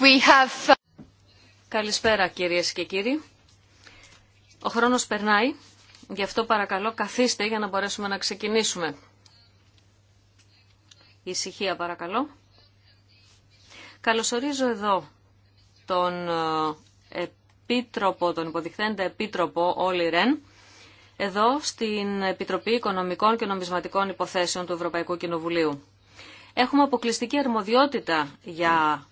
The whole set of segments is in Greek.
Uh, Καλησπέρα κυρίες και κύριοι. Ο χρόνος περνάει, γι' αυτό παρακαλώ καθίστε για να μπορέσουμε να ξεκινήσουμε. Ησυχία παρακαλώ. Καλωσορίζω εδώ τον ε, επίτροπο, τον υποδειχθέντα επίτροπο Όλη Ρεν, εδώ στην Επιτροπή Οικονομικών και Νομισματικών Υποθέσεων του Ευρωπαϊκού Κοινοβουλίου. Έχουμε αποκλειστική αρμοδιότητα για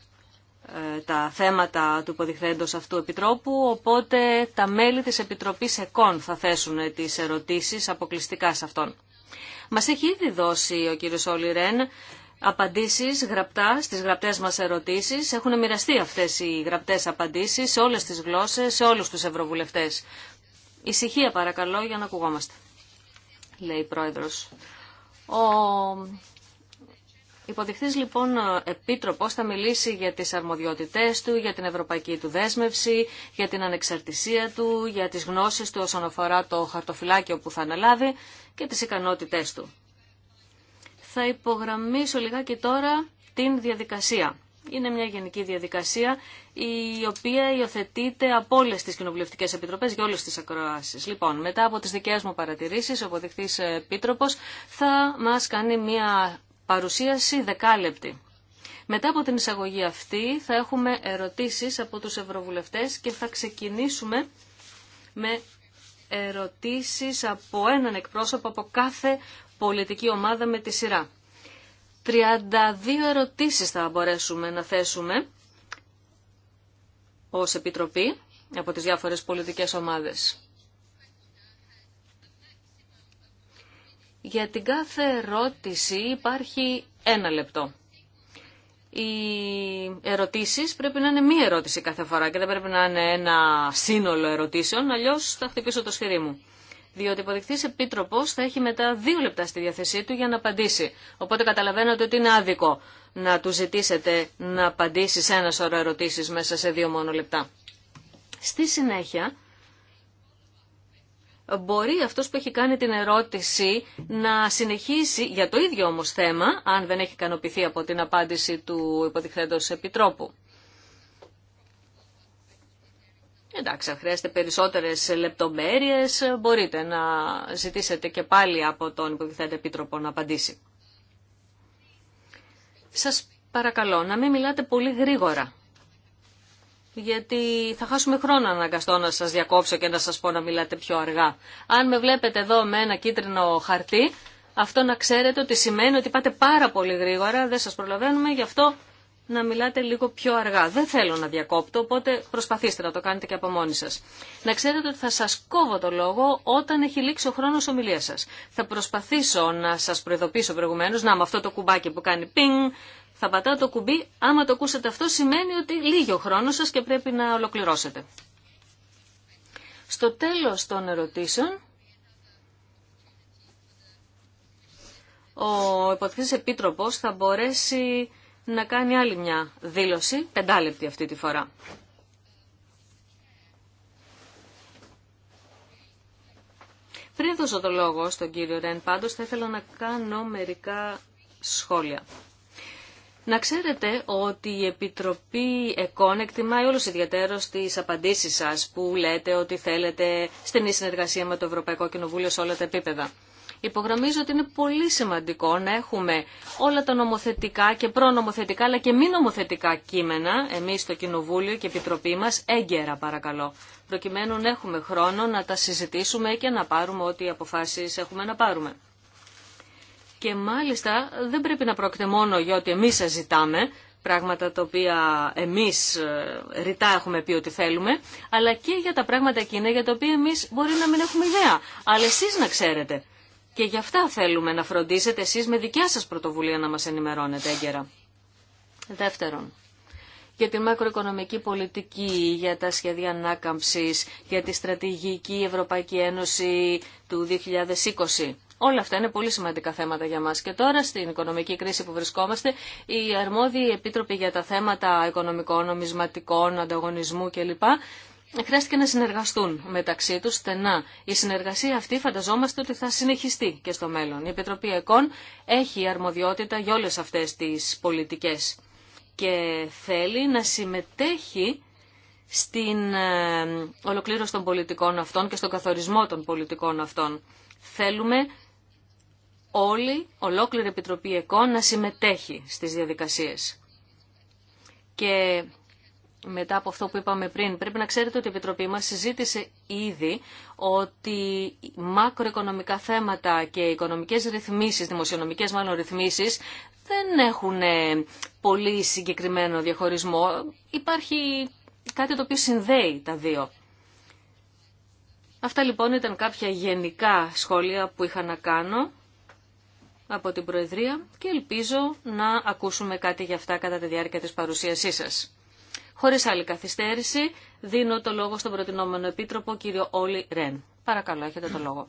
ε, τα θέματα του υποδειχθέντος αυτού Επιτρόπου, οπότε τα μέλη της Επιτροπής ΕΚΟΝ θα θέσουν τις ερωτήσεις αποκλειστικά σε αυτόν. Μας έχει ήδη δώσει ο κύριος Ρεν απαντήσεις γραπτά στις γραπτές μας ερωτήσεις. Έχουν μοιραστεί αυτές οι γραπτές απαντήσεις σε όλες τις γλώσσες, σε όλους τους ευρωβουλευτές. Ησυχία παρακαλώ για να ακουγόμαστε, λέει η Πρόεδρος. Ο υποδειχθείς λοιπόν ε, επίτροπος θα μιλήσει για τις αρμοδιότητές του, για την ευρωπαϊκή του δέσμευση, για την ανεξαρτησία του, για τις γνώσεις του όσον αφορά το χαρτοφυλάκιο που θα αναλάβει και τις ικανότητές του. Θα υπογραμμίσω λιγάκι τώρα την διαδικασία. Είναι μια γενική διαδικασία η οποία υιοθετείται από όλε τι κοινοβουλευτικέ επιτροπέ για όλε τι ακροάσει. Λοιπόν, μετά από τι δικέ μου παρατηρήσει, ο αποδειχτή ε, επίτροπο θα μα κάνει μια παρουσίαση δεκάλεπτη. Μετά από την εισαγωγή αυτή θα έχουμε ερωτήσεις από τους ευρωβουλευτές και θα ξεκινήσουμε με ερωτήσεις από έναν εκπρόσωπο από κάθε πολιτική ομάδα με τη σειρά. 32 ερωτήσεις θα μπορέσουμε να θέσουμε ως Επιτροπή από τις διάφορες πολιτικές ομάδες. Για την κάθε ερώτηση υπάρχει ένα λεπτό. Οι ερωτήσεις πρέπει να είναι μία ερώτηση κάθε φορά και δεν πρέπει να είναι ένα σύνολο ερωτήσεων, αλλιώς θα χτυπήσω το σφυρί μου. Διότι ο υποδεικτής επίτροπος θα έχει μετά δύο λεπτά στη διάθεσή του για να απαντήσει. Οπότε καταλαβαίνετε ότι είναι άδικο να του ζητήσετε να απαντήσει σε ένα σωρό ερωτήσεις μέσα σε δύο μόνο λεπτά. Στη συνέχεια μπορεί αυτός που έχει κάνει την ερώτηση να συνεχίσει για το ίδιο όμως θέμα, αν δεν έχει ικανοποιηθεί από την απάντηση του υποδειχθέντο επιτρόπου. Εντάξει, αν χρειάζεται περισσότερες λεπτομέρειες, μπορείτε να ζητήσετε και πάλι από τον υποδειχθέντο επίτροπο να απαντήσει. Σας παρακαλώ να μην μιλάτε πολύ γρήγορα γιατί θα χάσουμε χρόνο αναγκαστώ να σας διακόψω και να σας πω να μιλάτε πιο αργά. Αν με βλέπετε εδώ με ένα κίτρινο χαρτί, αυτό να ξέρετε ότι σημαίνει ότι πάτε πάρα πολύ γρήγορα, δεν σας προλαβαίνουμε, γι' αυτό να μιλάτε λίγο πιο αργά. Δεν θέλω να διακόπτω, οπότε προσπαθήστε να το κάνετε και από μόνοι σας. Να ξέρετε ότι θα σας κόβω το λόγο όταν έχει λήξει ο χρόνος ομιλίας σας. Θα προσπαθήσω να σας προειδοποιήσω προηγουμένως, να με αυτό το κουμπάκι που κάνει πινγκ, θα πατάω το κουμπί. Άμα το ακούσετε αυτό σημαίνει ότι λίγο ο χρόνος σας και πρέπει να ολοκληρώσετε. Στο τέλος των ερωτήσεων, ο υποθέτης επίτροπος θα μπορέσει να κάνει άλλη μια δήλωση, πεντάλεπτη αυτή τη φορά. Πριν δώσω το λόγο στον κύριο Ρεν, πάντως θα ήθελα να κάνω μερικά σχόλια. Να ξέρετε ότι η Επιτροπή ΕΚΟΝ εκτιμάει όλους ιδιαίτερως τις απαντήσεις σας που λέτε ότι θέλετε στενή συνεργασία με το Ευρωπαϊκό Κοινοβούλιο σε όλα τα επίπεδα. Υπογραμμίζω ότι είναι πολύ σημαντικό να έχουμε όλα τα νομοθετικά και προνομοθετικά αλλά και μη νομοθετικά κείμενα, εμείς στο Κοινοβούλιο και η Επιτροπή μας, έγκαιρα παρακαλώ, προκειμένου να έχουμε χρόνο να τα συζητήσουμε και να πάρουμε ό,τι αποφάσεις έχουμε να πάρουμε. Και μάλιστα δεν πρέπει να πρόκειται μόνο για ότι εμείς σας ζητάμε, πράγματα τα οποία εμείς ε, ρητά έχουμε πει ότι θέλουμε, αλλά και για τα πράγματα εκείνα για τα οποία εμείς μπορεί να μην έχουμε ιδέα. Αλλά εσείς να ξέρετε. Και γι' αυτά θέλουμε να φροντίσετε εσείς με δικιά σας πρωτοβουλία να μας ενημερώνετε έγκαιρα. Δεύτερον, για την μακροοικονομική πολιτική, για τα σχέδια ανάκαμψης, για τη στρατηγική Ευρωπαϊκή Ένωση του 2020. Όλα αυτά είναι πολύ σημαντικά θέματα για μας. Και τώρα στην οικονομική κρίση που βρισκόμαστε, οι αρμόδιοι επίτροποι για τα θέματα οικονομικών, νομισματικών, ανταγωνισμού κλπ. Χρειάστηκε να συνεργαστούν μεταξύ τους στενά. Η συνεργασία αυτή φανταζόμαστε ότι θα συνεχιστεί και στο μέλλον. Η Επιτροπή ΕΚΟΝ έχει αρμοδιότητα για όλες αυτές τις πολιτικές και θέλει να συμμετέχει στην ε, ολοκλήρωση των πολιτικών αυτών και στον καθορισμό των πολιτικών αυτών. Θέλουμε όλη, ολόκληρη Επιτροπή ΕΚΟ να συμμετέχει στις διαδικασίες. Και μετά από αυτό που είπαμε πριν, πρέπει να ξέρετε ότι η Επιτροπή μας συζήτησε ήδη ότι μακροοικονομικά θέματα και οικονομικές ρυθμίσεις, δημοσιονομικές μάλλον ρυθμίσεις, δεν έχουν ε, πολύ συγκεκριμένο διαχωρισμό. Υπάρχει κάτι το οποίο συνδέει τα δύο. Αυτά λοιπόν ήταν κάποια γενικά σχόλια που είχα να κάνω από την Προεδρία και ελπίζω να ακούσουμε κάτι για αυτά κατά τη διάρκεια της παρουσίασής σας. Χωρίς άλλη καθυστέρηση, δίνω το λόγο στον προτινόμενο επίτροπο, κύριο Όλι Ρεν. Παρακαλώ, έχετε το λόγο.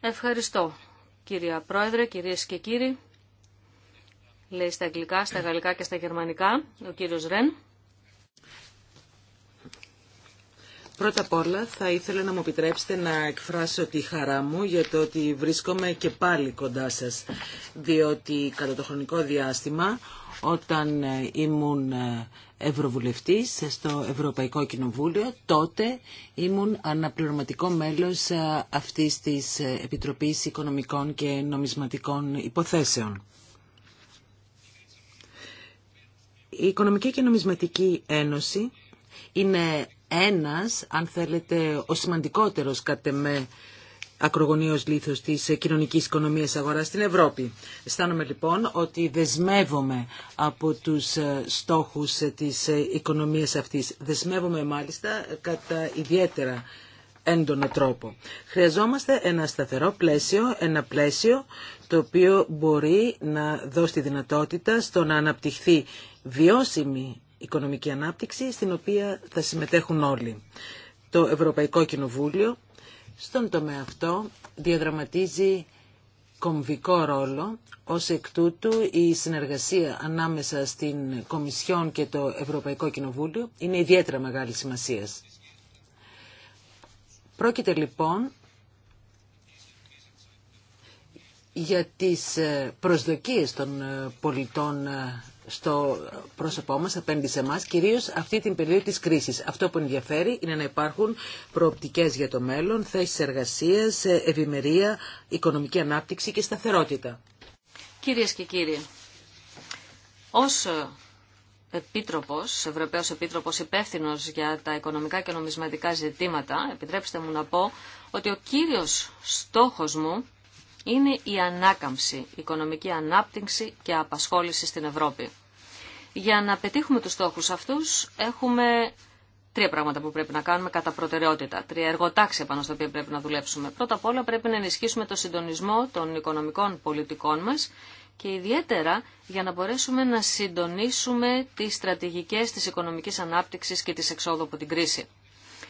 Ευχαριστώ, κυρία Πρόεδρε, κυρίες και κύριοι. Λέει στα αγγλικά, στα γαλλικά και στα γερμανικά ο κύριος Ρεν. Πρώτα απ' όλα θα ήθελα να μου επιτρέψετε να εκφράσω τη χαρά μου για το ότι βρίσκομαι και πάλι κοντά σας, διότι κατά το χρονικό διάστημα όταν ε, ήμουν ε, Ευρωβουλευτής στο Ευρωπαϊκό Κοινοβούλιο, τότε ήμουν αναπληρωματικό μέλος ε, αυτής της Επιτροπής Οικονομικών και Νομισματικών Υποθέσεων. Η Οικονομική και Νομισματική Ένωση είναι ένας, αν θέλετε, ο σημαντικότερος κατ' εμέ ακρογωνίως λίθος της κοινωνικής οικονομίας αγοράς στην Ευρώπη. Αισθάνομαι λοιπόν ότι δεσμεύομαι από τους ε, στόχους της ε, οικονομίας αυτής. Δεσμεύομαι μάλιστα κατά ιδιαίτερα έντονο τρόπο. Χρειαζόμαστε ένα σταθερό πλαίσιο, ένα πλαίσιο το οποίο μπορεί να δώσει τη δυνατότητα στο να αναπτυχθεί βιώσιμη οικονομική ανάπτυξη στην οποία θα συμμετέχουν όλοι. Το Ευρωπαϊκό Κοινοβούλιο στον τομέα αυτό διαδραματίζει κομβικό ρόλο. Ως εκ τούτου η συνεργασία ανάμεσα στην Κομισιόν και το Ευρωπαϊκό Κοινοβούλιο είναι ιδιαίτερα μεγάλη σημασία. Πρόκειται λοιπόν για τις ε, προσδοκίες των ε, πολιτών ε, στο πρόσωπό μας, απέναντι σε εμάς, κυρίως αυτή την περίοδο της κρίσης. Αυτό που ενδιαφέρει είναι να υπάρχουν προοπτικές για το μέλλον, θέσεις εργασίας, ευημερία, οικονομική ανάπτυξη και σταθερότητα. Κυρίες και κύριοι, ως Επίτροπος, Ευρωπαίος Επίτροπος υπεύθυνο για τα οικονομικά και νομισματικά ζητήματα, επιτρέψτε μου να πω ότι ο κύριος στόχος μου είναι η ανάκαμψη, η οικονομική ανάπτυξη και απασχόληση στην Ευρώπη. Για να πετύχουμε τους στόχους αυτούς έχουμε τρία πράγματα που πρέπει να κάνουμε κατά προτεραιότητα, τρία εργοτάξια πάνω στα οποία πρέπει να δουλέψουμε. Πρώτα απ' όλα πρέπει να ενισχύσουμε το συντονισμό των οικονομικών πολιτικών μας και ιδιαίτερα για να μπορέσουμε να συντονίσουμε τις στρατηγικές της οικονομικής ανάπτυξης και της εξόδου από την κρίση.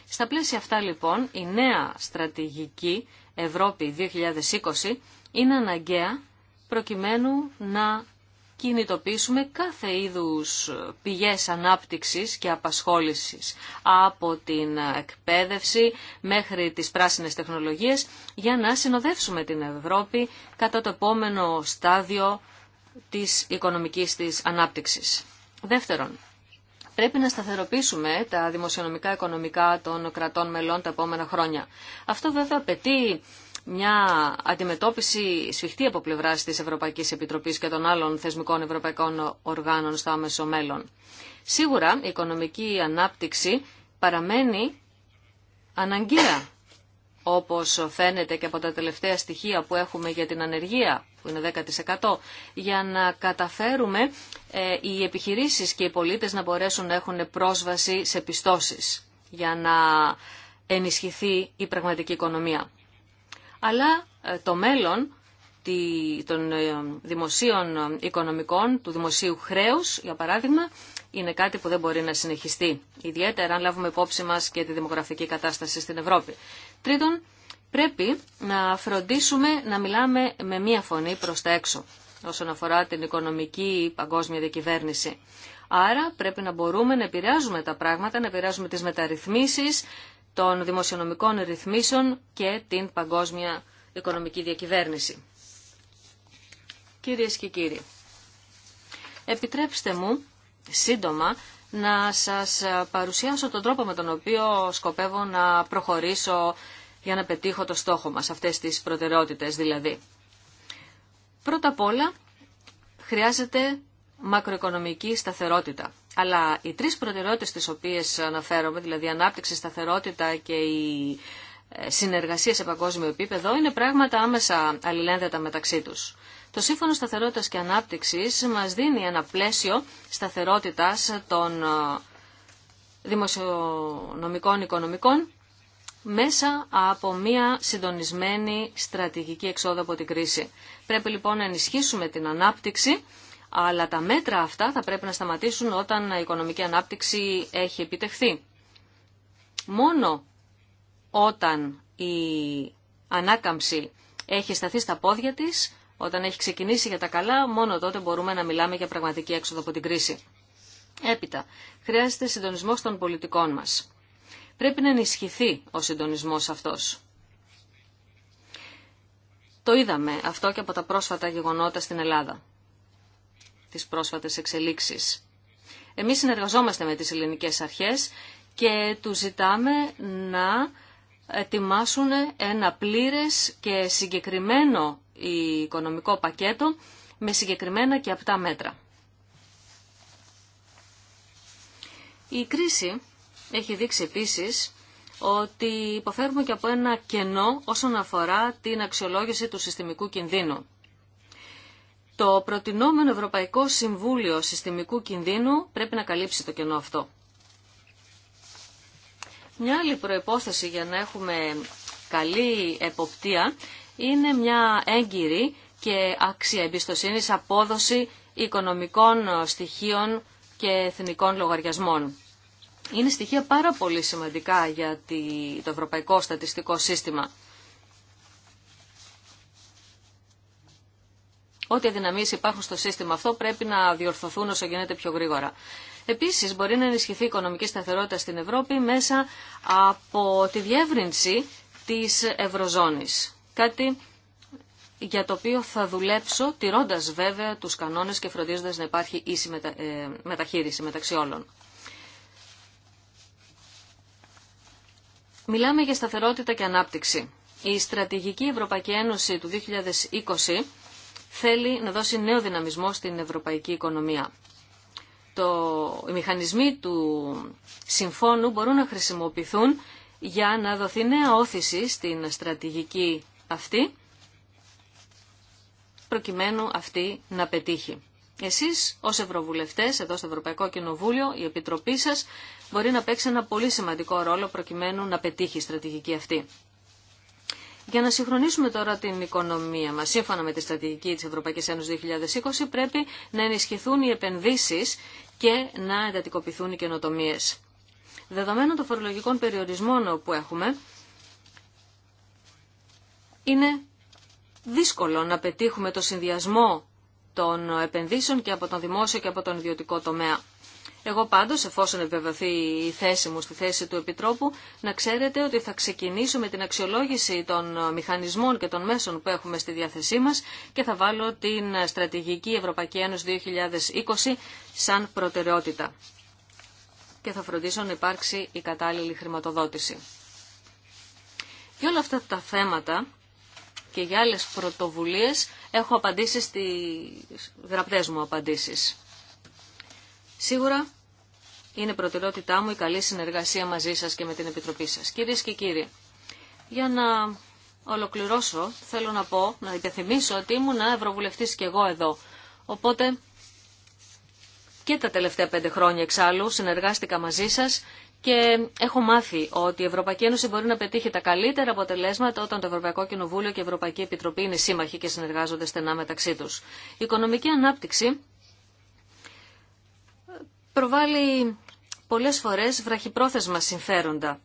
Στα πλαίσια αυτά λοιπόν η νέα στρατηγική Ευρώπη 2020 είναι αναγκαία προκειμένου να κινητοποιήσουμε κάθε είδους πηγές ανάπτυξης και απασχόλησης από την εκπαίδευση μέχρι τις πράσινες τεχνολογίες για να συνοδεύσουμε την Ευρώπη κατά το επόμενο στάδιο της οικονομικής της ανάπτυξης. Δεύτερον, πρέπει να σταθεροποιήσουμε τα δημοσιονομικά οικονομικά των κρατών μελών τα επόμενα χρόνια. Αυτό βέβαια απαιτεί μια αντιμετώπιση σφιχτή από πλευρά τη Ευρωπαϊκή Επιτροπή και των άλλων θεσμικών ευρωπαϊκών οργάνων στο άμεσο μέλλον. Σίγουρα η οικονομική ανάπτυξη παραμένει αναγκαία όπως φαίνεται και από τα τελευταία στοιχεία που έχουμε για την ανεργία, που είναι 10%, για να καταφέρουμε ε, οι επιχειρήσεις και οι πολίτες να μπορέσουν να έχουν πρόσβαση σε πιστώσεις, για να ενισχυθεί η πραγματική οικονομία. Αλλά ε, το μέλλον των ε, δημοσίων οικονομικών, του δημοσίου χρέους, για παράδειγμα, είναι κάτι που δεν μπορεί να συνεχιστεί, ιδιαίτερα αν λάβουμε υπόψη μας και τη δημογραφική κατάσταση στην Ευρώπη. Τρίτον, πρέπει να φροντίσουμε να μιλάμε με μία φωνή προς τα έξω όσον αφορά την οικονομική παγκόσμια διακυβέρνηση. Άρα πρέπει να μπορούμε να επηρεάζουμε τα πράγματα, να επηρεάζουμε τις μεταρρυθμίσεις των δημοσιονομικών ρυθμίσεων και την παγκόσμια οικονομική διακυβέρνηση. Κυρίες και κύριοι, επιτρέψτε μου σύντομα να σας παρουσιάσω τον τρόπο με τον οποίο σκοπεύω να προχωρήσω για να πετύχω το στόχο μας, αυτές τις προτεραιότητες δηλαδή. Πρώτα απ' όλα χρειάζεται μακροοικονομική σταθερότητα. Αλλά οι τρεις προτεραιότητες τις οποίες αναφέρομαι, δηλαδή ανάπτυξη, σταθερότητα και η ε, συνεργασία σε παγκόσμιο επίπεδο, είναι πράγματα άμεσα αλληλένδετα μεταξύ τους. Το Σύμφωνο Σταθερότητας και Ανάπτυξης μας δίνει ένα πλαίσιο σταθερότητας των ε, δημοσιονομικών οικονομικών μέσα από μια συντονισμένη στρατηγική εξόδου από την κρίση. Πρέπει λοιπόν να ενισχύσουμε την ανάπτυξη, αλλά τα μέτρα αυτά θα πρέπει να σταματήσουν όταν η οικονομική ανάπτυξη έχει επιτευχθεί. Μόνο όταν η ανάκαμψη έχει σταθεί στα πόδια της, όταν έχει ξεκινήσει για τα καλά, μόνο τότε μπορούμε να μιλάμε για πραγματική έξοδο από την κρίση. Έπειτα, χρειάζεται συντονισμό των πολιτικών μας. Πρέπει να ενισχυθεί ο συντονισμός αυτός. Το είδαμε αυτό και από τα πρόσφατα γεγονότα στην Ελλάδα, τις πρόσφατες εξελίξεις. Εμείς συνεργαζόμαστε με τις ελληνικές αρχές και του ζητάμε να ετοιμάσουν ένα πλήρες και συγκεκριμένο οικονομικό πακέτο με συγκεκριμένα και απτά μέτρα. Η κρίση έχει δείξει επίσης ότι υποφέρουμε και από ένα κενό όσον αφορά την αξιολόγηση του συστημικού κινδύνου. Το προτινόμενο Ευρωπαϊκό Συμβούλιο Συστημικού Κινδύνου πρέπει να καλύψει το κενό αυτό. Μια άλλη προϋπόθεση για να έχουμε καλή εποπτεία είναι μια έγκυρη και άξια εμπιστοσύνης απόδοση οικονομικών στοιχείων και εθνικών λογαριασμών είναι στοιχεία πάρα πολύ σημαντικά για το Ευρωπαϊκό Στατιστικό Σύστημα. Ό,τι αδυναμίες υπάρχουν στο σύστημα αυτό πρέπει να διορθωθούν όσο γίνεται πιο γρήγορα. Επίσης μπορεί να ενισχυθεί η οικονομική σταθερότητα στην Ευρώπη μέσα από τη διεύρυνση της Ευρωζώνης. Κάτι για το οποίο θα δουλέψω τηρώντας βέβαια τους κανόνες και φροντίζοντας να υπάρχει ίση ε, μεταχείριση μεταξύ όλων. Μιλάμε για σταθερότητα και ανάπτυξη. Η στρατηγική Ευρωπαϊκή Ένωση του 2020 θέλει να δώσει νέο δυναμισμό στην ευρωπαϊκή οικονομία. Το, οι μηχανισμοί του συμφώνου μπορούν να χρησιμοποιηθούν για να δοθεί νέα όθηση στην στρατηγική αυτή, προκειμένου αυτή να πετύχει. Εσείς ως Ευρωβουλευτές εδώ στο Ευρωπαϊκό Κοινοβούλιο, η Επιτροπή σας, μπορεί να παίξει ένα πολύ σημαντικό ρόλο προκειμένου να πετύχει η στρατηγική αυτή. Για να συγχρονίσουμε τώρα την οικονομία μας, σύμφωνα με τη στρατηγική της Ευρωπαϊκής Ένωσης 2020, πρέπει να ενισχυθούν οι επενδύσεις και να εντατικοποιηθούν οι καινοτομίες. Δεδομένων των φορολογικών περιορισμών που έχουμε, είναι δύσκολο να πετύχουμε το συνδυασμό των επενδύσεων και από τον δημόσιο και από τον ιδιωτικό τομέα. Εγώ πάντως, εφόσον επιβεβαιωθεί η θέση μου στη θέση του Επιτρόπου, να ξέρετε ότι θα ξεκινήσω με την αξιολόγηση των μηχανισμών και των μέσων που έχουμε στη διάθεσή μας και θα βάλω την Στρατηγική Ευρωπαϊκή Ένωση 2020 σαν προτεραιότητα και θα φροντίσω να υπάρξει η κατάλληλη χρηματοδότηση. Για όλα αυτά τα θέματα και για άλλες πρωτοβουλίες έχω απαντήσει στις γραπτές μου απαντήσεις. Σίγουρα είναι προτεραιότητά μου η καλή συνεργασία μαζί σας και με την Επιτροπή σας. Κυρίες και κύριοι, για να ολοκληρώσω θέλω να πω, να υπενθυμίσω ότι ήμουν ευρωβουλευτής και εγώ εδώ. Οπότε και τα τελευταία πέντε χρόνια εξάλλου συνεργάστηκα μαζί σας και έχω μάθει ότι η Ευρωπαϊκή Ένωση μπορεί να πετύχει τα καλύτερα αποτελέσματα όταν το Ευρωπαϊκό Κοινοβούλιο και η Ευρωπαϊκή Επιτροπή είναι σύμμαχοι και συνεργάζονται στενά μεταξύ τους. Η οικονομική ανάπτυξη προβάλλει Πολλέ φορές βραχυπρόθεσμα συμφέροντα.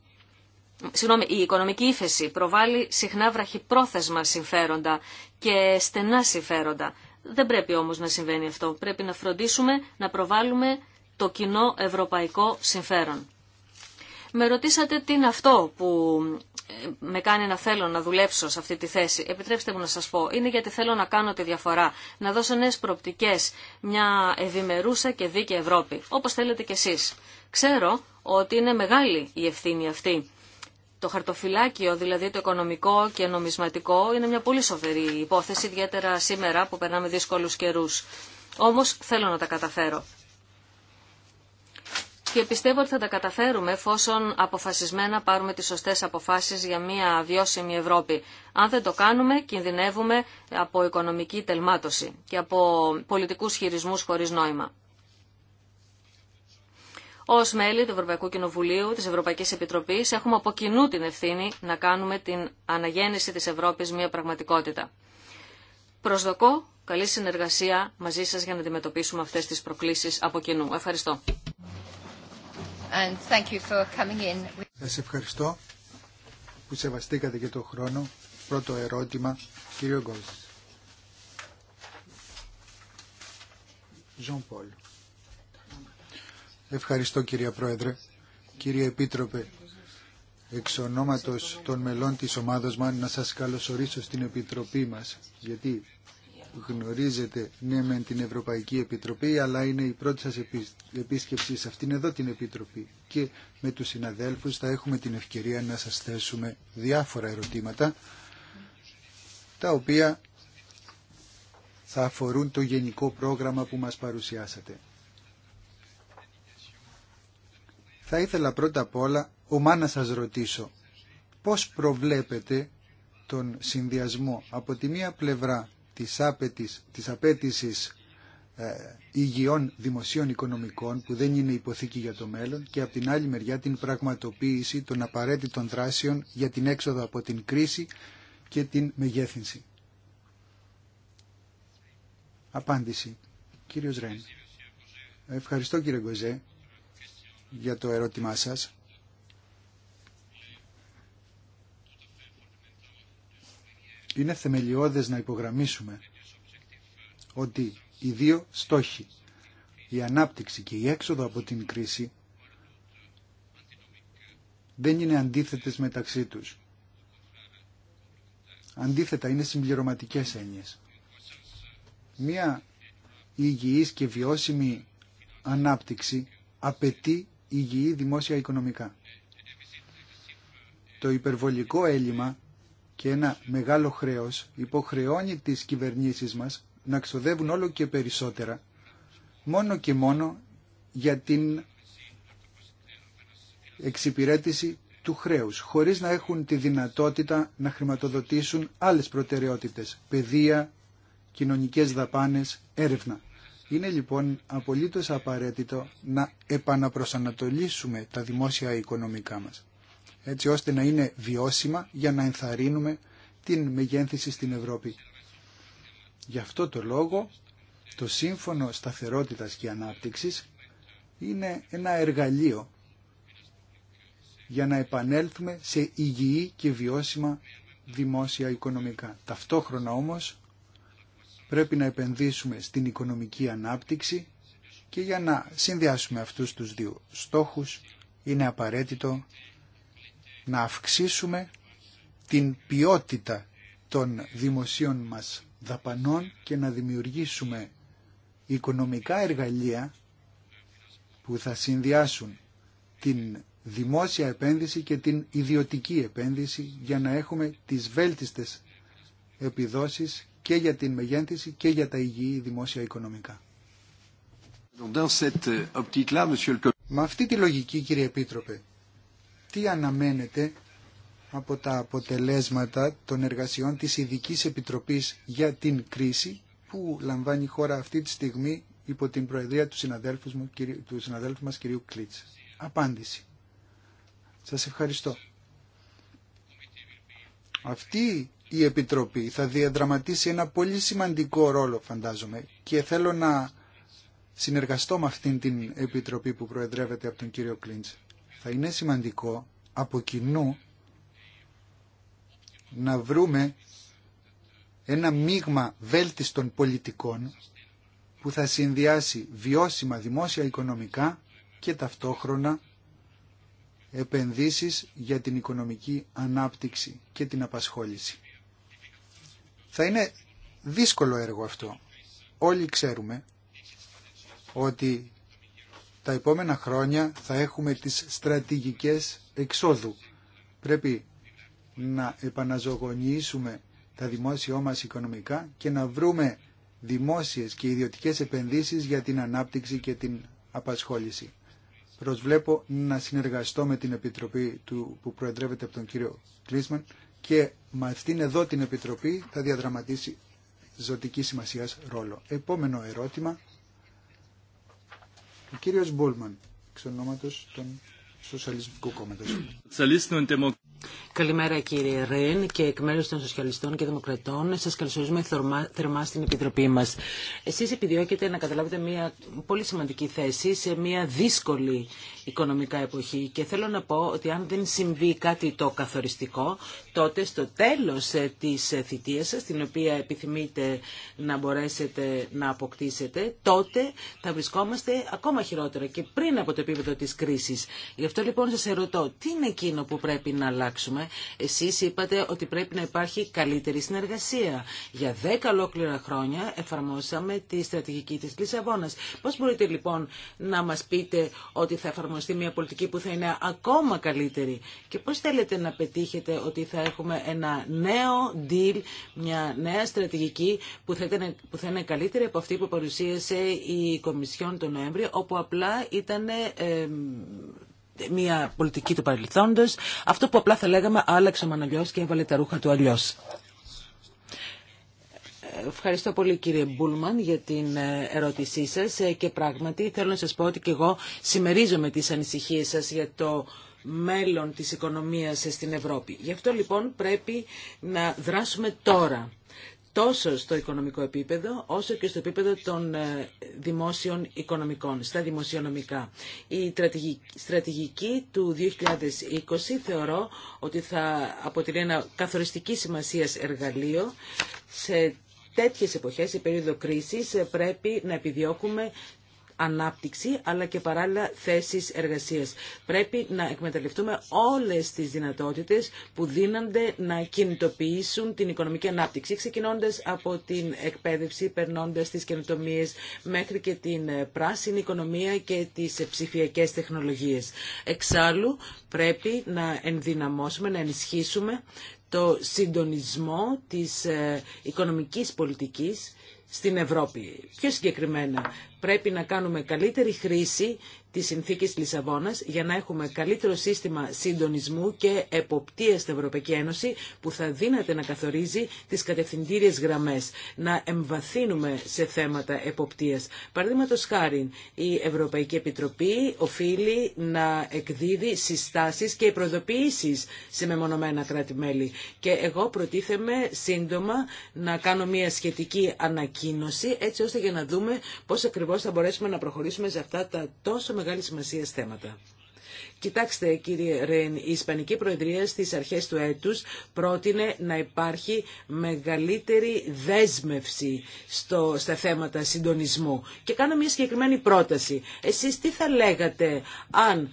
Συγγνώμη, η οικονομική ύφεση προβάλλει συχνά βραχυπρόθεσμα συμφέροντα και στενά συμφέροντα. Δεν πρέπει όμως να συμβαίνει αυτό. Πρέπει να φροντίσουμε να προβάλλουμε το κοινό ευρωπαϊκό συμφέρον. Με ρωτήσατε τι είναι αυτό που με κάνει να θέλω να δουλέψω σε αυτή τη θέση, επιτρέψτε μου να σας πω, είναι γιατί θέλω να κάνω τη διαφορά, να δώσω νέες προοπτικές, μια ευημερούσα και δίκαιη Ευρώπη, όπως θέλετε κι εσείς. Ξέρω ότι είναι μεγάλη η ευθύνη αυτή. Το χαρτοφυλάκιο, δηλαδή το οικονομικό και νομισματικό, είναι μια πολύ σοβαρή υπόθεση, ιδιαίτερα σήμερα που περνάμε δύσκολους καιρούς. Όμως θέλω να τα καταφέρω και πιστεύω ότι θα τα καταφέρουμε εφόσον αποφασισμένα πάρουμε τις σωστές αποφάσεις για μια βιώσιμη Ευρώπη. Αν δεν το κάνουμε, κινδυνεύουμε από οικονομική τελμάτωση και από πολιτικούς χειρισμούς χωρίς νόημα. Ως μέλη του Ευρωπαϊκού Κοινοβουλίου, της Ευρωπαϊκής Επιτροπής, έχουμε από κοινού την ευθύνη να κάνουμε την αναγέννηση της Ευρώπης μια πραγματικότητα. Προσδοκώ καλή συνεργασία μαζί σας για να αντιμετωπίσουμε αυτές τις προκλήσει από κοινού. Ευχαριστώ. And Σας ευχαριστώ που σεβαστήκατε και το χρόνο. Πρώτο ερώτημα, κύριο Γκόζη. Ζων Πολ. Ευχαριστώ κυρία Πρόεδρε. Κύριε Επίτροπε, εξ ονόματος των μελών της ομάδας μας να σας καλωσορίσω στην Επιτροπή μας, γιατί γνωρίζετε ναι με την Ευρωπαϊκή Επιτροπή αλλά είναι η πρώτη σας επίσκεψη σε αυτήν εδώ την Επιτροπή και με τους συναδέλφους θα έχουμε την ευκαιρία να σας θέσουμε διάφορα ερωτήματα τα οποία θα αφορούν το γενικό πρόγραμμα που μας παρουσιάσατε. Θα ήθελα πρώτα απ' όλα ομά να σας ρωτήσω πώς προβλέπετε τον συνδυασμό από τη μία πλευρά της, άπετης, της απέτησης ε, υγιών δημοσίων οικονομικών που δεν είναι υποθήκη για το μέλλον και από την άλλη μεριά την πραγματοποίηση των απαραίτητων δράσεων για την έξοδο από την κρίση και την μεγέθυνση. Απάντηση. Κύριος Ρέν. Ευχαριστώ κύριε Γκοζέ για το ερώτημά σας. Είναι θεμελιώδες να υπογραμμίσουμε ότι οι δύο στόχοι, η ανάπτυξη και η έξοδο από την κρίση, δεν είναι αντίθετες μεταξύ τους. Αντίθετα, είναι συμπληρωματικές έννοιες. Μία υγιής και βιώσιμη ανάπτυξη απαιτεί υγιή δημόσια οικονομικά. Το υπερβολικό έλλειμμα και ένα μεγάλο χρέος υποχρεώνει τις κυβερνήσεις μας να ξοδεύουν όλο και περισσότερα μόνο και μόνο για την εξυπηρέτηση του χρέους, χωρίς να έχουν τη δυνατότητα να χρηματοδοτήσουν άλλες προτεραιότητες, παιδεία, κοινωνικές δαπάνες, έρευνα. Είναι λοιπόν απολύτως απαραίτητο να επαναπροσανατολίσουμε τα δημόσια οικονομικά μας έτσι ώστε να είναι βιώσιμα για να ενθαρρύνουμε την μεγένθηση στην Ευρώπη. Γι' αυτό το λόγο το Σύμφωνο Σταθερότητας και Ανάπτυξης είναι ένα εργαλείο για να επανέλθουμε σε υγιή και βιώσιμα δημόσια οικονομικά. Ταυτόχρονα όμως πρέπει να επενδύσουμε στην οικονομική ανάπτυξη και για να συνδυάσουμε αυτούς τους δύο στόχους είναι απαραίτητο να αυξήσουμε την ποιότητα των δημοσίων μας δαπανών και να δημιουργήσουμε οικονομικά εργαλεία που θα συνδυάσουν την δημόσια επένδυση και την ιδιωτική επένδυση για να έχουμε τις βέλτιστες επιδόσεις και για την μεγέντηση και για τα υγιή δημόσια οικονομικά. Με αυτή τη λογική κύριε Επίτροπε τι αναμένεται από τα αποτελέσματα των εργασιών της ειδική Επιτροπής για την κρίση που λαμβάνει η χώρα αυτή τη στιγμή υπό την προεδρία του συναδέλφου, μου, του συναδέλφου μας κυρίου Κλίτς. Απάντηση. Σας ευχαριστώ. Αυτή η Επιτροπή θα διαδραματίσει ένα πολύ σημαντικό ρόλο φαντάζομαι και θέλω να συνεργαστώ με αυτήν την Επιτροπή που προεδρεύεται από τον κύριο Κλίντς θα είναι σημαντικό από κοινού να βρούμε ένα μείγμα βέλτιστων πολιτικών που θα συνδυάσει βιώσιμα δημόσια οικονομικά και ταυτόχρονα επενδύσεις για την οικονομική ανάπτυξη και την απασχόληση. Θα είναι δύσκολο έργο αυτό. Όλοι ξέρουμε ότι τα επόμενα χρόνια θα έχουμε τις στρατηγικές εξόδου. Πρέπει να επαναζωογονήσουμε τα δημόσια μας οικονομικά και να βρούμε δημόσιες και ιδιωτικές επενδύσεις για την ανάπτυξη και την απασχόληση. Προσβλέπω να συνεργαστώ με την Επιτροπή του, που προεδρεύεται από τον κύριο Κλίσμαν και με αυτήν εδώ την Επιτροπή θα διαδραματίσει ζωτική σημασίας ρόλο. Επόμενο ερώτημα ο κύριος Μπούλμαν, εξ ονόματος των Σοσιαλιστικού Κόμματος. Καλημέρα κύριε Ρεν και εκ μέρους των Σοσιαλιστών και Δημοκρατών σας καλωσορίζουμε θερμά στην Επιτροπή μας. Εσείς επιδιώκετε να καταλάβετε μια πολύ σημαντική θέση σε μια δύσκολη οικονομικά εποχή και θέλω να πω ότι αν δεν συμβεί κάτι το καθοριστικό, τότε στο τέλος ε, της ε, θητείας σας, την οποία επιθυμείτε να μπορέσετε να αποκτήσετε, τότε θα βρισκόμαστε ακόμα χειρότερα και πριν από το επίπεδο της κρίσης. Γι' αυτό λοιπόν σας ερωτώ, τι είναι εκείνο που πρέπει να αλλάξουμε. Εσείς είπατε ότι πρέπει να υπάρχει καλύτερη συνεργασία. Για δέκα ολόκληρα χρόνια εφαρμόσαμε τη στρατηγική της Λισαβόνας. Πώς μπορείτε λοιπόν να μας πείτε ότι θα εφαρμόσουμε εφαρμοστεί μια πολιτική που θα είναι ακόμα καλύτερη. Και πώς θέλετε να πετύχετε ότι θα έχουμε ένα νέο deal, μια νέα στρατηγική που θα, που θα είναι καλύτερη από αυτή που παρουσίασε η Κομισιόν τον Νοέμβριο, όπου απλά ήταν μια πολιτική του παρελθόντος, αυτό που απλά θα λέγαμε άλλαξε ο Μαναλιός και έβαλε τα ρούχα του αλλιώς. Ευχαριστώ πολύ κύριε Μπούλμαν για την ε, ερώτησή σας ε, και πράγματι θέλω να σας πω ότι και εγώ συμμερίζομαι τις ανησυχίες σας για το μέλλον της οικονομίας στην Ευρώπη. Γι' αυτό λοιπόν πρέπει να δράσουμε τώρα τόσο στο οικονομικό επίπεδο όσο και στο επίπεδο των ε, δημόσιων οικονομικών, στα δημοσιονομικά. Η στρατηγική του 2020 θεωρώ ότι θα αποτελεί ένα καθοριστική σημασίας εργαλείο σε τέτοιες εποχές, σε περίοδο κρίσης, ε, πρέπει να επιδιώκουμε ανάπτυξη αλλά και παράλληλα θέσεις εργασίας. Πρέπει να εκμεταλλευτούμε όλες τις δυνατότητες που δίνονται να κινητοποιήσουν την οικονομική ανάπτυξη, ξεκινώντας από την εκπαίδευση, περνώντας τις καινοτομίε μέχρι και την ε, πράσινη οικονομία και τις ε, ψηφιακές τεχνολογίες. Εξάλλου, πρέπει να ενδυναμώσουμε, να ενισχύσουμε το συντονισμό της ε, οικονομικής πολιτικής στην Ευρώπη. Πιο συγκεκριμένα, πρέπει να κάνουμε καλύτερη χρήση της συνθήκης Λισαβόνας για να έχουμε καλύτερο σύστημα συντονισμού και εποπτείας στην Ευρωπαϊκή Ένωση που θα δύναται να καθορίζει τις κατευθυντήριες γραμμές, να εμβαθύνουμε σε θέματα εποπτείας. Παραδείγματο χάρη, η Ευρωπαϊκή Επιτροπή οφείλει να εκδίδει συστάσεις και προδοποίησεις σε μεμονωμένα κράτη-μέλη. Και εγώ προτίθεμαι σύντομα να κάνω μια σχετική ανακοίνωση έτσι ώστε για να δούμε πώς ακριβώς θα μπορέσουμε να προχωρήσουμε σε αυτά τα τόσο μεγάλη σημασία θέματα. Κοιτάξτε κύριε Ρεν, η Ισπανική Προεδρία στις αρχές του έτους πρότεινε να υπάρχει μεγαλύτερη δέσμευση στο, στα θέματα συντονισμού και κάνω μια συγκεκριμένη πρόταση. Εσείς τι θα λέγατε αν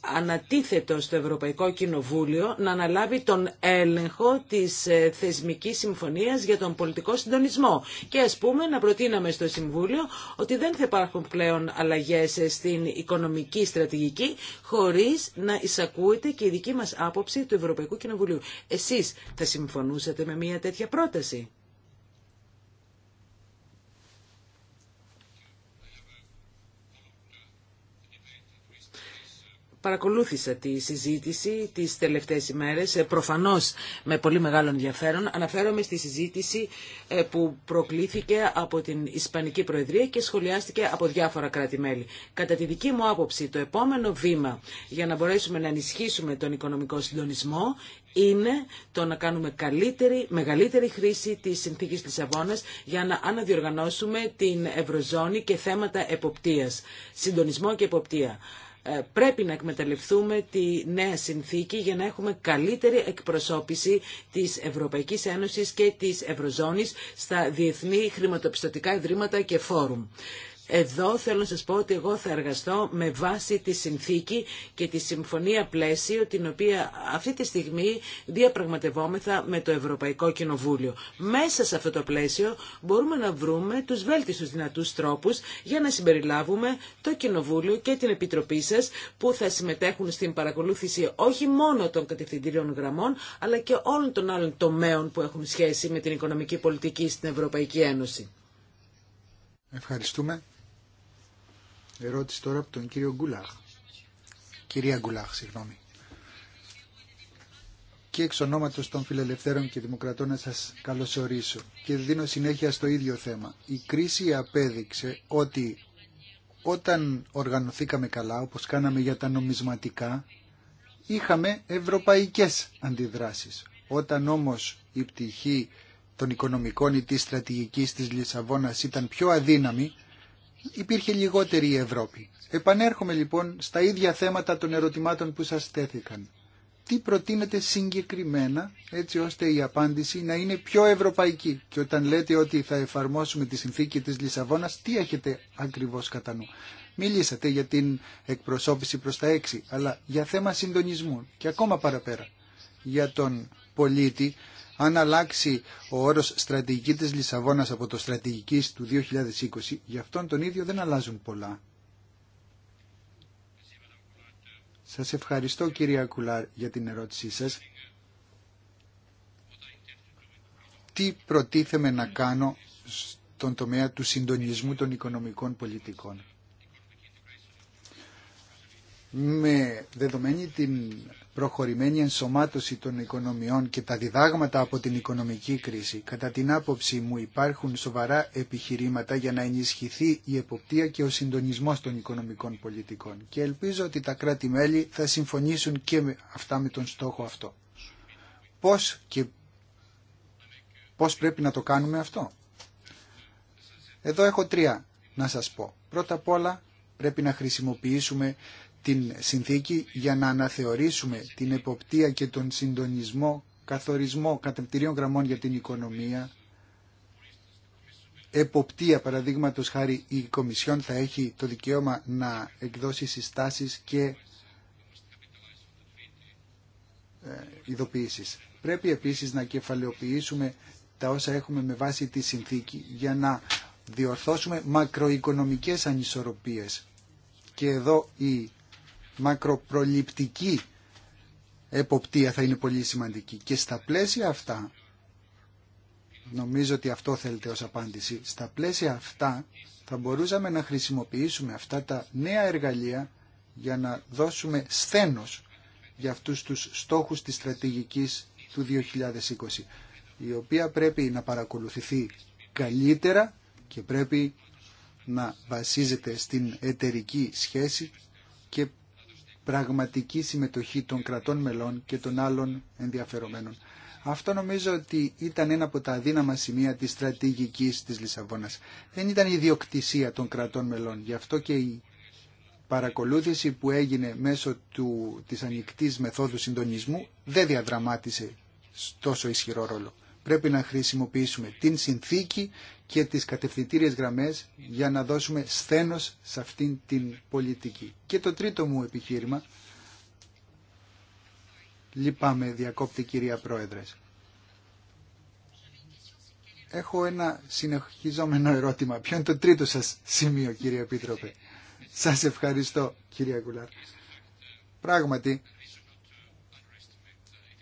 ανατίθετο στο Ευρωπαϊκό Κοινοβούλιο να αναλάβει τον έλεγχο της ε, θεσμικής συμφωνίας για τον πολιτικό συντονισμό και ας πούμε να προτείναμε στο Συμβούλιο ότι δεν θα υπάρχουν πλέον αλλαγές ε, στην οικονομική στρατηγική χωρίς να εισακούεται και η δική μας άποψη του Ευρωπαϊκού Κοινοβουλίου. Εσείς θα συμφωνούσατε με μια τέτοια πρόταση. παρακολούθησα τη συζήτηση τις τελευταίες ημέρες, ε, προφανώς με πολύ μεγάλο ενδιαφέρον. Αναφέρομαι στη συζήτηση ε, που προκλήθηκε από την Ισπανική Προεδρία και σχολιάστηκε από διάφορα κράτη-μέλη. Κατά τη δική μου άποψη, το επόμενο βήμα για να μπορέσουμε να ενισχύσουμε τον οικονομικό συντονισμό είναι το να κάνουμε καλύτερη, μεγαλύτερη χρήση της συνθήκης της Αβώνας για να αναδιοργανώσουμε την Ευρωζώνη και θέματα εποπτείας, συντονισμό και εποπτεία. Ε, πρέπει να εκμεταλλευτούμε τη νέα συνθήκη για να έχουμε καλύτερη εκπροσώπηση της Ευρωπαϊκής Ένωσης και της Ευρωζώνης στα διεθνή χρηματοπιστωτικά ιδρύματα και φόρουμ. Εδώ θέλω να σας πω ότι εγώ θα εργαστώ με βάση τη συνθήκη και τη συμφωνία πλαίσιο την οποία αυτή τη στιγμή διαπραγματευόμεθα με το Ευρωπαϊκό Κοινοβούλιο. Μέσα σε αυτό το πλαίσιο μπορούμε να βρούμε τους βέλτιστους δυνατούς τρόπους για να συμπεριλάβουμε το Κοινοβούλιο και την Επιτροπή σας που θα συμμετέχουν στην παρακολούθηση όχι μόνο των κατευθυντήριων γραμμών αλλά και όλων των άλλων τομέων που έχουν σχέση με την οικονομική πολιτική στην Ευρωπαϊκή Ένωση. Ευχαριστούμε. Ερώτηση τώρα από τον κύριο Γκουλάχ. Κυρία Γκουλάχ, συγγνώμη. Και εξ ονόματος των φιλελευθέρων και δημοκρατών να σα καλωσορίσω και δίνω συνέχεια στο ίδιο θέμα. Η κρίση απέδειξε ότι όταν οργανωθήκαμε καλά, όπως κάναμε για τα νομισματικά, είχαμε ευρωπαϊκές αντιδράσεις. Όταν όμως η πτυχή των οικονομικών ή της στρατηγικής της Λισαβόνας ήταν πιο αδύναμη, υπήρχε λιγότερη η Ευρώπη. Επανέρχομαι λοιπόν στα ίδια θέματα των ερωτημάτων που σας τέθηκαν. Τι προτείνετε συγκεκριμένα έτσι ώστε η απάντηση να είναι πιο ευρωπαϊκή και όταν λέτε ότι θα εφαρμόσουμε τη συνθήκη της Λισαβόνας τι έχετε ακριβώς κατά νου. Μιλήσατε για την εκπροσώπηση προς τα έξι αλλά για θέμα συντονισμού και ακόμα παραπέρα για τον πολίτη αν αλλάξει ο όρο στρατηγική τη Λισαβόνας από το στρατηγική του 2020, γι' αυτόν τον ίδιο δεν αλλάζουν πολλά. Σας ευχαριστώ κυρία Κουλάρ για την ερώτησή σας. Τι προτίθεμαι να κάνω στον τομέα του συντονισμού των οικονομικών πολιτικών. Με δεδομένη την προχωρημένη ενσωμάτωση των οικονομιών και τα διδάγματα από την οικονομική κρίση, κατά την άποψή μου υπάρχουν σοβαρά επιχειρήματα για να ενισχυθεί η εποπτεία και ο συντονισμός των οικονομικών πολιτικών και ελπίζω ότι τα κράτη-μέλη θα συμφωνήσουν και αυτά με τον στόχο αυτό. Πώς και πώς πρέπει να το κάνουμε αυτό. Εδώ έχω τρία να σας πω. Πρώτα απ' όλα πρέπει να χρησιμοποιήσουμε την συνθήκη για να αναθεωρήσουμε την εποπτεία και τον συντονισμό, καθορισμό κατευθυντήριων γραμμών για την οικονομία. Εποπτεία, παραδείγματο χάρη, η Κομισιόν θα έχει το δικαίωμα να εκδώσει συστάσεις και ε, ειδοποιήσεις. Πρέπει επίσης να κεφαλαιοποιήσουμε τα όσα έχουμε με βάση τη συνθήκη για να διορθώσουμε μακροοικονομικές ανισορροπίες. Και εδώ η μακροπροληπτική εποπτεία θα είναι πολύ σημαντική. Και στα πλαίσια αυτά, νομίζω ότι αυτό θέλετε ως απάντηση, στα πλαίσια αυτά θα μπορούσαμε να χρησιμοποιήσουμε αυτά τα νέα εργαλεία για να δώσουμε σθένος για αυτούς τους στόχους της στρατηγικής του 2020, η οποία πρέπει να παρακολουθηθεί καλύτερα και πρέπει να βασίζεται στην εταιρική σχέση και πραγματική συμμετοχή των κρατών μελών και των άλλων ενδιαφερομένων. Αυτό νομίζω ότι ήταν ένα από τα αδύναμα σημεία της στρατηγικής της Λισαβόνας. Δεν ήταν η ιδιοκτησία των κρατών μελών. Γι' αυτό και η παρακολούθηση που έγινε μέσω του, της ανοιχτή μεθόδου συντονισμού δεν διαδραμάτισε τόσο ισχυρό ρόλο. Πρέπει να χρησιμοποιήσουμε την συνθήκη και τις κατευθυντήριες γραμμές για να δώσουμε σθένος σε αυτήν την πολιτική. Και το τρίτο μου επιχείρημα, λυπάμαι διακόπτη κυρία Πρόεδρες, έχω ένα συνεχιζόμενο ερώτημα. Ποιο είναι το τρίτο σας σημείο κύριε Επίτροπε. Σας ευχαριστώ κυρία Κουλάρ. Πράγματι,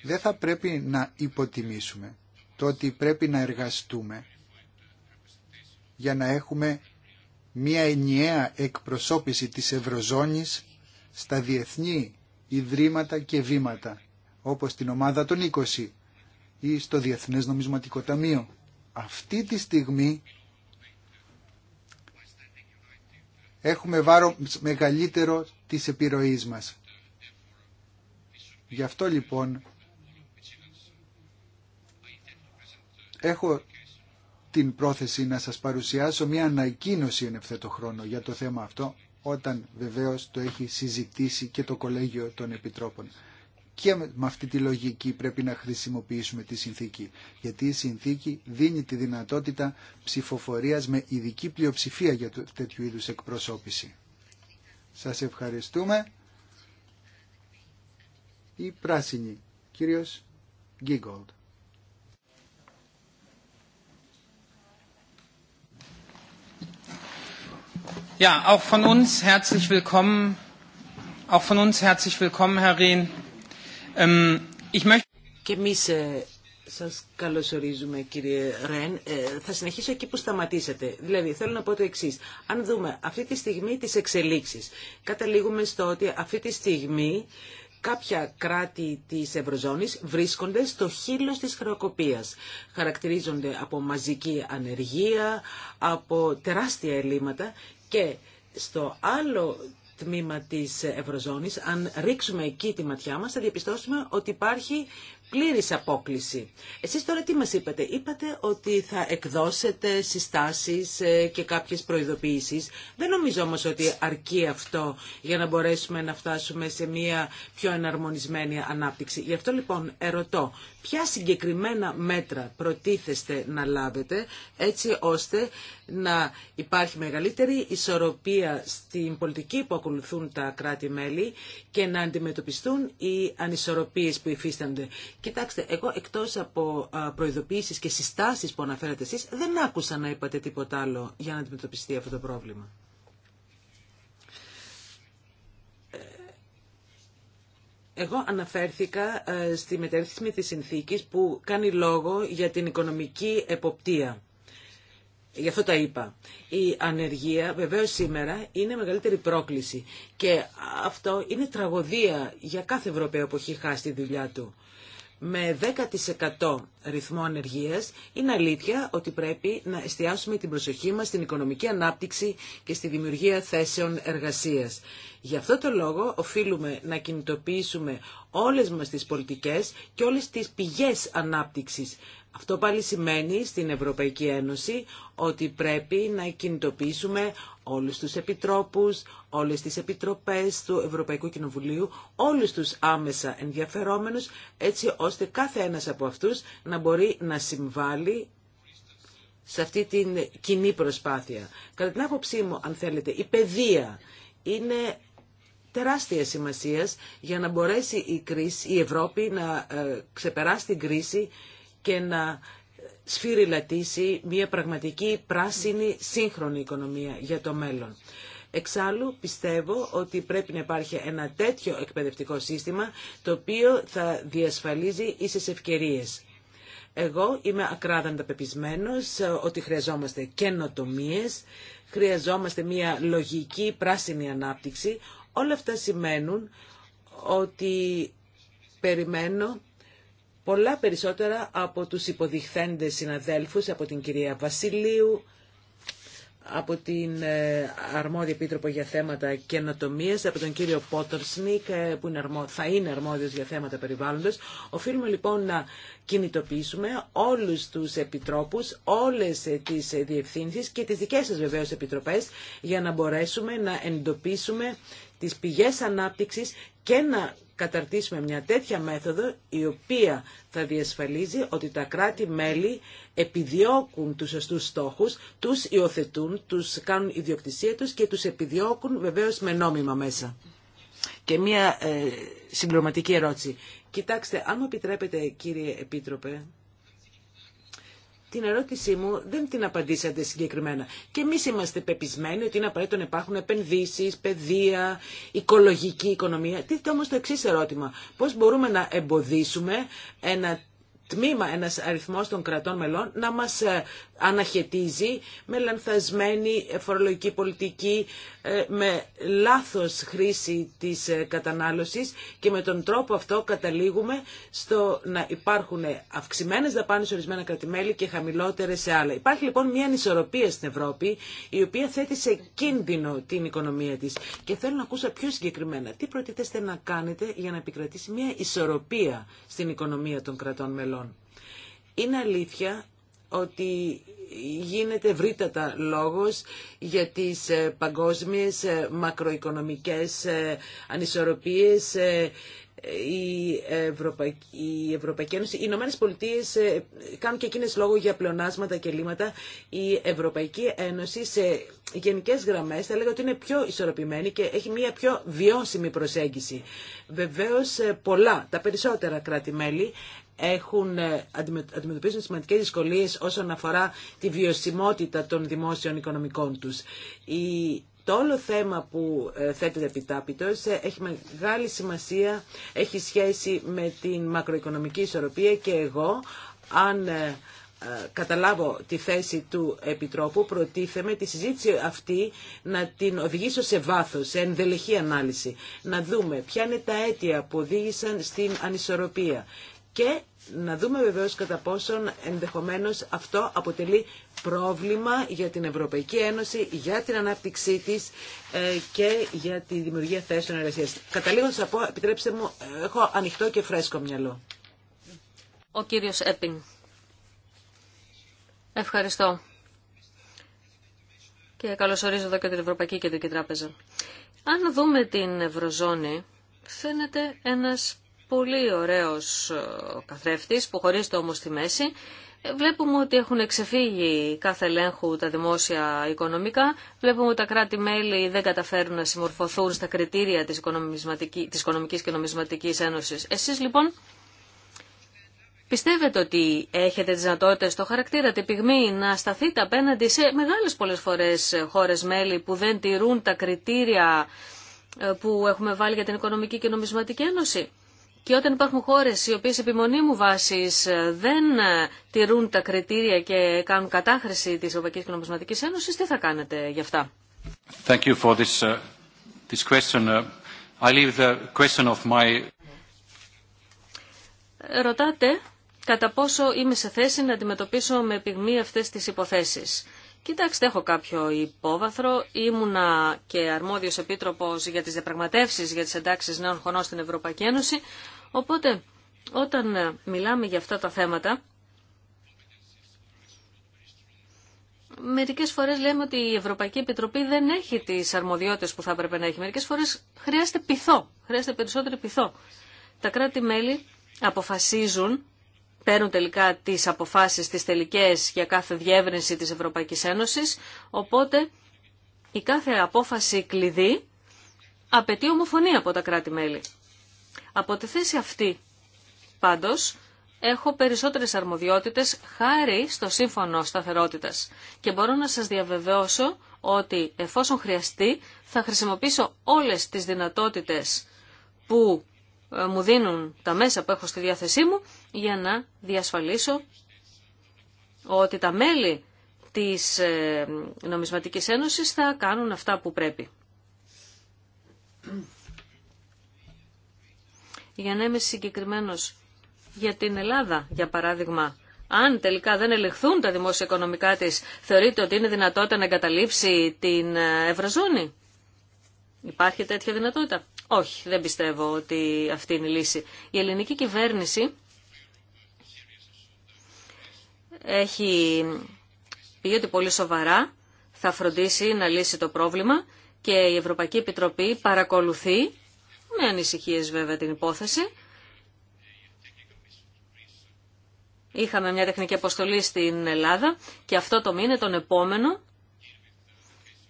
δεν θα πρέπει να υποτιμήσουμε το ότι πρέπει να εργαστούμε για να έχουμε μια ενιαία εκπροσώπηση της Ευρωζώνης στα διεθνή ιδρύματα και βήματα, όπως την ομάδα των 20 ή στο Διεθνές Νομισματικό Ταμείο. Αυτή τη στιγμή έχουμε βάρο μεγαλύτερο της επιρροής μας. Γι' αυτό λοιπόν έχω την πρόθεση να σας παρουσιάσω μια ανακοίνωση εν ευθέτω χρόνο για το θέμα αυτό, όταν βεβαίως το έχει συζητήσει και το Κολέγιο των Επιτρόπων. Και με αυτή τη λογική πρέπει να χρησιμοποιήσουμε τη συνθήκη, γιατί η συνθήκη δίνει τη δυνατότητα ψηφοφορίας με ειδική πλειοψηφία για τέτοιου είδους εκπροσώπηση. Σας ευχαριστούμε. Η πράσινη, κύριος Γκίγκολτ. Ja, auch von uns herzlich Herr Και εμείς ε, σας καλωσορίζουμε κύριε Ρεν. Ε, θα συνεχίσω εκεί που σταματήσατε. Δηλαδή θέλω να πω το εξή. Αν δούμε αυτή τη στιγμή τις εξελίξεις, καταλήγουμε στο ότι αυτή τη στιγμή κάποια κράτη της Ευρωζώνης βρίσκονται στο χείλος της χρεοκοπίας. Χαρακτηρίζονται από μαζική ανεργία, από τεράστια ελλείμματα και στο άλλο τμήμα της Ευρωζώνης, αν ρίξουμε εκεί τη ματιά μας, θα διαπιστώσουμε ότι υπάρχει πλήρης απόκληση. Εσείς τώρα τι μας είπατε. Είπατε ότι θα εκδώσετε συστάσεις ε, και κάποιες προειδοποιήσεις. Δεν νομίζω όμως ότι αρκεί αυτό για να μπορέσουμε να φτάσουμε σε μια πιο εναρμονισμένη ανάπτυξη. Γι' αυτό λοιπόν ερωτώ, ποια συγκεκριμένα μέτρα προτίθεστε να λάβετε έτσι ώστε να υπάρχει μεγαλύτερη ισορροπία στην πολιτική που ακολουθούν τα κράτη-μέλη και να αντιμετωπιστούν οι ανισορροπίες που υφίστανται. Κοιτάξτε, εγώ εκτός από προειδοποίησεις και συστάσεις που αναφέρατε εσεί, δεν άκουσα να είπατε τίποτα άλλο για να αντιμετωπιστεί αυτό το πρόβλημα. Ε, εγώ αναφέρθηκα ε, στη μετέρθηση της συνθήκης που κάνει λόγο για την οικονομική εποπτεία. Γι' αυτό τα είπα. Η ανεργία βεβαίως σήμερα είναι μεγαλύτερη πρόκληση και αυτό είναι τραγωδία για κάθε Ευρωπαίο που έχει χάσει τη δουλειά του με 10% ρυθμό ανεργίας, είναι αλήθεια ότι πρέπει να εστιάσουμε την προσοχή μας στην οικονομική ανάπτυξη και στη δημιουργία θέσεων εργασίας. Γι' αυτό το λόγο οφείλουμε να κινητοποιήσουμε όλες μας τις πολιτικές και όλες τις πηγές ανάπτυξης αυτό πάλι σημαίνει στην Ευρωπαϊκή Ένωση ότι πρέπει να κινητοποιήσουμε όλους τους επιτρόπους, όλες τις επιτροπές του Ευρωπαϊκού Κοινοβουλίου, όλους τους άμεσα ενδιαφερόμενους, έτσι ώστε κάθε ένας από αυτούς να μπορεί να συμβάλλει σε αυτή την κοινή προσπάθεια. Κατά την άποψή μου, αν θέλετε, η παιδεία είναι τεράστια σημασίας για να μπορέσει η, κρίση, η Ευρώπη να ε, ξεπεράσει την κρίση και να σφυριλατήσει μια πραγματική πράσινη σύγχρονη οικονομία για το μέλλον. Εξάλλου πιστεύω ότι πρέπει να υπάρχει ένα τέτοιο εκπαιδευτικό σύστημα το οποίο θα διασφαλίζει ίσες ευκαιρίες. Εγώ είμαι ακράδαντα πεπισμένος ότι χρειαζόμαστε καινοτομίε, χρειαζόμαστε μια λογική πράσινη ανάπτυξη. Όλα αυτά σημαίνουν ότι περιμένω πολλά περισσότερα από τους υποδειχθέντες συναδέλφους, από την κυρία Βασιλείου, από την ε, αρμόδια επίτροπο για θέματα καινοτομία, από τον κύριο Πότορσνικ, ε, που είναι αρμό θα είναι αρμόδιος για θέματα περιβάλλοντος. Οφείλουμε λοιπόν να κινητοποιήσουμε όλους τους επιτρόπους, όλες ε, τις διευθύνσεις και τις δικές σας βεβαίως επιτροπές, για να μπορέσουμε να εντοπίσουμε τις πηγές ανάπτυξης και να καταρτήσουμε μια τέτοια μέθοδο η οποία θα διασφαλίζει ότι τα κράτη-μέλη επιδιώκουν τους σωστούς στόχους, τους υιοθετούν, τους κάνουν ιδιοκτησία τους και τους επιδιώκουν βεβαίως με νόμιμα μέσα. Και μια ε, συμπληρωματική ερώτηση. Κοιτάξτε, αν μου επιτρέπετε κύριε Επίτροπε, την ερώτησή μου δεν την απαντήσατε συγκεκριμένα. Και εμεί είμαστε πεπισμένοι ότι είναι απαραίτητο να υπάρχουν επενδύσει, παιδεία, οικολογική οικονομία. τι όμω το εξή ερώτημα. Πώ μπορούμε να εμποδίσουμε ένα τμήμα, ένα αριθμό των κρατών μελών να μας ε, αναχαιτίζει με λανθασμένη φορολογική πολιτική, ε, με λάθο χρήση της ε, κατανάλωση και με τον τρόπο αυτό καταλήγουμε στο να υπάρχουν αυξημένε δαπάνε σε ορισμένα κρατημέλη και χαμηλότερε σε άλλα. Υπάρχει λοιπόν μια ανισορροπία στην Ευρώπη η οποία θέτει σε κίνδυνο την οικονομία τη και θέλω να ακούσω πιο συγκεκριμένα τι προτίθεστε να κάνετε για να επικρατήσει μια ισορροπία στην οικονομία των κρατών μελών. Είναι αλήθεια ότι γίνεται ευρύτατα λόγος για τις ε, παγκόσμιες ε, μακροοικονομικές ε, ανισορροπίες η Ευρωπαϊκή, Ένωση, οι Ηνωμένε Πολιτείε κάνουν και εκείνες λόγο για πλεονάσματα και λύματα. Η Ευρωπαϊκή Ένωση σε γενικές γραμμές θα λέγαμε ότι είναι πιο ισορροπημένη και έχει μια πιο βιώσιμη προσέγγιση. Βεβαίως πολλά, τα περισσότερα κράτη-μέλη έχουν, ε, αντιμετωπίζουν σημαντικές δυσκολίες όσον αφορά τη βιωσιμότητα των δημόσιων οικονομικών τους. Η, το όλο θέμα που ε, θέτεται επιτάπητος ε, έχει μεγάλη σημασία, έχει σχέση με την μακροοικονομική ισορροπία και εγώ αν καταλάβω τη θέση του Επιτρόπου, προτίθεμαι τη συζήτηση αυτή να την οδηγήσω σε βάθος, σε ενδελεχή ανάλυση. Να δούμε ποια είναι τα αίτια που οδήγησαν στην ανισορροπία και να δούμε βεβαίως κατά πόσον ενδεχομένως αυτό αποτελεί πρόβλημα για την Ευρωπαϊκή Ένωση, για την ανάπτυξή της ε, και για τη δημιουργία θέσεων εργασίας. Καταλήγω να σας πω, επιτρέψτε μου, έχω ανοιχτό και φρέσκο μυαλό. Ο κύριος Έπιν. Ευχαριστώ. Και καλωσορίζω εδώ και την Ευρωπαϊκή Κεντρική Τράπεζα. Αν δούμε την Ευρωζώνη, φαίνεται ένας πολύ ωραίος ε, καθρέφτης που χωρίζεται όμως στη μέση. Ε, βλέπουμε ότι έχουν ξεφύγει κάθε ελέγχου τα δημόσια οικονομικά. Βλέπουμε ότι τα κράτη-μέλη δεν καταφέρουν να συμμορφωθούν στα κριτήρια της, της Οικονομικής και Νομισματικής Ένωσης. Εσείς λοιπόν πιστεύετε ότι έχετε τις δυνατότητες, το χαρακτήρα, τη πυγμή να σταθείτε απέναντι σε μεγάλες πολλές φορές χώρες μέλη που δεν τηρούν τα κριτήρια ε, που έχουμε βάλει για την Οικονομική και Νομισματική Ένωση. Και όταν υπάρχουν χώρε οι οποίε επιμονή μου βάσης ε, δεν ε, τηρούν τα κριτήρια και κάνουν κατάχρηση τη Ευρωπαϊκή Κοινοβουλευτική Ένωση, τι θα κάνετε γι' αυτά. Thank you for this, uh, this question. Uh, I leave the question of my... Ρωτάτε κατά πόσο είμαι σε θέση να αντιμετωπίσω με πυγμή αυτές τις υποθέσεις. Κοιτάξτε, έχω κάποιο υπόβαθρο. Ήμουνα και αρμόδιος επίτροπος για τις διαπραγματεύσεις για τις εντάξεις νέων χωνών στην Ευρωπαϊκή Ένωση, Οπότε, όταν ε, μιλάμε για αυτά τα θέματα, μερικές φορές λέμε ότι η Ευρωπαϊκή Επιτροπή δεν έχει τις αρμοδιότητες που θα έπρεπε να έχει. Μερικές φορές χρειάζεται πειθό, χρειάζεται περισσότερο πειθό. Τα κράτη-μέλη αποφασίζουν, παίρνουν τελικά τις αποφάσεις, τις τελικές για κάθε διεύρυνση της Ευρωπαϊκής Ένωσης, οπότε η κάθε απόφαση κλειδί απαιτεί ομοφωνία από τα κράτη-μέλη. Από τη θέση αυτή, πάντως, έχω περισσότερες αρμοδιότητες χάρη στο Σύμφωνο Σταθερότητας και μπορώ να σας διαβεβαιώσω ότι εφόσον χρειαστεί θα χρησιμοποιήσω όλες τις δυνατότητες που ε, μου δίνουν τα μέσα που έχω στη διάθεσή μου για να διασφαλίσω ότι τα μέλη της ε, Νομισματικής Ένωσης θα κάνουν αυτά που πρέπει. Για να είμαι συγκεκριμένο για την Ελλάδα, για παράδειγμα, αν τελικά δεν ελεγχθούν τα δημόσια οικονομικά της, θεωρείτε ότι είναι δυνατότητα να εγκαταλείψει την ε, Ευρωζώνη. Υπάρχει τέτοια δυνατότητα. Όχι, δεν πιστεύω ότι αυτή είναι η λύση. Η ελληνική κυβέρνηση έχει πει ότι πολύ σοβαρά θα φροντίσει να λύσει το πρόβλημα και η Ευρωπαϊκή Επιτροπή παρακολουθεί με ανησυχίες βέβαια την υπόθεση. Είχαμε μια τεχνική αποστολή στην Ελλάδα και αυτό το μήνα, τον επόμενο,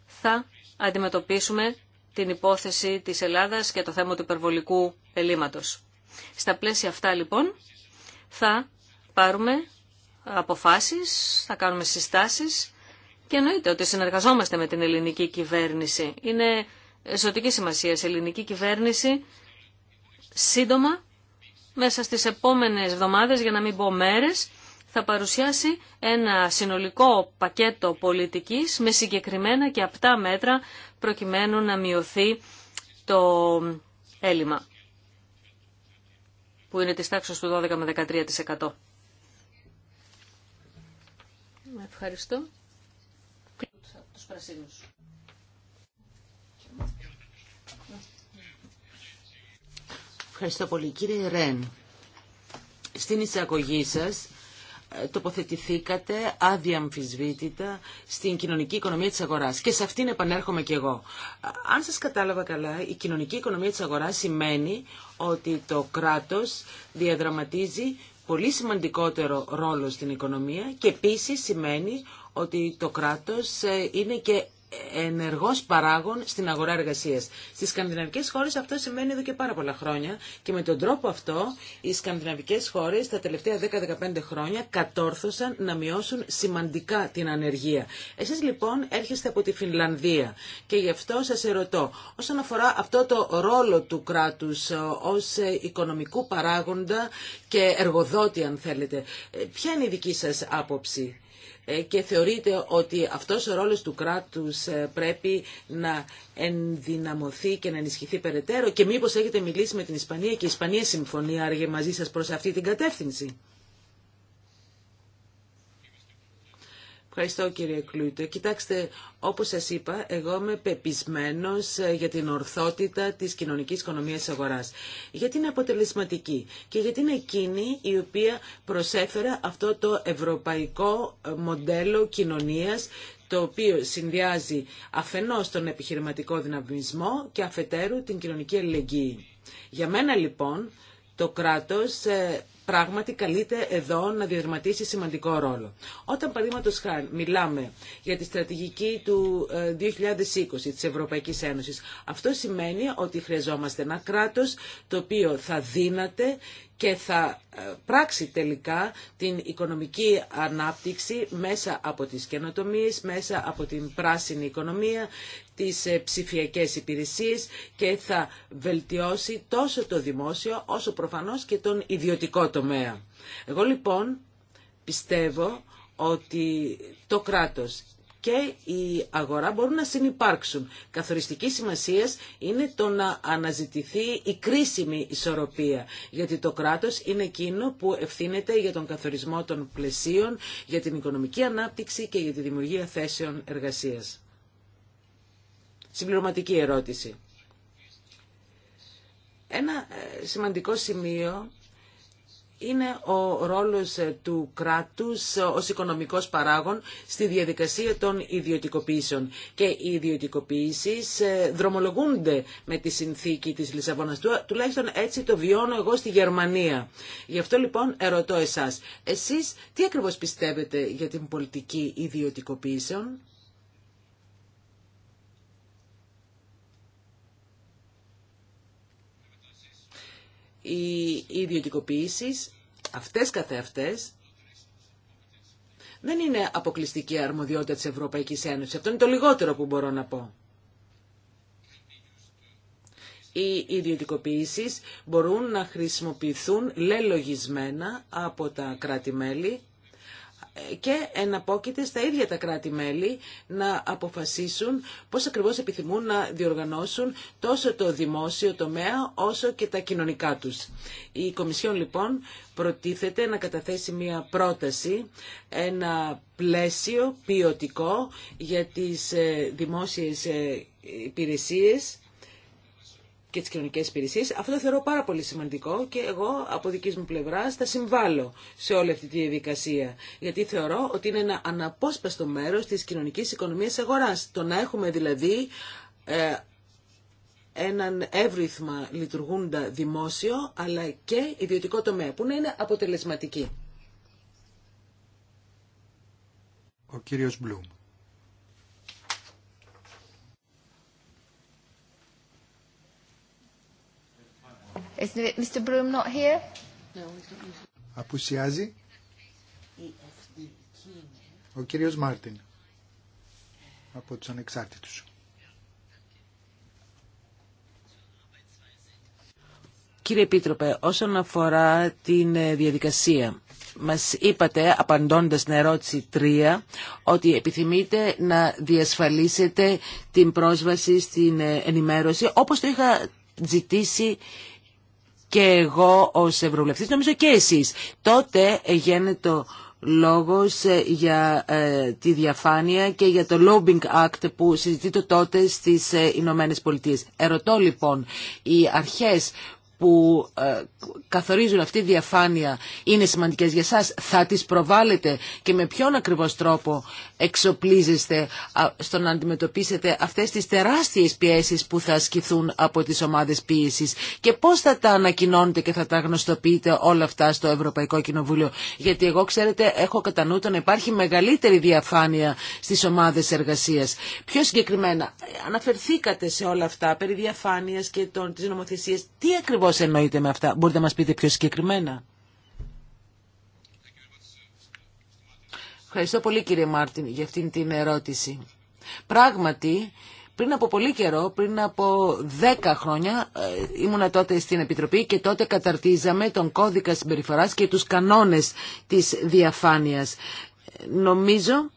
θα αντιμετωπίσουμε την υπόθεση της Ελλάδας και το θέμα του υπερβολικού ελλείμματος. Στα πλαίσια αυτά λοιπόν θα πάρουμε αποφάσεις, θα κάνουμε συστάσεις και εννοείται ότι συνεργαζόμαστε με την ελληνική κυβέρνηση. Είναι Εσωτική σημασία σε ελληνική κυβέρνηση σύντομα μέσα στις επόμενες εβδομάδες για να μην πω μέρες θα παρουσιάσει ένα συνολικό πακέτο πολιτικής με συγκεκριμένα και απτά μέτρα προκειμένου να μειωθεί το έλλειμμα που είναι της τάξης του 12 με 13%. Ευχαριστώ. πρασίνους. Ευχαριστώ πολύ. Κύριε Ρεν, στην εισαγωγή σας ε, τοποθετηθήκατε αδιαμφισβήτητα στην κοινωνική οικονομία της αγοράς. Και σε αυτήν επανέρχομαι και εγώ. Αν σας κατάλαβα καλά, η κοινωνική οικονομία της αγοράς σημαίνει ότι το κράτος διαδραματίζει πολύ σημαντικότερο ρόλο στην οικονομία και επίσης σημαίνει ότι το κράτος ε, είναι και ενεργός παράγων στην αγορά εργασία. Στις σκανδιναβικέ χώρες αυτό σημαίνει εδώ και πάρα πολλά χρόνια και με τον τρόπο αυτό οι σκανδιναβικέ χώρες τα τελευταία 10-15 χρόνια κατόρθωσαν να μειώσουν σημαντικά την ανεργία. Εσείς λοιπόν έρχεστε από τη Φινλανδία και γι' αυτό σας ερωτώ όσον αφορά αυτό το ρόλο του κράτου ε, ω ε, οικονομικού παράγοντα και εργοδότη αν θέλετε, ε, ποια είναι η δική σα άποψη. Ε, και θεωρείται ότι αυτός ο ρόλος του κράτους ε, πρέπει να ενδυναμωθεί και να ενισχυθεί περαιτέρω και μήπως έχετε μιλήσει με την Ισπανία και η Ισπανία συμφωνεί άραγε μαζί σας προς αυτή την κατεύθυνση. Ευχαριστώ κύριε Κλούιτο. Κοιτάξτε, όπως σας είπα, εγώ είμαι πεπισμένος ε, για την ορθότητα της κοινωνικής οικονομίας της αγοράς. Γιατί είναι αποτελεσματική και γιατί είναι εκείνη η οποία προσέφερε αυτό το ευρωπαϊκό ε, μοντέλο κοινωνίας το οποίο συνδυάζει αφενός τον επιχειρηματικό δυναμισμό και αφετέρου την κοινωνική αλληλεγγύη. Για μένα λοιπόν το κράτος ε, πράγματι καλείται εδώ να διαδραματίσει σημαντικό ρόλο. Όταν παραδείγματο χάρη μιλάμε για τη στρατηγική του 2020 ε, της Ευρωπαϊκής Ένωσης, αυτό σημαίνει ότι χρειαζόμαστε ένα κράτος το οποίο θα δύναται και θα ε, πράξει τελικά την οικονομική ανάπτυξη μέσα από τις καινοτομίες, μέσα από την πράσινη οικονομία, τις ε, ψηφιακές υπηρεσίες και θα βελτιώσει τόσο το δημόσιο όσο προφανώς και τον ιδιωτικό εγώ λοιπόν πιστεύω ότι το κράτος και η αγορά μπορούν να συνεπάρξουν. Καθοριστική σημασία είναι το να αναζητηθεί η κρίσιμη ισορροπία, γιατί το κράτος είναι εκείνο που ευθύνεται για τον καθορισμό των πλαισίων, για την οικονομική ανάπτυξη και για τη δημιουργία θέσεων εργασία. Συμπληρωματική ερώτηση. Ένα ε, σημαντικό σημείο είναι ο ρόλος ε, του κράτους ε, ως οικονομικός παράγων στη διαδικασία των ιδιωτικοποιήσεων. Και οι ιδιωτικοποιήσεις ε, δρομολογούνται με τη συνθήκη της Λισαβόνας. Τουλάχιστον έτσι το βιώνω εγώ στη Γερμανία. Γι' αυτό λοιπόν ερωτώ εσάς. Εσείς τι ακριβώς πιστεύετε για την πολιτική ιδιωτικοποίησεων. οι ιδιωτικοποιήσει αυτές καθεαυτές δεν είναι αποκλειστική αρμοδιότητα της Ευρωπαϊκής Ένωσης. Αυτό είναι το λιγότερο που μπορώ να πω. Οι ιδιωτικοποιήσεις μπορούν να χρησιμοποιηθούν λελογισμένα από τα κράτη-μέλη και εναπόκειται στα ίδια τα κράτη-μέλη να αποφασίσουν πώς ακριβώς επιθυμούν να διοργανώσουν τόσο το δημόσιο τομέα όσο και τα κοινωνικά τους. Η Κομισιόν λοιπόν προτίθεται να καταθέσει μια πρόταση, ένα πλαίσιο ποιοτικό για τις ε, δημόσιες ε, υπηρεσίες και τι κοινωνικέ υπηρεσίε. Αυτό το θεωρώ πάρα πολύ σημαντικό και εγώ από δική μου πλευρά θα συμβάλλω σε όλη αυτή τη διαδικασία. Γιατί θεωρώ ότι είναι ένα αναπόσπαστο μέρος της κοινωνικής οικονομίας αγορά. Το να έχουμε δηλαδή ε, έναν εύρυθμα λειτουργούντα δημόσιο αλλά και ιδιωτικό τομέα που να είναι αποτελεσματική. Ο κύριος Μπλουμ. Ο κύριος Μάρτιν από τους ανεξάρτητους. Κύριε Επίτροπε, όσον αφορά την ε, διαδικασία, μας είπατε, απαντώντας την ερώτηση 3, ότι επιθυμείτε να διασφαλίσετε την πρόσβαση στην ε, ενημέρωση, όπως το είχα ζητήσει και εγώ ως Ευρωβουλευτής, νομίζω και εσείς. Τότε το λόγος ε, για ε, τη διαφάνεια και για το Lobbying Act που συζητείται τότε στις ε, Ηνωμένε Πολιτείες. Ερωτώ λοιπόν, οι αρχές που ε, καθορίζουν αυτή τη διαφάνεια είναι σημαντικές για σας, θα τις προβάλλετε και με ποιον ακριβώς τρόπο εξοπλίζεστε στο να αντιμετωπίσετε αυτές τις τεράστιες πιέσεις που θα ασκηθούν από τις ομάδες πίεσης και πώς θα τα ανακοινώνετε και θα τα γνωστοποιείτε όλα αυτά στο Ευρωπαϊκό Κοινοβούλιο γιατί εγώ ξέρετε έχω κατά νου να υπάρχει μεγαλύτερη διαφάνεια στις ομάδες εργασίας. Πιο συγκεκριμένα αναφερθήκατε σε όλα αυτά περί διαφάνειας και των, της νομοθεσίας. Τι ακριβώς Πώς εννοείται με αυτά. Μπορείτε να μας πείτε πιο συγκεκριμένα. Ευχαριστώ πολύ κύριε Μάρτιν για αυτήν την ερώτηση. Πράγματι, πριν από πολύ καιρό, πριν από δέκα χρόνια, ε, ήμουνα τότε στην Επιτροπή και τότε καταρτίζαμε τον κώδικα συμπεριφοράς και τους κανόνες της διαφάνειας. Νομίζω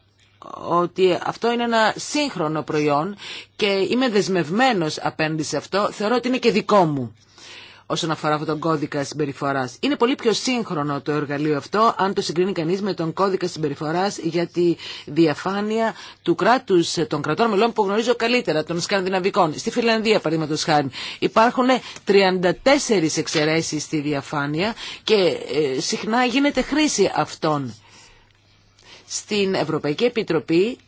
ότι αυτό είναι ένα σύγχρονο προϊόν και είμαι δεσμευμένος απέναντι σε αυτό. Θεωρώ ότι είναι και δικό μου όσον αφορά αυτόν τον κώδικα συμπεριφορά. Είναι πολύ πιο σύγχρονο το εργαλείο αυτό, αν το συγκρίνει κανεί με τον κώδικα συμπεριφορά για τη διαφάνεια του κράτου των κρατών μελών που γνωρίζω καλύτερα, των σκανδιναβικών. Στη Φιλανδία, παραδείγματο χάρη, υπάρχουν 34 εξαιρέσει στη διαφάνεια και ε, συχνά γίνεται χρήση αυτών. Στην Ευρωπαϊκή Επιτροπή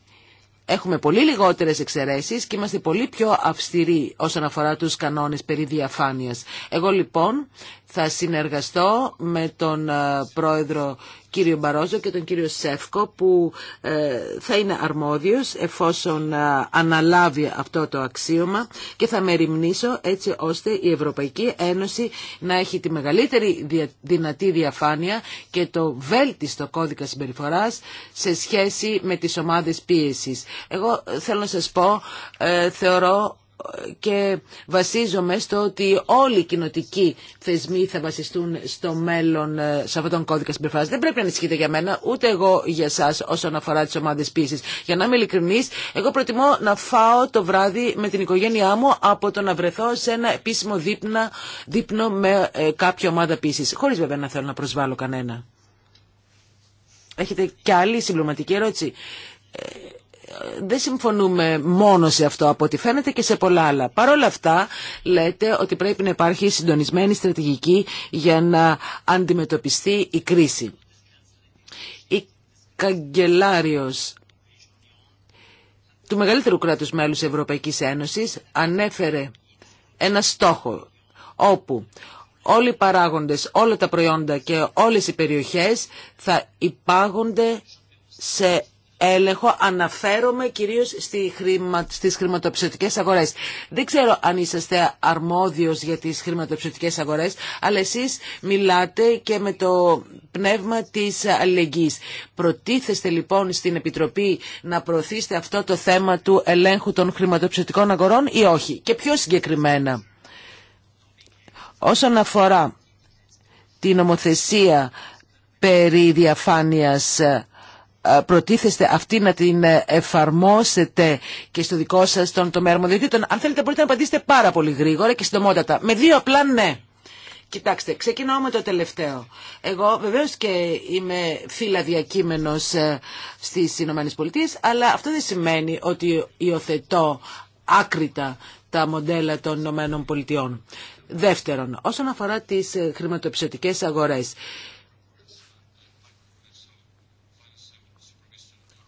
έχουμε πολύ λιγότερες εξαιρέσεις και είμαστε πολύ πιο αυστηροί όσον αφορά τους κανόνες περί διαφάνειας. Εγώ λοιπόν θα συνεργαστώ με τον ε, πρόεδρο κύριο Μπαρόζο και τον κύριο Σεύκο που ε, θα είναι αρμόδιος εφόσον ε, αναλάβει αυτό το αξίωμα και θα με έτσι ώστε η Ευρωπαϊκή Ένωση να έχει τη μεγαλύτερη δυνατή διαφάνεια και το βέλτιστο κώδικα συμπεριφοράς σε σχέση με τις ομάδες πίεσης. Εγώ θέλω να σας πω, θεωρώ και βασίζομαι στο ότι όλοι οι κοινοτικοί θεσμοί θα βασιστούν στο μέλλον ε, σε αυτόν τον κώδικα συμπεριφορά. Δεν πρέπει να ανησυχείτε για μένα, ούτε εγώ για εσά όσον αφορά τι ομάδε πίεση. Για να είμαι ειλικρινή, εγώ προτιμώ να φάω το βράδυ με την οικογένειά μου από το να βρεθώ σε ένα επίσημο δείπνα, δείπνο με ε, κάποια ομάδα πίεση. Χωρί βέβαια να θέλω να προσβάλλω κανένα. Έχετε και άλλη συμπληρωματική ερώτηση. Ε, δεν συμφωνούμε μόνο σε αυτό, από ό,τι φαίνεται και σε πολλά άλλα. Παρ' όλα αυτά, λέτε ότι πρέπει να υπάρχει συντονισμένη στρατηγική για να αντιμετωπιστεί η κρίση. Η καγκελάριος του μεγαλύτερου κράτους μέλους Ευρωπαϊκής Ένωσης ανέφερε ένα στόχο όπου όλοι οι παράγοντες, όλα τα προϊόντα και όλες οι περιοχές θα υπάγονται σε έλεγχο. Αναφέρομαι κυρίως στη χρημα, στις χρηματοψηφιτικές αγορές. Δεν ξέρω αν είσαστε αρμόδιος για τις χρηματοψηφιτικές αγορές, αλλά εσείς μιλάτε και με το πνεύμα της αλληλεγγύης. Προτίθεστε λοιπόν στην Επιτροπή να προωθήσετε αυτό το θέμα του ελέγχου των χρηματοψηφιτικών αγορών ή όχι. Και πιο συγκεκριμένα, όσον αφορά την νομοθεσία περί διαφάνειας ε, προτίθεστε αυτή να την ε, εφαρμόσετε και στο δικό σας τον τομέα αρμοδιοτήτων. Αν θέλετε μπορείτε να απαντήσετε πάρα πολύ γρήγορα και συντομότατα. Με δύο απλά ναι. Κοιτάξτε, ξεκινάω με το τελευταίο. Εγώ βεβαίως και είμαι φύλλα διακείμενος ε, στις Ηνωμένες Πολιτείες, αλλά αυτό δεν σημαίνει ότι υιοθετώ άκρητα τα μοντέλα των Ηνωμένων Δεύτερον, όσον αφορά τις χρηματοπιστωτικές αγορές,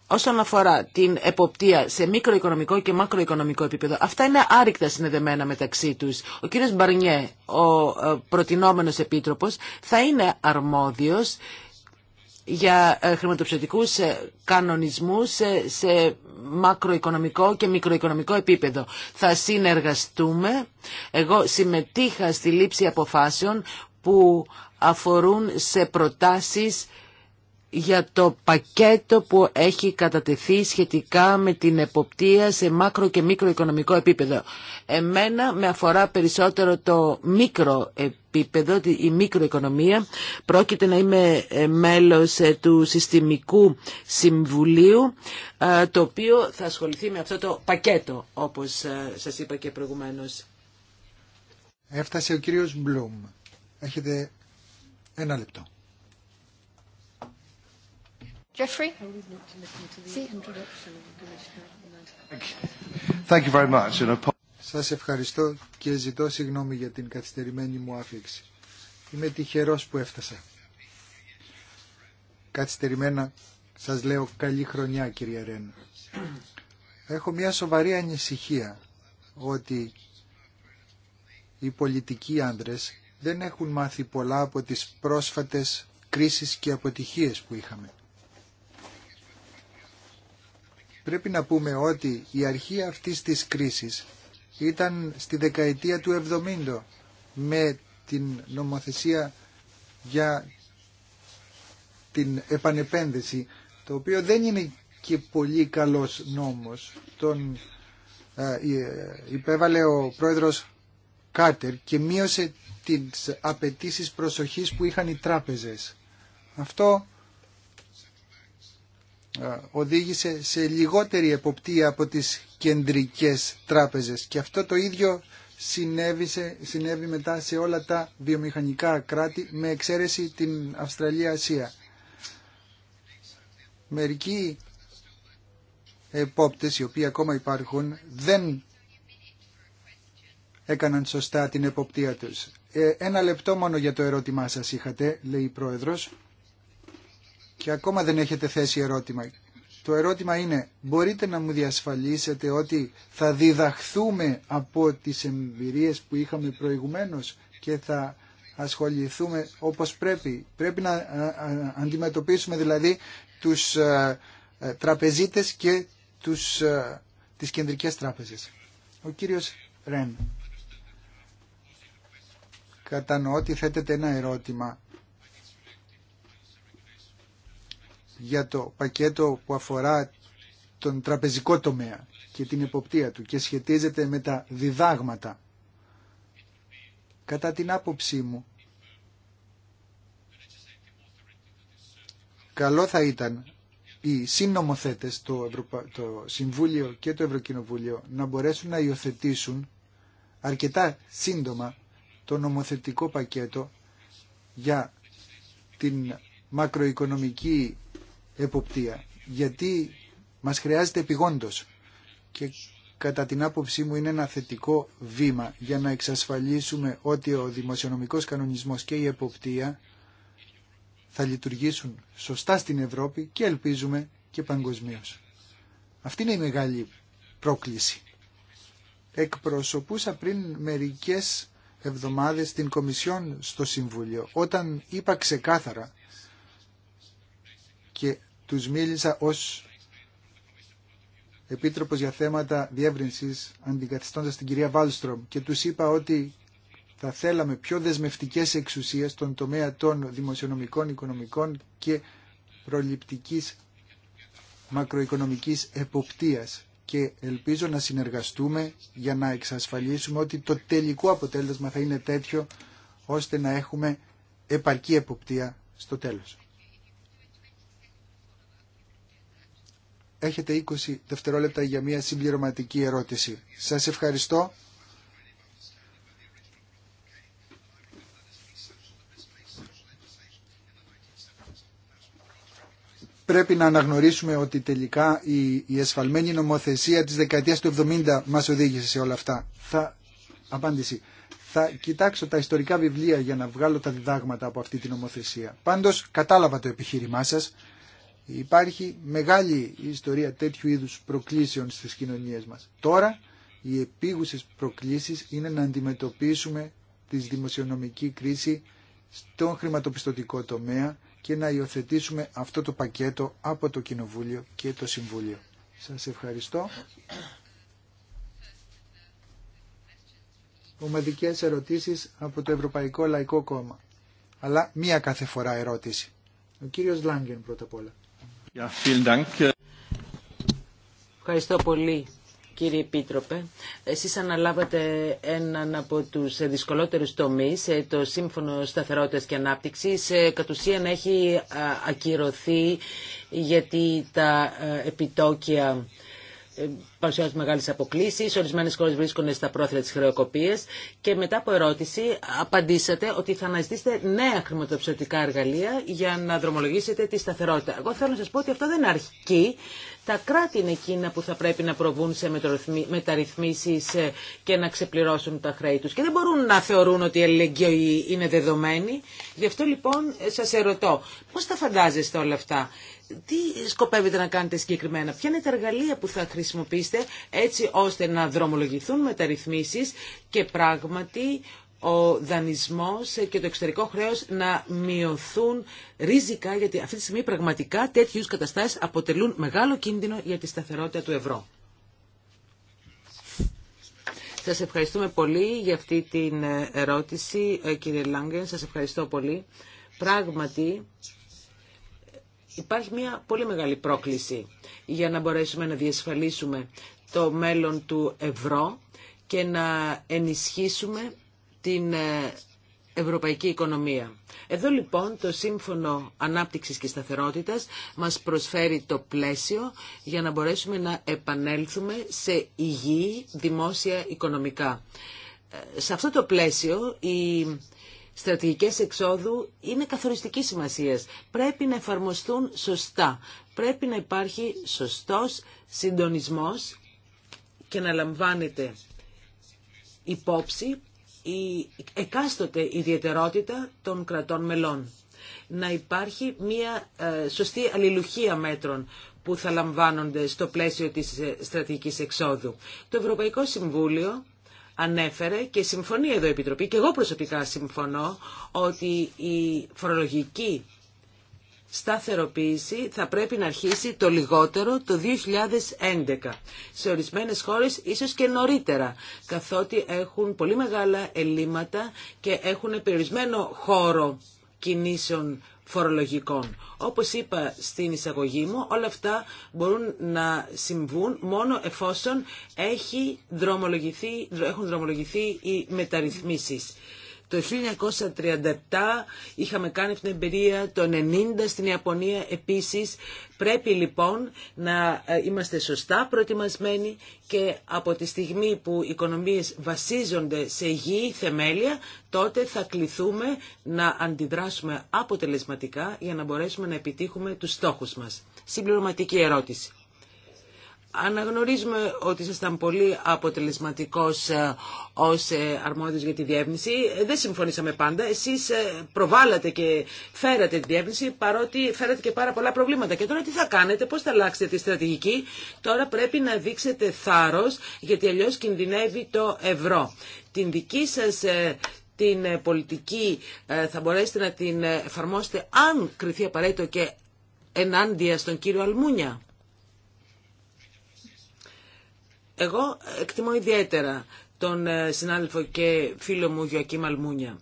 όσον αφορά την εποπτεία σε μικροοικονομικό και μακροοικονομικό επίπεδο, αυτά είναι άρρηκτα συνδεδεμένα μεταξύ τους. Ο κύριος Μπαρνιέ, ο ε, προτινόμενος επίτροπος, θα είναι αρμόδιος για ε, χρηματοψηφιακούς ε, κανονισμούς σε μακροοικονομικό και μικροοικονομικό επίπεδο. Θα συνεργαστούμε. Εγώ συμμετείχα στη λήψη αποφάσεων που αφορούν σε προτάσεις για το πακέτο που έχει κατατεθεί σχετικά με την εποπτεία σε μάκρο και μικροοικονομικό επίπεδο. Εμένα με αφορά περισσότερο το μικρο επίπεδο, η μικροοικονομία. Πρόκειται να είμαι ε, μέλος ε, του Συστημικού Συμβουλίου, ε, το οποίο θα ασχοληθεί με αυτό το πακέτο, όπως σας είπα και προηγουμένως. Έφτασε ο κύριος Μπλουμ. Έχετε ένα λεπτό. Σα Thank you very Σας ευχαριστώ και ζητώ συγγνώμη για την καθυστερημένη μου άφηξη. Είμαι τυχερός που έφτασα. Καθυστερημένα σας λέω καλή χρονιά κύριε Ρέν. Έχω μια σοβαρή ανησυχία ότι οι πολιτικοί άντρες δεν έχουν μάθει πολλά από τις πρόσφατες κρίσεις και αποτυχίες που είχαμε. Πρέπει να πούμε ότι η αρχή αυτής της κρίσης ήταν στη δεκαετία του 70 με την νομοθεσία για την επανεπένδυση, το οποίο δεν είναι και πολύ καλός νόμος. Τον ε, ε, υπέβαλε ο πρόεδρος Κάτερ και μείωσε τις απαιτήσεις προσοχής που είχαν οι τράπεζες. Αυτό οδήγησε σε λιγότερη εποπτεία από τις κεντρικές τράπεζες και αυτό το ίδιο συνέβησε, συνέβη μετά σε όλα τα βιομηχανικά κράτη με εξαίρεση την Αυστραλία-Ασία. Μερικοί επόπτες οι οποίοι ακόμα υπάρχουν δεν έκαναν σωστά την εποπτεία τους. Ε, ένα λεπτό μόνο για το ερώτημά σας είχατε, λέει η Πρόεδρος και ακόμα δεν έχετε θέσει ερώτημα. Το ερώτημα είναι, μπορείτε να μου διασφαλίσετε ότι θα διδαχθούμε από τις εμπειρίες που είχαμε προηγουμένως και θα ασχοληθούμε όπως πρέπει. Πρέπει να αντιμετωπίσουμε δηλαδή τους ε, τραπεζίτες και τους, τις κεντρικές τράπεζες. Ο κύριος Ρεν. Κατανοώ ότι θέτεται ένα ερώτημα για το πακέτο που αφορά τον τραπεζικό τομέα και την εποπτεία του και σχετίζεται με τα διδάγματα. Κατά την άποψή μου, καλό θα ήταν οι συνομοθέτες, το, το Συμβούλιο και το Ευρωκοινοβούλιο, να μπορέσουν να υιοθετήσουν αρκετά σύντομα το νομοθετικό πακέτο για την μακροοικονομική εποπτεία. Γιατί μας χρειάζεται επιγόντως και κατά την άποψή μου είναι ένα θετικό βήμα για να εξασφαλίσουμε ότι ο δημοσιονομικός κανονισμός και η εποπτεία θα λειτουργήσουν σωστά στην Ευρώπη και ελπίζουμε και παγκοσμίω. Αυτή είναι η μεγάλη πρόκληση. Εκπροσωπούσα πριν μερικές εβδομάδες την Κομισιόν στο Συμβούλιο όταν είπα ξεκάθαρα και τους μίλησα ως Επίτροπος για θέματα διεύρυνσης, αντικαθιστώντας την κυρία Βάλστρομ και τους είπα ότι θα θέλαμε πιο δεσμευτικές εξουσίες στον τομέα των δημοσιονομικών, οικονομικών και προληπτικής μακροοικονομικής εποπτείας και ελπίζω να συνεργαστούμε για να εξασφαλίσουμε ότι το τελικό αποτέλεσμα θα είναι τέτοιο ώστε να έχουμε επαρκή εποπτεία στο τέλος. έχετε 20 δευτερόλεπτα για μια συμπληρωματική ερώτηση. Σας ευχαριστώ. Πρέπει να αναγνωρίσουμε ότι τελικά η, η εσφαλμένη νομοθεσία της δεκαετίας του 70 μας οδήγησε σε όλα αυτά. Θα, απάντηση. Θα κοιτάξω τα ιστορικά βιβλία για να βγάλω τα διδάγματα από αυτή την νομοθεσία. Πάντως κατάλαβα το επιχείρημά σας Υπάρχει μεγάλη ιστορία τέτοιου είδους προκλήσεων στις κοινωνίες μας. Τώρα οι επίγουσες προκλήσεις είναι να αντιμετωπίσουμε τη δημοσιονομική κρίση στον χρηματοπιστωτικό τομέα και να υιοθετήσουμε αυτό το πακέτο από το Κοινοβούλιο και το Συμβούλιο. Σας ευχαριστώ. Ομαδικές ερωτήσεις από το Ευρωπαϊκό Λαϊκό Κόμμα. Αλλά μία κάθε φορά ερώτηση. Ο κύριος Λάγκεν πρώτα απ' όλα. Ευχαριστώ πολύ κύριε Επίτροπε. Εσείς αναλάβατε έναν από τους δυσκολότερους τομείς, ε, το Σύμφωνο Σταθερότητας και Ανάπτυξης. Ε, κατ' ουσίαν έχει ακυρωθεί γιατί τα ε, επιτόκια παρουσιάζουν μεγάλε αποκλήσει, ορισμένε χώρε βρίσκονται στα πρόθυρα τη χρεοκοπία και μετά από ερώτηση απαντήσατε ότι θα αναζητήσετε νέα χρηματοπιστωτικά εργαλεία για να δρομολογήσετε τη σταθερότητα. Εγώ θέλω να σα πω ότι αυτό δεν αρχική. Τα κράτη είναι εκείνα που θα πρέπει να προβούν σε μεταρρυθμίσει ε, και να ξεπληρώσουν τα χρέη του. Και δεν μπορούν να θεωρούν ότι η αλληλεγγύη είναι δεδομένη. Γι' αυτό λοιπόν ε, σας ερωτώ, πώς τα φαντάζεστε όλα αυτά. Τι σκοπεύετε να κάνετε συγκεκριμένα, ποια είναι τα εργαλεία που θα χρησιμοποιήσετε έτσι ώστε να δρομολογηθούν μεταρρυθμίσεις και πράγματι ο δανεισμός και το εξωτερικό χρέος να μειωθούν ρίζικα, γιατί αυτή τη στιγμή πραγματικά τέτοιους καταστάσεις αποτελούν μεγάλο κίνδυνο για τη σταθερότητα του ευρώ. Σας ευχαριστούμε πολύ για αυτή την ερώτηση, ε, κύριε Λάγκεν. Σας ευχαριστώ πολύ. Πράγματι, υπάρχει μια πολύ μεγάλη πρόκληση για να μπορέσουμε να διασφαλίσουμε το μέλλον του ευρώ και να ενισχύσουμε την ε, ευρωπαϊκή οικονομία. Εδώ λοιπόν το Σύμφωνο Ανάπτυξης και Σταθερότητας μας προσφέρει το πλαίσιο για να μπορέσουμε να επανέλθουμε σε υγιή δημόσια οικονομικά. Ε, σε αυτό το πλαίσιο οι στρατηγικές εξόδου είναι καθοριστική σημασίας. Πρέπει να εφαρμοστούν σωστά. Πρέπει να υπάρχει σωστός συντονισμός και να λαμβάνεται υπόψη η εκάστοτε ιδιαιτερότητα των κρατών μελών. Να υπάρχει μια ε, σωστή αλληλουχία μέτρων που θα λαμβάνονται στο πλαίσιο της ε, στρατηγικής εξόδου. Το Ευρωπαϊκό Συμβούλιο ανέφερε και συμφωνεί εδώ η Επιτροπή και εγώ προσωπικά συμφωνώ ότι η φορολογική σταθεροποίηση θα πρέπει να αρχίσει το λιγότερο το 2011. Σε ορισμένες χώρες ίσως και νωρίτερα, καθότι έχουν πολύ μεγάλα ελλείμματα και έχουν περιορισμένο χώρο κινήσεων φορολογικών. Όπως είπα στην εισαγωγή μου, όλα αυτά μπορούν να συμβούν μόνο εφόσον έχει δρομολογηθεί, έχουν δρομολογηθεί οι μεταρρυθμίσεις. Το 1937 είχαμε κάνει την εμπειρία, το 1990 στην Ιαπωνία επίσης. Πρέπει λοιπόν να ε, είμαστε σωστά προετοιμασμένοι και από τη στιγμή που οι οικονομίες βασίζονται σε υγιή θεμέλια, τότε θα κληθούμε να αντιδράσουμε αποτελεσματικά για να μπορέσουμε να επιτύχουμε τους στόχους μας. Συμπληρωματική ερώτηση. Αναγνωρίζουμε ότι ήσασταν πολύ αποτελεσματικός ε, ως ε, αρμόδιος για τη διεύνηση. Δεν συμφωνήσαμε πάντα. Εσείς ε, προβάλλατε και φέρατε τη διεύνηση παρότι φέρατε και πάρα πολλά προβλήματα. Και τώρα τι θα κάνετε, πώς θα αλλάξετε τη στρατηγική. Τώρα πρέπει να δείξετε θάρρος γιατί αλλιώς κινδυνεύει το ευρώ. Την δική σας την πολιτική θα μπορέσετε να την εφαρμόσετε αν κρυθεί απαραίτητο και ενάντια στον κύριο Αλμούνια. Εγώ εκτιμώ ιδιαίτερα τον ε, συνάδελφο και φίλο μου Γιωακή Μαλμούνια.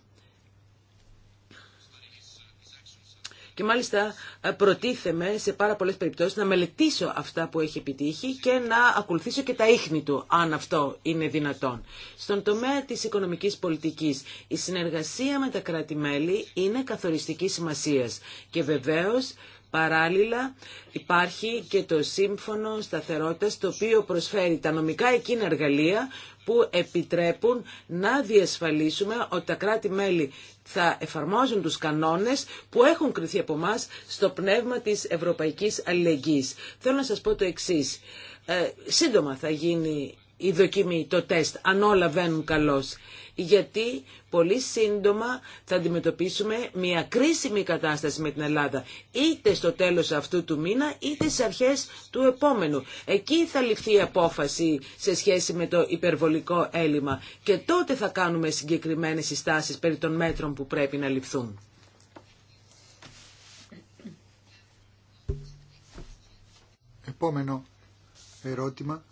Και μάλιστα ε, προτίθεμαι σε πάρα πολλές περιπτώσεις να μελετήσω αυτά που έχει επιτύχει και να ακολουθήσω και τα ίχνη του, αν αυτό είναι δυνατόν. Στον τομέα της οικονομικής πολιτικής, η συνεργασία με τα κράτη-μέλη είναι καθοριστική σημασίας και βεβαίως Παράλληλα υπάρχει και το Σύμφωνο Σταθερότητας το οποίο προσφέρει τα νομικά εκείνα εργαλεία που επιτρέπουν να διασφαλίσουμε ότι τα κράτη-μέλη θα εφαρμόζουν τους κανόνες που έχουν κριθεί από εμά στο πνεύμα της ευρωπαϊκής αλληλεγγύης. Θέλω να σας πω το εξής. Ε, σύντομα θα γίνει η δοκιμή, το τεστ, αν όλα βαίνουν καλώς. Γιατί πολύ σύντομα θα αντιμετωπίσουμε μια κρίσιμη κατάσταση με την Ελλάδα, είτε στο τέλος αυτού του μήνα, είτε στις αρχές του επόμενου. Εκεί θα ληφθεί η απόφαση σε σχέση με το υπερβολικό έλλειμμα και τότε θα κάνουμε συγκεκριμένες συστάσεις περί των μέτρων που πρέπει να ληφθούν. Επόμενο ερώτημα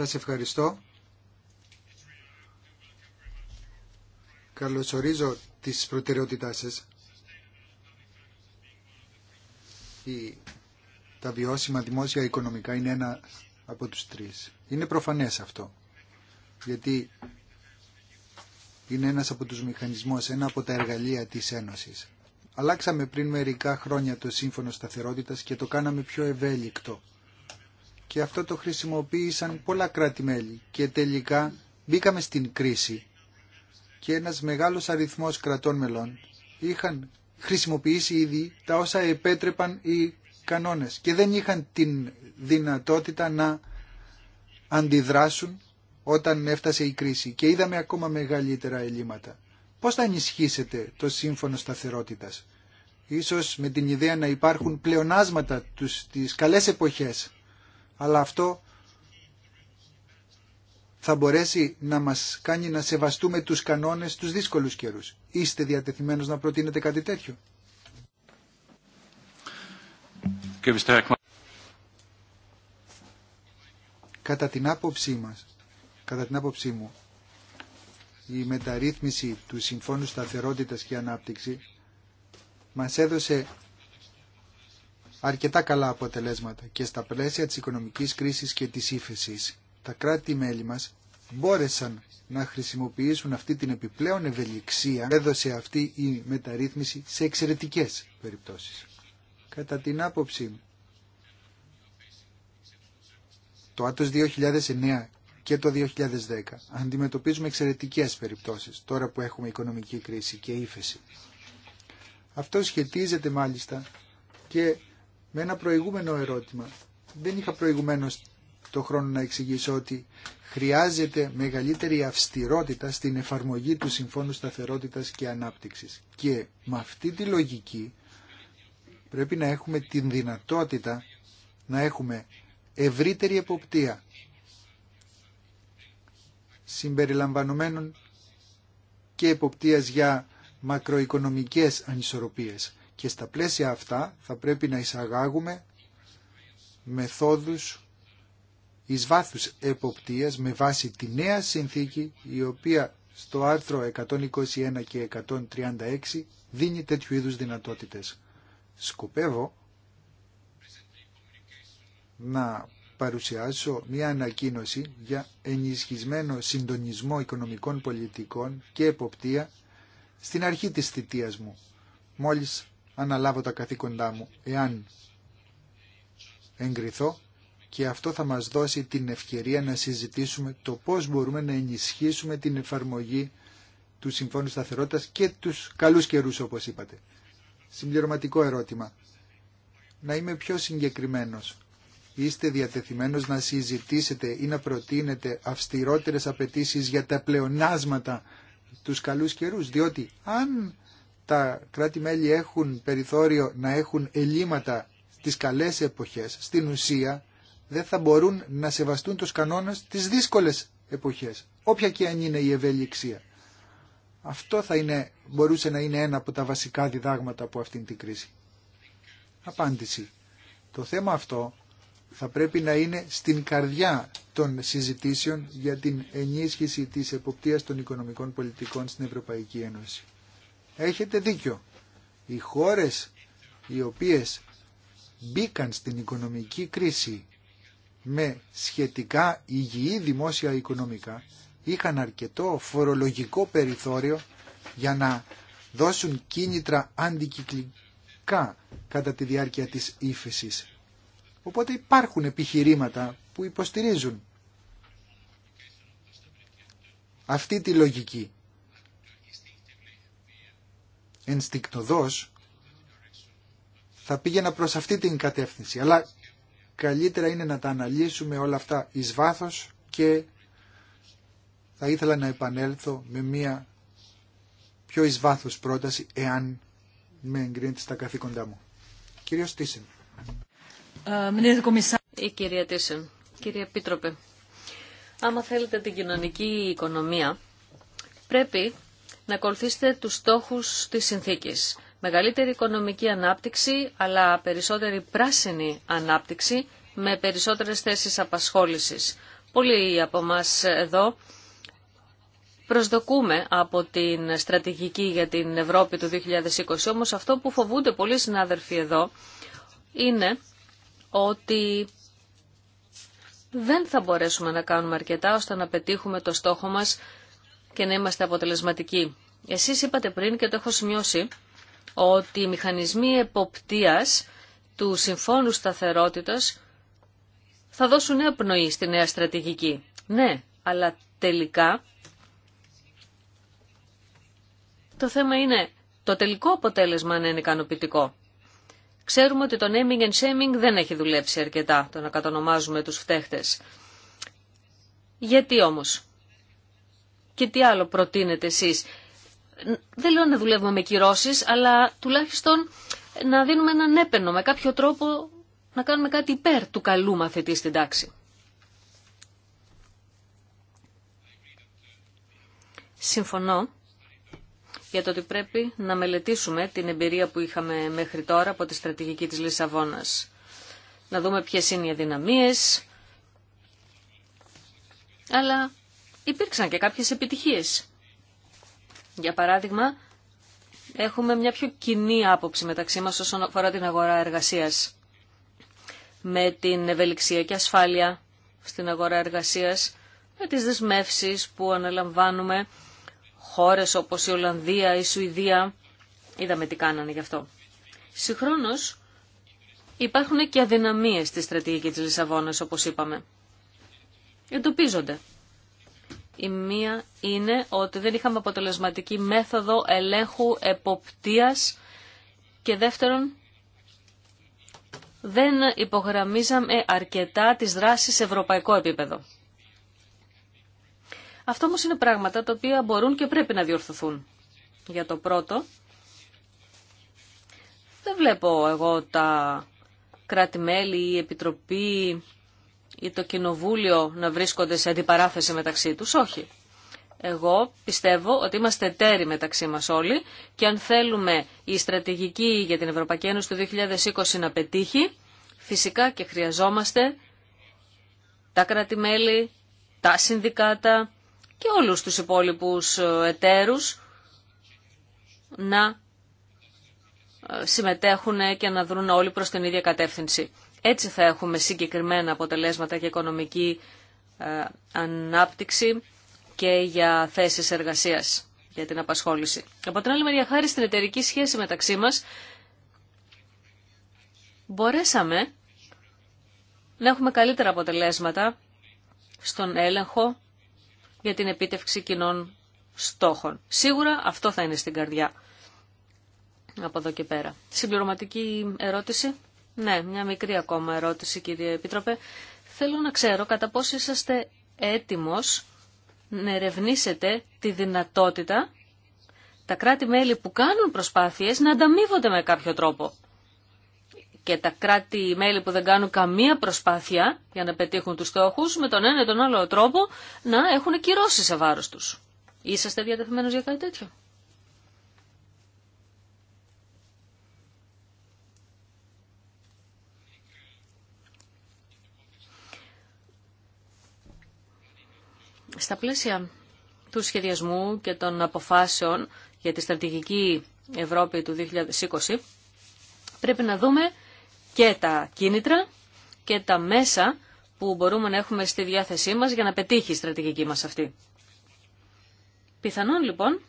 σας ευχαριστώ. Καλωσορίζω τις προτεραιότητάς σας. Η... Τα βιώσιμα δημόσια οικονομικά είναι ένα από τους τρεις. Είναι προφανές αυτό. Γιατί είναι ένας από τους μηχανισμούς, ένα από τα εργαλεία της Ένωσης. Αλλάξαμε πριν μερικά χρόνια το Σύμφωνο Σταθερότητας και το κάναμε πιο ευέλικτο και αυτό το χρησιμοποίησαν πολλά κράτη-μέλη και τελικά μπήκαμε στην κρίση και ένας μεγάλος αριθμός κρατών μελών είχαν χρησιμοποιήσει ήδη τα όσα επέτρεπαν οι κανόνες και δεν είχαν την δυνατότητα να αντιδράσουν όταν έφτασε η κρίση και είδαμε ακόμα μεγαλύτερα ελλείμματα. Πώς θα ενισχύσετε το σύμφωνο σταθερότητας. Ίσως με την ιδέα να υπάρχουν πλεονάσματα τους, τις καλές εποχές αλλά αυτό θα μπορέσει να μας κάνει να σεβαστούμε τους κανόνες τους δύσκολους καιρούς. Είστε διατεθειμένος να προτείνετε κάτι τέτοιο. Κατά την άποψή μας, κατά την άποψή μου, η μεταρρύθμιση του Συμφώνου Σταθερότητας και Ανάπτυξη μας έδωσε αρκετά καλά αποτελέσματα και στα πλαίσια της οικονομικής κρίσης και της ύφεσης. Τα κράτη-μέλη μας μπόρεσαν να χρησιμοποιήσουν αυτή την επιπλέον ευελιξία έδωσε αυτή η μεταρρύθμιση σε εξαιρετικές περιπτώσεις. Κατά την άποψή μου, το άτος 2009 και το 2010 αντιμετωπίζουμε εξαιρετικές περιπτώσεις τώρα που έχουμε οικονομική κρίση και ύφεση. Αυτό σχετίζεται μάλιστα και με ένα προηγούμενο ερώτημα. Δεν είχα προηγουμένω το χρόνο να εξηγήσω ότι χρειάζεται μεγαλύτερη αυστηρότητα στην εφαρμογή του Συμφώνου Σταθερότητας και Ανάπτυξης. Και με αυτή τη λογική πρέπει να έχουμε την δυνατότητα να έχουμε ευρύτερη εποπτεία συμπεριλαμβανομένων και εποπτείας για μακροοικονομικές ανισορροπίες. Και στα πλαίσια αυτά θα πρέπει να εισαγάγουμε μεθόδους εις βάθους εποπτείας με βάση τη νέα συνθήκη η οποία στο άρθρο 121 και 136 δίνει τέτοιου είδους δυνατότητες. Σκοπεύω να παρουσιάσω μια ανακοίνωση για ενισχυσμένο συντονισμό οικονομικών πολιτικών και εποπτεία στην αρχή της θητείας μου, μόλις αναλάβω τα καθήκοντά μου εάν εγκριθώ και αυτό θα μας δώσει την ευκαιρία να συζητήσουμε το πώς μπορούμε να ενισχύσουμε την εφαρμογή του Συμφώνου Σταθερότητας και τους καλούς καιρούς όπως είπατε. Συμπληρωματικό ερώτημα. Να είμαι πιο συγκεκριμένος. Είστε διατεθειμένος να συζητήσετε ή να προτείνετε αυστηρότερες απαιτήσεις για τα πλεονάσματα τους καλούς καιρούς, διότι αν τα κράτη-μέλη έχουν περιθώριο να έχουν ελλείμματα στις καλές εποχές, στην ουσία δεν θα μπορούν να σεβαστούν τους κανόνες τις δύσκολες εποχές, όποια και αν είναι η ευελιξία. Αυτό θα είναι, μπορούσε να είναι ένα από τα βασικά διδάγματα από αυτήν την κρίση. Απάντηση. Το θέμα αυτό θα πρέπει να είναι στην καρδιά των συζητήσεων για την ενίσχυση της εποπτείας των οικονομικών πολιτικών στην Ευρωπαϊκή Ένωση έχετε δίκιο. Οι χώρες οι οποίες μπήκαν στην οικονομική κρίση με σχετικά υγιή δημόσια οικονομικά είχαν αρκετό φορολογικό περιθώριο για να δώσουν κίνητρα αντικυκλικά κατά τη διάρκεια της ύφεσης. Οπότε υπάρχουν επιχειρήματα που υποστηρίζουν αυτή τη λογική ενστικτοδός θα πήγαινα προς αυτή την κατεύθυνση. Αλλά καλύτερα είναι να τα αναλύσουμε όλα αυτά εις βάθος και θα ήθελα να επανέλθω με μια πιο εις βάθος πρόταση εάν με εγκρίνεται στα καθήκοντά μου. Κύριος Τίσεν. Ε, Η κυρία Τίσεν. Κύριε Πίτροπε, άμα θέλετε την κοινωνική οικονομία, πρέπει να ακολουθήσετε τους στόχους της συνθήκης. Μεγαλύτερη οικονομική ανάπτυξη, αλλά περισσότερη πράσινη ανάπτυξη με περισσότερες θέσεις απασχόλησης. Πολλοί από εμά εδώ προσδοκούμε από την στρατηγική για την Ευρώπη του 2020, όμως αυτό που φοβούνται πολλοί συνάδελφοι εδώ είναι ότι δεν θα μπορέσουμε να κάνουμε αρκετά ώστε να πετύχουμε το στόχο μας και να είμαστε αποτελεσματικοί. Εσείς είπατε πριν και το έχω σημειώσει ότι οι μηχανισμοί εποπτείας του Συμφώνου Σταθερότητας θα δώσουν νέα πνοή στη νέα στρατηγική. Ναι, αλλά τελικά το θέμα είναι το τελικό αποτέλεσμα να είναι ικανοποιητικό. Ξέρουμε ότι το naming and shaming δεν έχει δουλέψει αρκετά, το να κατονομάζουμε τους φταίχτες. Γιατί όμως. Και τι άλλο προτείνετε εσείς. Δεν λέω να δουλεύουμε με κυρώσεις, αλλά τουλάχιστον να δίνουμε έναν έπαινο με κάποιο τρόπο να κάνουμε κάτι υπέρ του καλού μαθητή στην τάξη. Συμφωνώ για το ότι πρέπει να μελετήσουμε την εμπειρία που είχαμε μέχρι τώρα από τη στρατηγική της Λισαβόνας. Να δούμε ποιες είναι οι αδυναμίες, αλλά υπήρξαν και κάποιες επιτυχίες. Για παράδειγμα, έχουμε μια πιο κοινή άποψη μεταξύ μας όσον αφορά την αγορά εργασίας. Με την ευελιξία και ασφάλεια στην αγορά εργασίας, με τις δεσμεύσεις που αναλαμβάνουμε χώρες όπως η Ολλανδία, η Σουηδία, είδαμε τι κάνανε γι' αυτό. Συγχρόνως υπάρχουν και αδυναμίες στη στρατηγική της Λισαβόνας όπως είπαμε. Εντοπίζονται η μία είναι ότι δεν είχαμε αποτελεσματική μέθοδο ελέγχου εποπτείας και δεύτερον δεν υπογραμμίζαμε αρκετά τις δράσεις σε ευρωπαϊκό επίπεδο. Αυτό όμως είναι πράγματα τα οποία μπορούν και πρέπει να διορθωθούν. Για το πρώτο, δεν βλέπω εγώ τα κράτη-μέλη, η Επιτροπή ή το Κοινοβούλιο να βρίσκονται σε αντιπαράθεση μεταξύ τους. Όχι. Εγώ πιστεύω ότι είμαστε εταίροι μεταξύ μας όλοι και αν θέλουμε η στρατηγική για την Ευρωπαϊκή Ένωση του 2020 να πετύχει, φυσικά και χρειαζόμαστε τα κρατη τα συνδικάτα και όλους τους υπόλοιπους ε, εταίρους να ε, συμμετέχουν και να δρουν όλοι προς την ίδια κατεύθυνση. Έτσι θα έχουμε συγκεκριμένα αποτελέσματα και οικονομική ε, ανάπτυξη και για θέσεις εργασίας, για την απασχόληση. Από την άλλη μεριά, χάρη στην εταιρική σχέση μεταξύ μας, μπορέσαμε να έχουμε καλύτερα αποτελέσματα στον έλεγχο για την επίτευξη κοινών στόχων. Σίγουρα αυτό θα είναι στην καρδιά από εδώ και πέρα. Συμπληρωματική ερώτηση. Ναι, μια μικρή ακόμα ερώτηση κύριε Επίτροπε. Θέλω να ξέρω κατά πόσο είσαστε έτοιμος να ερευνήσετε τη δυνατότητα τα κράτη-μέλη που κάνουν προσπάθειες να ανταμείβονται με κάποιο τρόπο. Και τα κράτη-μέλη που δεν κάνουν καμία προσπάθεια για να πετύχουν τους στόχους, με τον ένα ή τον άλλο τρόπο να έχουν κυρώσει σε βάρος τους. Είσαστε διατεθειμένος για κάτι τέτοιο. Στα πλαίσια του σχεδιασμού και των αποφάσεων για τη στρατηγική Ευρώπη του 2020 πρέπει να δούμε και τα κίνητρα και τα μέσα που μπορούμε να έχουμε στη διάθεσή μας για να πετύχει η στρατηγική μας αυτή. Πιθανόν λοιπόν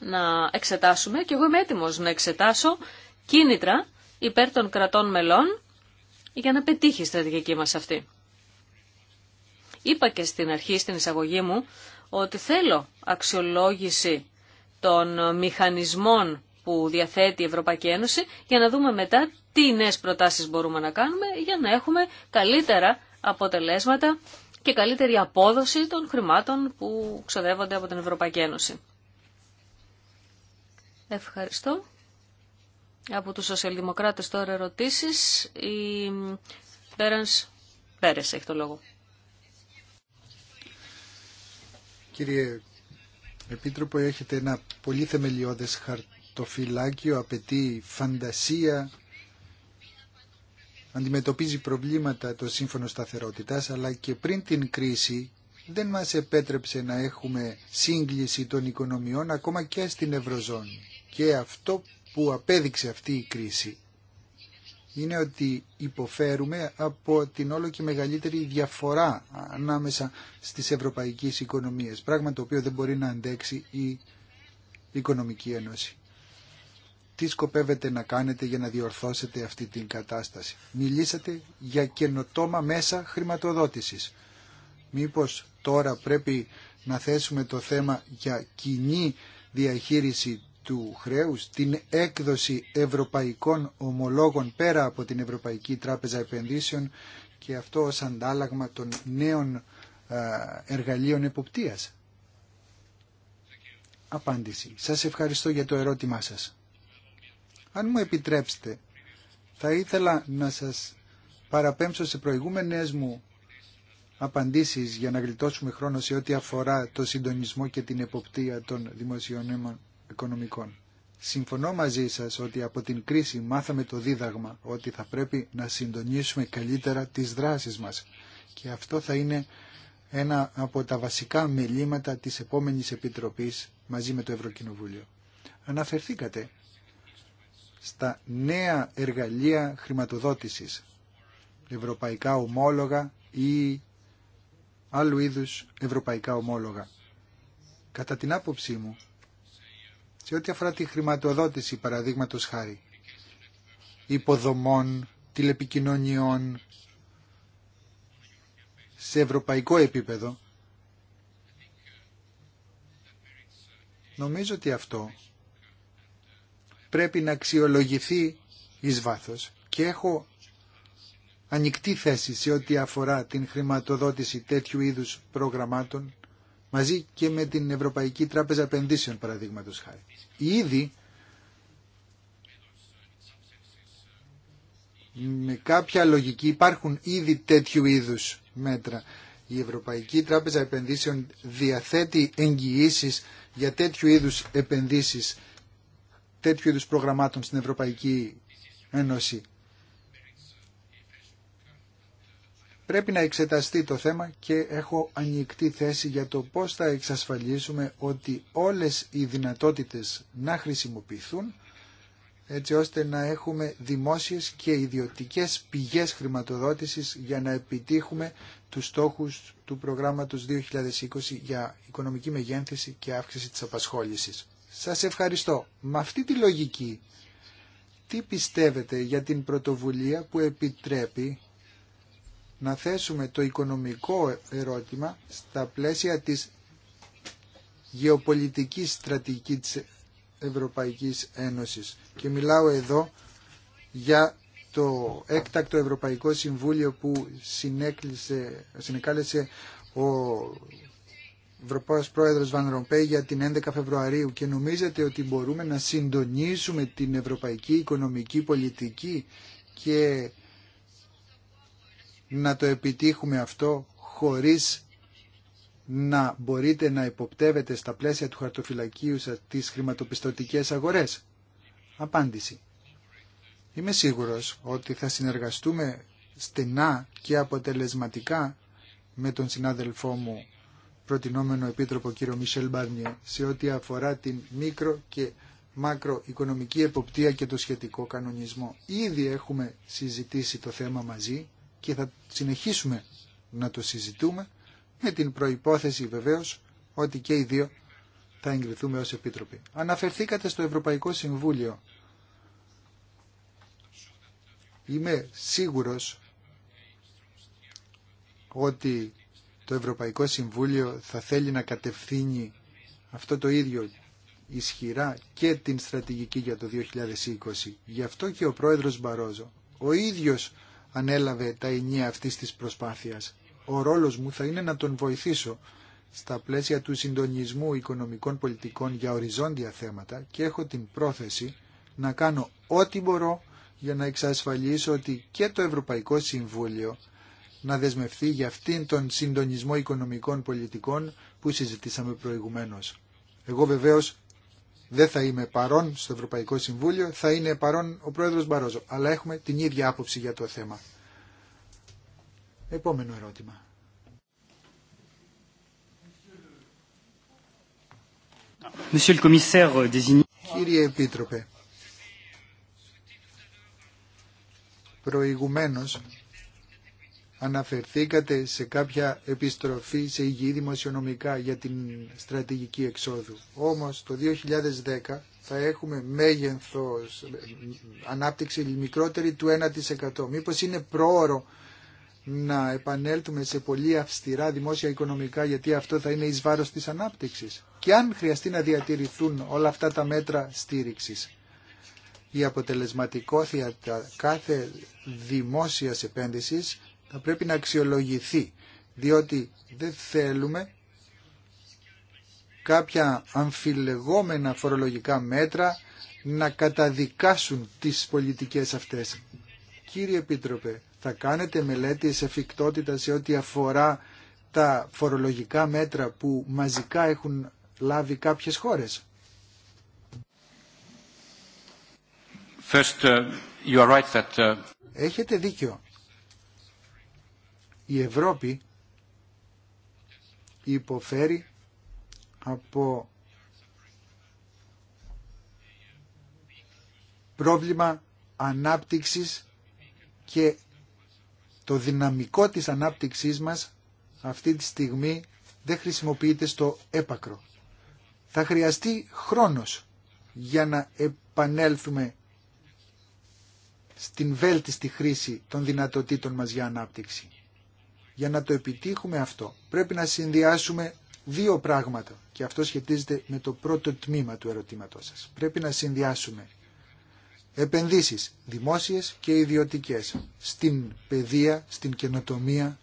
να εξετάσουμε και εγώ είμαι έτοιμος να εξετάσω κίνητρα υπέρ των κρατών μελών για να πετύχει η στρατηγική μας αυτή. Είπα και στην αρχή, στην εισαγωγή μου, ότι θέλω αξιολόγηση των μηχανισμών που διαθέτει η Ευρωπαϊκή Ένωση για να δούμε μετά τι νέες προτάσεις μπορούμε να κάνουμε για να έχουμε καλύτερα αποτελέσματα και καλύτερη απόδοση των χρημάτων που ξοδεύονται από την Ευρωπαϊκή Ένωση. Ευχαριστώ. Από τους σοσιαλδημοκράτες τώρα ερωτήσεις. Η Πέρανς Πέρες έχει το λόγο. Κύριε Επίτροπο, έχετε ένα πολύ θεμελιώδες χαρτοφυλάκιο, απαιτεί φαντασία, αντιμετωπίζει προβλήματα το σύμφωνο σταθερότητας, αλλά και πριν την κρίση δεν μας επέτρεψε να έχουμε σύγκληση των οικονομιών ακόμα και στην Ευρωζώνη. Και αυτό που απέδειξε αυτή η κρίση είναι ότι υποφέρουμε από την όλο και μεγαλύτερη διαφορά ανάμεσα στις ευρωπαϊκές οικονομίες, πράγμα το οποίο δεν μπορεί να αντέξει η Οικονομική Ένωση. Τι σκοπεύετε να κάνετε για να διορθώσετε αυτή την κατάσταση. Μιλήσατε για καινοτόμα μέσα χρηματοδότησης. Μήπως τώρα πρέπει να θέσουμε το θέμα για κοινή διαχείριση του χρέους, την έκδοση ευρωπαϊκών ομολόγων πέρα από την Ευρωπαϊκή Τράπεζα Επενδύσεων και αυτό ως αντάλλαγμα των νέων εργαλείων εποπτείας. Απάντηση. Σας ευχαριστώ για το ερώτημά σας. Αν μου επιτρέψετε, θα ήθελα να σας παραπέμψω σε προηγούμενες μου απαντήσεις για να γλιτώσουμε χρόνο σε ό,τι αφορά το συντονισμό και την εποπτεία των δημοσιονέμων οικονομικών. Συμφωνώ μαζί σας ότι από την κρίση μάθαμε το δίδαγμα ότι θα πρέπει να συντονίσουμε καλύτερα τις δράσεις μας και αυτό θα είναι ένα από τα βασικά μελήματα της επόμενης Επιτροπής μαζί με το Ευρωκοινοβούλιο. Αναφερθήκατε στα νέα εργαλεία χρηματοδότησης, ευρωπαϊκά ομόλογα ή άλλου είδους ευρωπαϊκά ομόλογα. Κατά την άποψή μου, σε ό,τι αφορά τη χρηματοδότηση παραδείγματο χάρη υποδομών, τηλεπικοινωνιών σε ευρωπαϊκό επίπεδο. Νομίζω ότι αυτό πρέπει να αξιολογηθεί εις βάθος και έχω ανοιχτή θέση σε ό,τι αφορά την χρηματοδότηση τέτοιου είδους προγραμμάτων μαζί και με την Ευρωπαϊκή Τράπεζα Επενδύσεων παραδείγματο χάρη. Ήδη με κάποια λογική υπάρχουν ήδη τέτοιου είδους μέτρα. Η Ευρωπαϊκή Τράπεζα Επενδύσεων διαθέτει εγγυήσει για τέτοιου είδους επενδύσεις, τέτοιου είδους προγραμμάτων στην Ευρωπαϊκή Ένωση. Πρέπει να εξεταστεί το θέμα και έχω ανοιχτή θέση για το πώς θα εξασφαλίσουμε ότι όλες οι δυνατότητες να χρησιμοποιηθούν έτσι ώστε να έχουμε δημόσιες και ιδιωτικές πηγές χρηματοδότησης για να επιτύχουμε τους στόχους του προγράμματος 2020 για οικονομική μεγένθηση και αύξηση της απασχόλησης. Σας ευχαριστώ. Με αυτή τη λογική, τι πιστεύετε για την πρωτοβουλία που επιτρέπει να θέσουμε το οικονομικό ερώτημα στα πλαίσια της γεωπολιτικής στρατηγικής της Ευρωπαϊκής Ένωσης. Και μιλάω εδώ για το έκτακτο Ευρωπαϊκό Συμβούλιο που συνεκάλεσε ο Ευρωπαϊκός Πρόεδρος Βαν Ρομπέ για την 11 Φεβρουαρίου και νομίζετε ότι μπορούμε να συντονίσουμε την ευρωπαϊκή οικονομική πολιτική και να το επιτύχουμε αυτό χωρίς να μπορείτε να υποπτεύετε στα πλαίσια του χαρτοφυλακίου σας τις χρηματοπιστωτικές αγορές. Απάντηση. Είμαι σίγουρος ότι θα συνεργαστούμε στενά και αποτελεσματικά με τον συνάδελφό μου προτινόμενο επίτροπο κύριο Μισελ Μπάρνιε σε ό,τι αφορά την μικρο και μακροοικονομική εποπτεία και το σχετικό κανονισμό. Ήδη έχουμε συζητήσει το θέμα μαζί και θα συνεχίσουμε να το συζητούμε με την προϋπόθεση βεβαίως ότι και οι δύο θα εγκριθούμε ως Επίτροποι. Αναφερθήκατε στο Ευρωπαϊκό Συμβούλιο. Είμαι σίγουρος ότι το Ευρωπαϊκό Συμβούλιο θα θέλει να κατευθύνει αυτό το ίδιο ισχυρά και την στρατηγική για το 2020. Γι' αυτό και ο πρόεδρος Μπαρόζο, ο ίδιος ανέλαβε τα ενία αυτής της προσπάθειας. Ο ρόλος μου θα είναι να τον βοηθήσω στα πλαίσια του συντονισμού οικονομικών πολιτικών για οριζόντια θέματα και έχω την πρόθεση να κάνω ό,τι μπορώ για να εξασφαλίσω ότι και το Ευρωπαϊκό Συμβούλιο να δεσμευτεί για αυτήν τον συντονισμό οικονομικών πολιτικών που συζητήσαμε προηγουμένως. Εγώ βεβαίως δεν θα είμαι παρόν στο Ευρωπαϊκό Συμβούλιο, θα είναι παρόν ο Πρόεδρος Μπαρόζο. Αλλά έχουμε την ίδια άποψη για το θέμα. Επόμενο ερώτημα. Κύριε Επίτροπε, προηγουμένως αναφερθήκατε σε κάποια επιστροφή σε υγιή δημοσιονομικά για την στρατηγική εξόδου. Όμως το 2010 θα έχουμε μέγενθος ανάπτυξη μικρότερη του 1%. Μήπως είναι πρόωρο να επανέλθουμε σε πολύ αυστηρά δημόσια οικονομικά γιατί αυτό θα είναι εις βάρος της ανάπτυξης. Και αν χρειαστεί να διατηρηθούν όλα αυτά τα μέτρα στήριξης. Η αποτελεσματικότητα κάθε δημόσιας επένδυσης θα πρέπει να αξιολογηθεί, διότι δεν θέλουμε κάποια αμφιλεγόμενα φορολογικά μέτρα να καταδικάσουν τις πολιτικές αυτές. Κύριε Επίτροπε, θα κάνετε μελέτη εφικτότητας σε ό,τι αφορά τα φορολογικά μέτρα που μαζικά έχουν λάβει κάποιες χώρες. Uh, uh, Έχετε δίκιο η Ευρώπη υποφέρει από πρόβλημα ανάπτυξης και το δυναμικό της ανάπτυξής μας αυτή τη στιγμή δεν χρησιμοποιείται στο έπακρο. Θα χρειαστεί χρόνος για να επανέλθουμε στην βέλτιστη χρήση των δυνατοτήτων μας για ανάπτυξη. Για να το επιτύχουμε αυτό πρέπει να συνδυάσουμε δύο πράγματα και αυτό σχετίζεται με το πρώτο τμήμα του ερωτήματός σας. Πρέπει να συνδυάσουμε επενδύσεις δημόσιες και ιδιωτικές στην παιδεία, στην καινοτομία,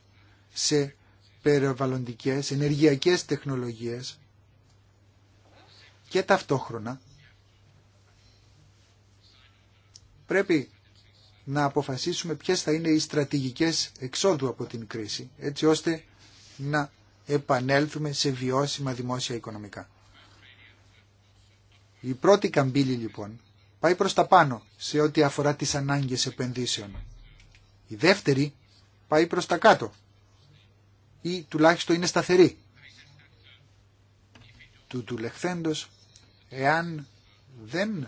σε περιβαλλοντικές, ενεργειακές τεχνολογίες και ταυτόχρονα πρέπει να αποφασίσουμε ποιες θα είναι οι στρατηγικές εξόδου από την κρίση, έτσι ώστε να επανέλθουμε σε βιώσιμα δημόσια οικονομικά. Η πρώτη καμπύλη λοιπόν πάει προς τα πάνω σε ό,τι αφορά τις ανάγκες επενδύσεων. Η δεύτερη πάει προς τα κάτω ή τουλάχιστον είναι σταθερή. Του του εάν δεν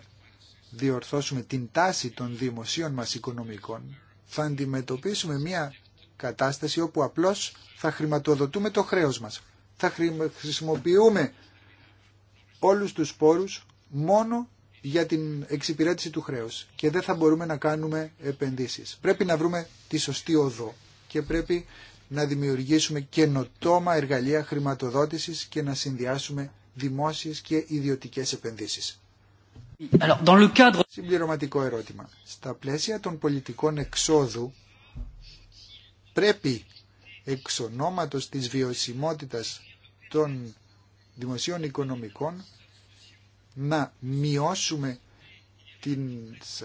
διορθώσουμε την τάση των δημοσίων μας οικονομικών, θα αντιμετωπίσουμε μια κατάσταση όπου απλώς θα χρηματοδοτούμε το χρέος μας. Θα χρησιμοποιούμε όλους τους πόρους μόνο για την εξυπηρέτηση του χρέους και δεν θα μπορούμε να κάνουμε επενδύσεις. Πρέπει να βρούμε τη σωστή οδό και πρέπει να δημιουργήσουμε καινοτόμα εργαλεία χρηματοδότησης και να συνδυάσουμε δημόσιες και ιδιωτικές επενδύσεις. Συμπληρωματικό ερώτημα. Στα πλαίσια των πολιτικών εξόδου πρέπει εξ ονόματος της βιωσιμότητας των δημοσίων οικονομικών να μειώσουμε τις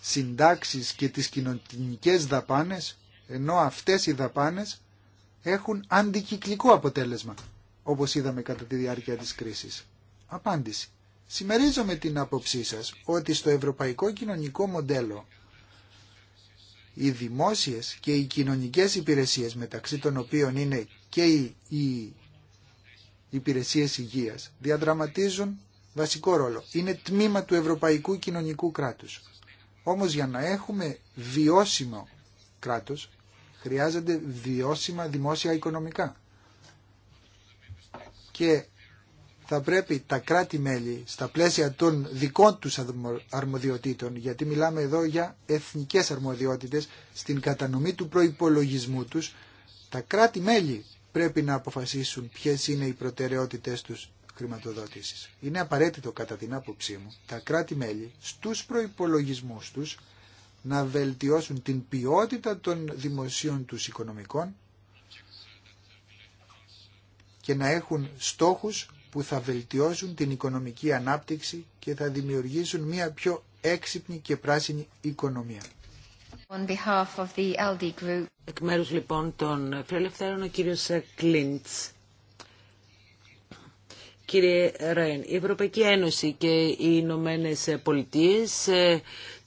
συντάξεις και τις κοινωνικές δαπάνες ενώ αυτές οι δαπάνες έχουν αντικυκλικό αποτέλεσμα όπως είδαμε κατά τη διάρκεια της κρίσης. Απάντηση. Συμμερίζομαι την άποψή σας ότι στο ευρωπαϊκό κοινωνικό μοντέλο οι δημόσιες και οι κοινωνικές υπηρεσίες μεταξύ των οποίων είναι και οι υπηρεσίες υγείας διαδραματίζουν βασικό ρόλο. Είναι τμήμα του ευρωπαϊκού κοινωνικού κράτους. Όμως για να έχουμε βιώσιμο κράτος χρειάζονται βιώσιμα δημόσια οικονομικά θα πρέπει τα κράτη-μέλη στα πλαίσια των δικών τους αρμοδιοτήτων, γιατί μιλάμε εδώ για εθνικές αρμοδιότητες, στην κατανομή του προϋπολογισμού τους, τα κράτη-μέλη πρέπει να αποφασίσουν ποιες είναι οι προτεραιότητες τους χρηματοδότησης. Είναι απαραίτητο κατά την άποψή μου τα κράτη-μέλη στους προϋπολογισμούς τους να βελτιώσουν την ποιότητα των δημοσίων τους οικονομικών και να έχουν στόχους που θα βελτιώσουν την οικονομική ανάπτυξη και θα δημιουργήσουν μια πιο έξυπνη και πράσινη οικονομία. On Εκ μέρους λοιπόν των φιλελευθέρων ο κύριος ε, Κλίντς. Κύριε Ρέν, η Ευρωπαϊκή Ένωση και οι Ηνωμένε Πολιτείε ε,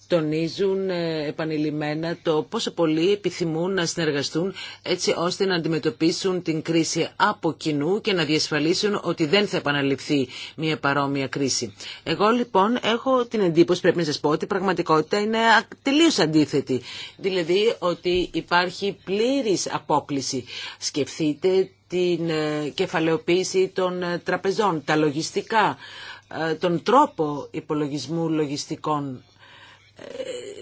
τονίζουν ε, επανειλημμένα το πόσο πολλοί επιθυμούν να συνεργαστούν έτσι ώστε να αντιμετωπίσουν την κρίση από κοινού και να διασφαλίσουν ότι δεν θα επαναληφθεί μια παρόμοια κρίση. Εγώ λοιπόν έχω την εντύπωση, πρέπει να σας πω, ότι η πραγματικότητα είναι τελείως αντίθετη. Δηλαδή ότι υπάρχει πλήρης απόκληση. Σκεφτείτε την ε, κεφαλαιοποίηση των ε, τραπεζών, τα λογιστικά, τον τρόπο υπολογισμού λογιστικών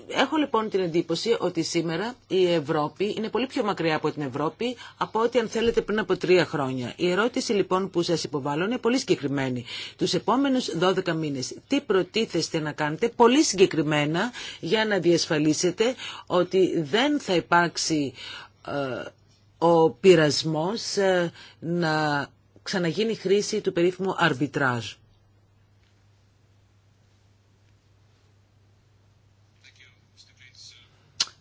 ε, έχω λοιπόν την εντύπωση ότι σήμερα η Ευρώπη είναι πολύ πιο μακριά από την Ευρώπη από ό,τι αν θέλετε πριν από τρία χρόνια. Η ερώτηση λοιπόν που σας υποβάλλω είναι πολύ συγκεκριμένη. Τους επόμενους 12 μήνες τι προτίθεστε να κάνετε πολύ συγκεκριμένα για να διασφαλίσετε ότι δεν θα υπάρξει ε, ο πειρασμός ε, να ξαναγίνει χρήση του περίφημου αρμπιτράζ.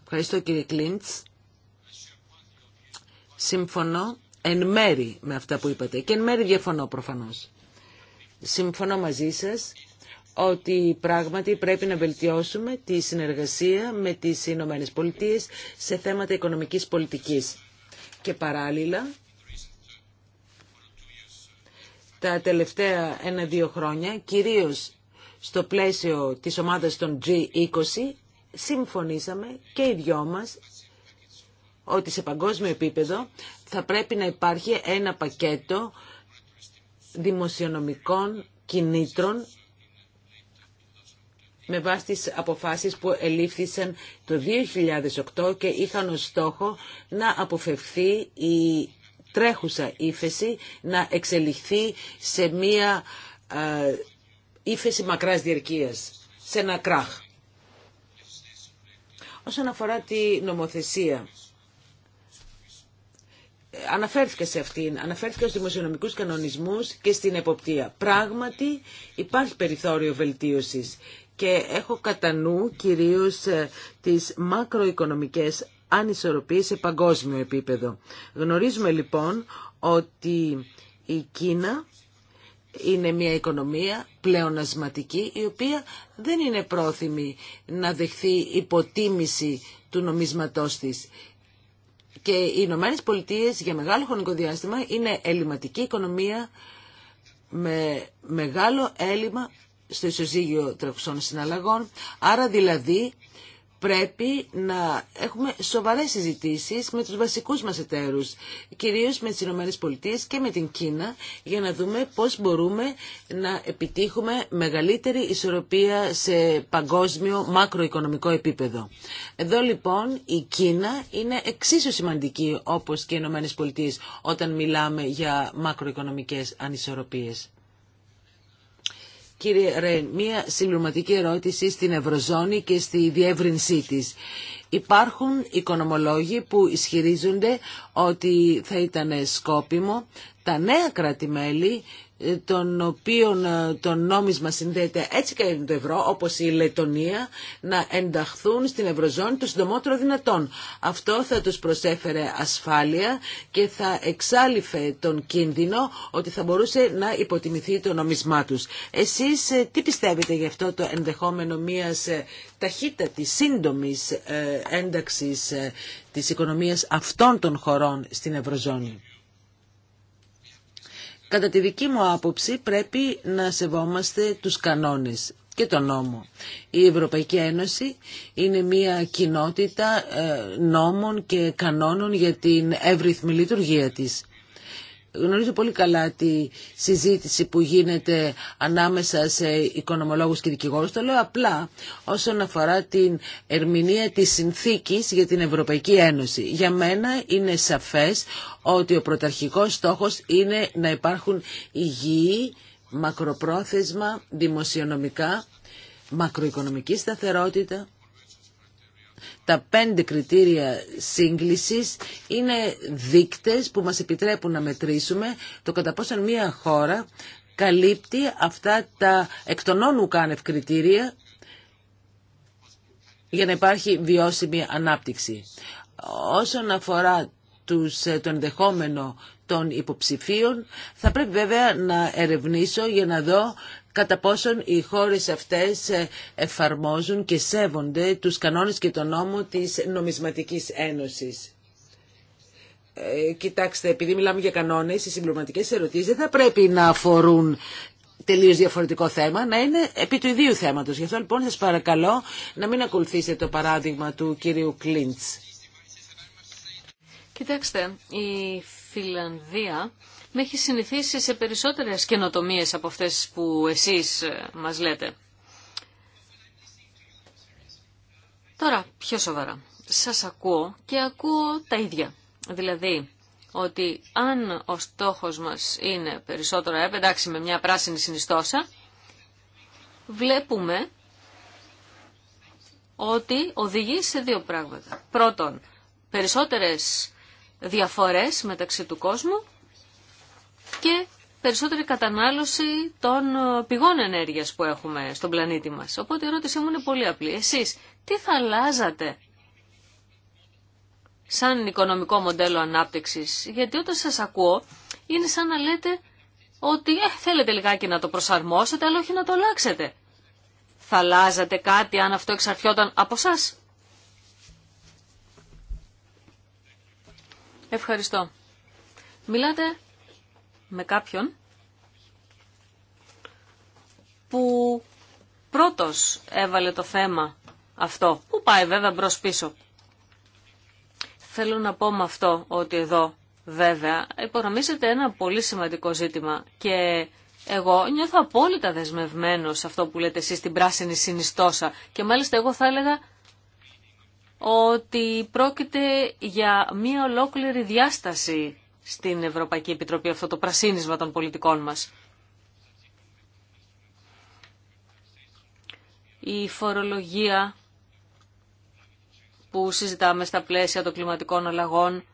Ευχαριστώ κύριε Κλίντς. Συμφωνώ εν μέρη με αυτά που είπατε και εν μέρη διαφωνώ προφανώς. Συμφωνώ μαζί σας ότι πράγματι πρέπει να βελτιώσουμε τη συνεργασία με τις Ηνωμένες Πολιτείες σε θέματα οικονομικής πολιτικής. Και παράλληλα, τα τελευταία ένα-δύο χρόνια, κυρίως στο πλαίσιο της ομάδας των G20, συμφωνήσαμε και οι δυο μας ότι σε παγκόσμιο επίπεδο θα πρέπει να υπάρχει ένα πακέτο δημοσιονομικών κινήτρων με βάση τις αποφάσεις που ελήφθησαν το 2008 και είχαν ως στόχο να αποφευθεί η τρέχουσα ύφεση, να εξελιχθεί σε μία ε, ύφεση μακράς διαρκείας, σε ένα κράχ. Όσον αφορά τη νομοθεσία, αναφέρθηκε σε αυτήν, αναφέρθηκε στους δημοσιονομικούς κανονισμούς και στην εποπτεία. Πράγματι υπάρχει περιθώριο βελτίωσης και έχω κατά νου κυρίως ε, τις μακροοικονομικές ανισορροπίες σε παγκόσμιο επίπεδο. Γνωρίζουμε λοιπόν ότι η Κίνα είναι μια οικονομία πλεονασματική η οποία δεν είναι πρόθυμη να δεχθεί υποτίμηση του νομίσματός της. Και οι Ηνωμένε Πολιτείε για μεγάλο χρονικό διάστημα είναι ελληματική οικονομία με μεγάλο έλλειμμα στο ισοζύγιο τρεχουσών συναλλαγών. Άρα δηλαδή πρέπει να έχουμε σοβαρές συζητήσεις με τους βασικούς μας εταίρους, κυρίως με τις Ηνωμένες Πολιτείες και με την Κίνα, για να δούμε πώς μπορούμε να επιτύχουμε μεγαλύτερη ισορροπία σε παγκόσμιο μακροοικονομικό επίπεδο. Εδώ λοιπόν η Κίνα είναι εξίσου σημαντική όπως και οι Ηνωμένες Πολιτείες όταν μιλάμε για μακροοικονομικές ανισορροπίες. Κύριε Ρέν, μία συμπληρωματική ερώτηση στην Ευρωζώνη και στη διεύρυνσή της. Υπάρχουν οικονομολόγοι που ισχυρίζονται ότι θα ήταν σκόπιμο τα νέα κράτη-μέλη των οποίων ε, το νόμισμα συνδέεται έτσι και το ευρώ, όπως η Λετωνία, να ενταχθούν στην Ευρωζώνη το συντομότερο δυνατόν. Αυτό θα τους προσέφερε ασφάλεια και θα εξάλληφε τον κίνδυνο ότι θα μπορούσε να υποτιμηθεί το νόμισμά τους. Εσείς ε, τι πιστεύετε γι' αυτό το ενδεχόμενο μιας ε, ταχύτατης, σύντομης ένταξης της οικονομίας αυτών των χωρών στην Ευρωζώνη. Κατά τη δική μου άποψη πρέπει να σεβόμαστε τους κανόνες και τον νόμο. Η Ευρωπαϊκή Ένωση είναι μια κοινότητα ε, νόμων και κανόνων για την εύρυθμη λειτουργία της. Γνωρίζω πολύ καλά τη συζήτηση που γίνεται ανάμεσα σε οικονομολόγους και δικηγόρους. Το λέω απλά όσον αφορά την ερμηνεία της συνθήκης για την Ευρωπαϊκή Ένωση. Για μένα είναι σαφές ότι ο πρωταρχικός στόχος είναι να υπάρχουν υγιή, μακροπρόθεσμα, δημοσιονομικά, μακροοικονομική σταθερότητα τα πέντε κριτήρια σύγκλησης είναι δείκτες που μας επιτρέπουν να μετρήσουμε το κατά πόσον μια χώρα καλύπτει αυτά τα εκ των όνου κριτήρια για να υπάρχει βιώσιμη ανάπτυξη. Όσον αφορά τους, ε, το ενδεχόμενο των υποψηφίων, θα πρέπει βέβαια να ερευνήσω για να δω κατά πόσον οι χώρες αυτές ε, εφαρμόζουν και σέβονται τους κανόνες και τον νόμο της νομισματικής ένωσης. Ε, κοιτάξτε, επειδή μιλάμε για κανόνες, οι συμπληρωματικές ερωτήσεις δεν θα πρέπει να αφορούν τελείω διαφορετικό θέμα, να είναι επί του ιδίου θέματο. Γι' αυτό λοιπόν σα παρακαλώ να μην ακολουθήσετε το παράδειγμα του κυρίου Κλίντ. Κοιτάξτε, η Φιλανδία με έχει συνηθίσει σε περισσότερες καινοτομίες από αυτές που εσείς ε, μας λέτε. Τώρα, πιο σοβαρά. Σας ακούω και ακούω τα ίδια. Δηλαδή, ότι αν ο στόχος μας είναι περισσότερο ΕΠ, με μια πράσινη συνιστόσα, βλέπουμε ότι οδηγεί σε δύο πράγματα. Πρώτον, περισσότερες διαφορές μεταξύ του κόσμου και περισσότερη κατανάλωση των ε, πηγών ενέργειας που έχουμε στον πλανήτη μας. Οπότε η ερώτησή μου είναι πολύ απλή. Εσείς τι θα αλλάζατε σαν οικονομικό μοντέλο ανάπτυξης, γιατί όταν σας ακούω είναι σαν να λέτε ότι ε, θέλετε λιγάκι να το προσαρμόσετε, αλλά όχι να το αλλάξετε. Θα αλλάζατε κάτι αν αυτό εξαρτιόταν από εσά. Ευχαριστώ. Μιλάτε με κάποιον που πρώτος έβαλε το θέμα αυτό, που πάει βέβαια μπρος πίσω. Θέλω να πω με αυτό ότι εδώ βέβαια υπογραμμίζεται ένα πολύ σημαντικό ζήτημα και εγώ νιώθω απόλυτα δεσμευμένο σε αυτό που λέτε εσείς την πράσινη συνιστόσα και μάλιστα εγώ θα έλεγα ότι πρόκειται για μία ολόκληρη διάσταση στην Ευρωπαϊκή Επιτροπή αυτό το πρασίνισμα των πολιτικών μας. Η φορολογία που συζητάμε στα πλαίσια των κλιματικών αλλαγών.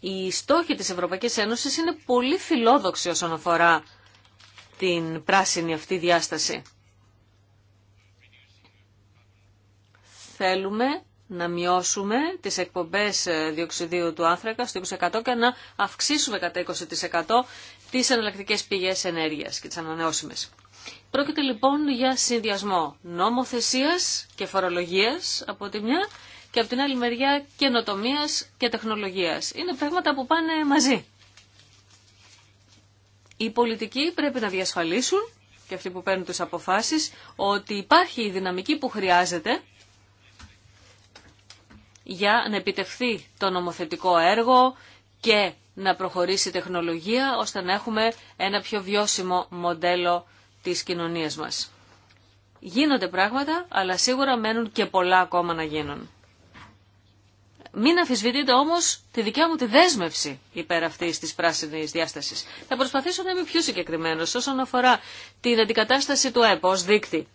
Οι στόχοι της Ευρωπαϊκής Ένωσης είναι πολύ φιλόδοξοι όσον αφορά την πράσινη αυτή διάσταση. Θέλουμε να μειώσουμε τις εκπομπές ε, διοξιδίου του άνθρακα στο 20% και να αυξήσουμε κατά 20% τις εναλλακτικέ πηγές ενέργειας και τις ανανεώσιμες. Πρόκειται λοιπόν για συνδυασμό νομοθεσίας και φορολογίας από τη μια και από την άλλη μεριά καινοτομία και τεχνολογίας. Είναι πράγματα που πάνε μαζί. Οι πολιτικοί πρέπει να διασφαλίσουν και αυτοί που παίρνουν τις αποφάσεις ότι υπάρχει η δυναμική που χρειάζεται για να επιτευχθεί το νομοθετικό έργο και να προχωρήσει η τεχνολογία ώστε να έχουμε ένα πιο βιώσιμο μοντέλο της κοινωνίας μας. Γίνονται πράγματα, αλλά σίγουρα μένουν και πολλά ακόμα να γίνουν. Μην αμφισβητείτε όμως τη δικιά μου τη δέσμευση υπέρ αυτής της πράσινης διάστασης. Θα προσπαθήσω να είμαι πιο συγκεκριμένος όσον αφορά την αντικατάσταση του ΕΠΟ ω δείκτη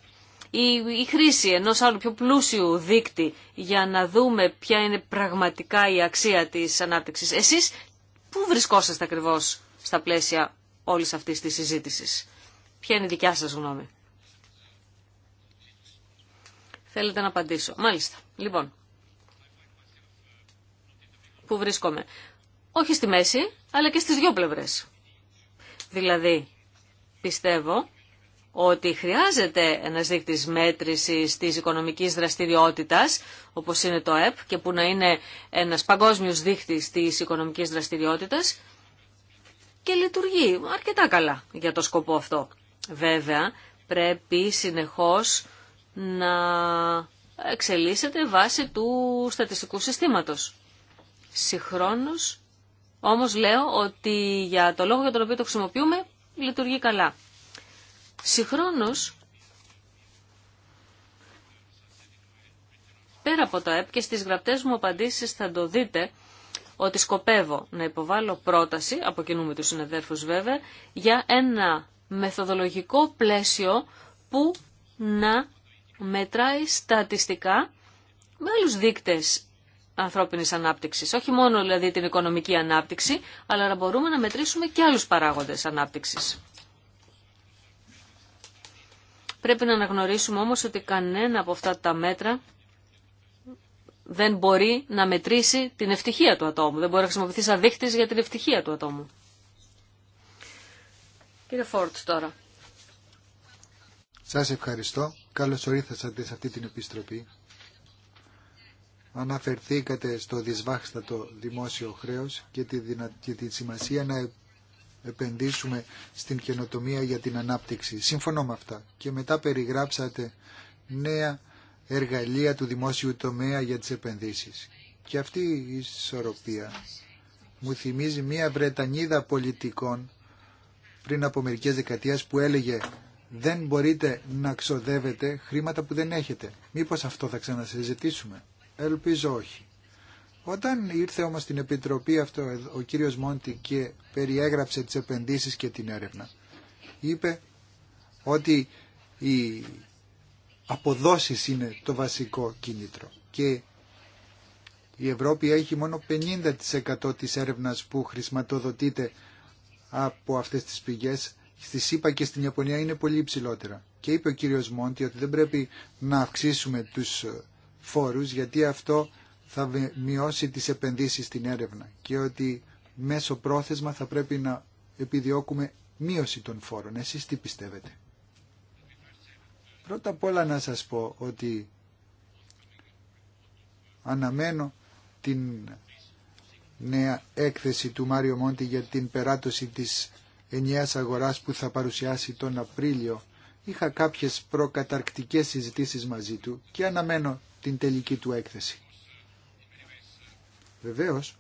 η, χρήση ενός άλλου πιο πλούσιου δίκτυ για να δούμε ποια είναι πραγματικά η αξία της ανάπτυξης. Εσείς πού βρισκόσαστε ακριβώς στα πλαίσια όλης αυτής της συζήτησης. Ποια είναι η δικιά σας γνώμη. Θέλετε να απαντήσω. Μάλιστα. Λοιπόν, πού βρίσκομαι. Όχι στη μέση, αλλά και στις δυο πλευρές. Δηλαδή, πιστεύω ότι χρειάζεται ένα δείκτης μέτρησης της οικονομικής δραστηριότητας, όπω είναι το ΕΠ, και που να είναι ένας παγκόσμιος δείκτης της οικονομικής δραστηριότητας, και λειτουργεί αρκετά καλά για το σκοπό αυτό. Βέβαια, πρέπει συνεχώς να εξελίσσεται βάσει του στατιστικού συστήματος. Συγχρόνως, όμως λέω ότι για το λόγο για τον οποίο το χρησιμοποιούμε, λειτουργεί καλά. Συγχρόνως, πέρα από το ΕΠ και στις γραπτές μου απαντήσεις θα το δείτε ότι σκοπεύω να υποβάλω πρόταση, από κοινού με τους συνεδέρφους βέβαια, για ένα μεθοδολογικό πλαίσιο που να μετράει στατιστικά με άλλους δείκτες ανθρώπινης ανάπτυξης. Όχι μόνο δηλαδή την οικονομική ανάπτυξη, αλλά να μπορούμε να μετρήσουμε και άλλους παράγοντες ανάπτυξης. Πρέπει να αναγνωρίσουμε όμως ότι κανένα από αυτά τα μέτρα δεν μπορεί να μετρήσει την ευτυχία του ατόμου. Δεν μπορεί να χρησιμοποιηθεί σαν δείχτης για την ευτυχία του ατόμου. Κύριε Φόρτ τώρα. Σας ευχαριστώ. Καλώς ορίθασατε σε αυτή την επιστροπή. Αναφερθήκατε στο δυσβάχστατο δημόσιο χρέος και τη, δυνα... και τη σημασία να επενδύσουμε στην καινοτομία για την ανάπτυξη. Σύμφωνο με αυτά. Και μετά περιγράψατε νέα εργαλεία του δημόσιου τομέα για τις επενδύσεις. Και αυτή η ισορροπία μου θυμίζει μία Βρετανίδα πολιτικών πριν από μερικές δεκαετίες που έλεγε δεν μπορείτε να ξοδεύετε χρήματα που δεν έχετε. Μήπως αυτό θα ξανασυζητήσουμε. Ελπίζω όχι. Όταν ήρθε όμως στην Επιτροπή αυτό ο κύριος Μόντι και περιέγραψε τις επενδύσεις και την έρευνα, είπε ότι οι αποδόσεις είναι το βασικό κίνητρο και η Ευρώπη έχει μόνο 50% της έρευνας που χρηματοδοτείται από αυτές τις πηγές. Στη ΣΥΠΑ και στην Ιαπωνία είναι πολύ υψηλότερα. Και είπε ο κύριος Μόντι ότι δεν πρέπει να αυξήσουμε τους φόρους γιατί αυτό θα μειώσει τις επενδύσεις στην έρευνα και ότι μέσω πρόθεσμα θα πρέπει να επιδιώκουμε μείωση των φόρων. Εσείς τι πιστεύετε. Πρώτα απ' όλα να σας πω ότι αναμένω την νέα έκθεση του Μάριο Μόντι για την περάτωση της ενιαίας αγοράς που θα παρουσιάσει τον Απρίλιο. Είχα κάποιες προκαταρκτικές συζητήσεις μαζί του και αναμένω την τελική του έκθεση. Βεβαίως,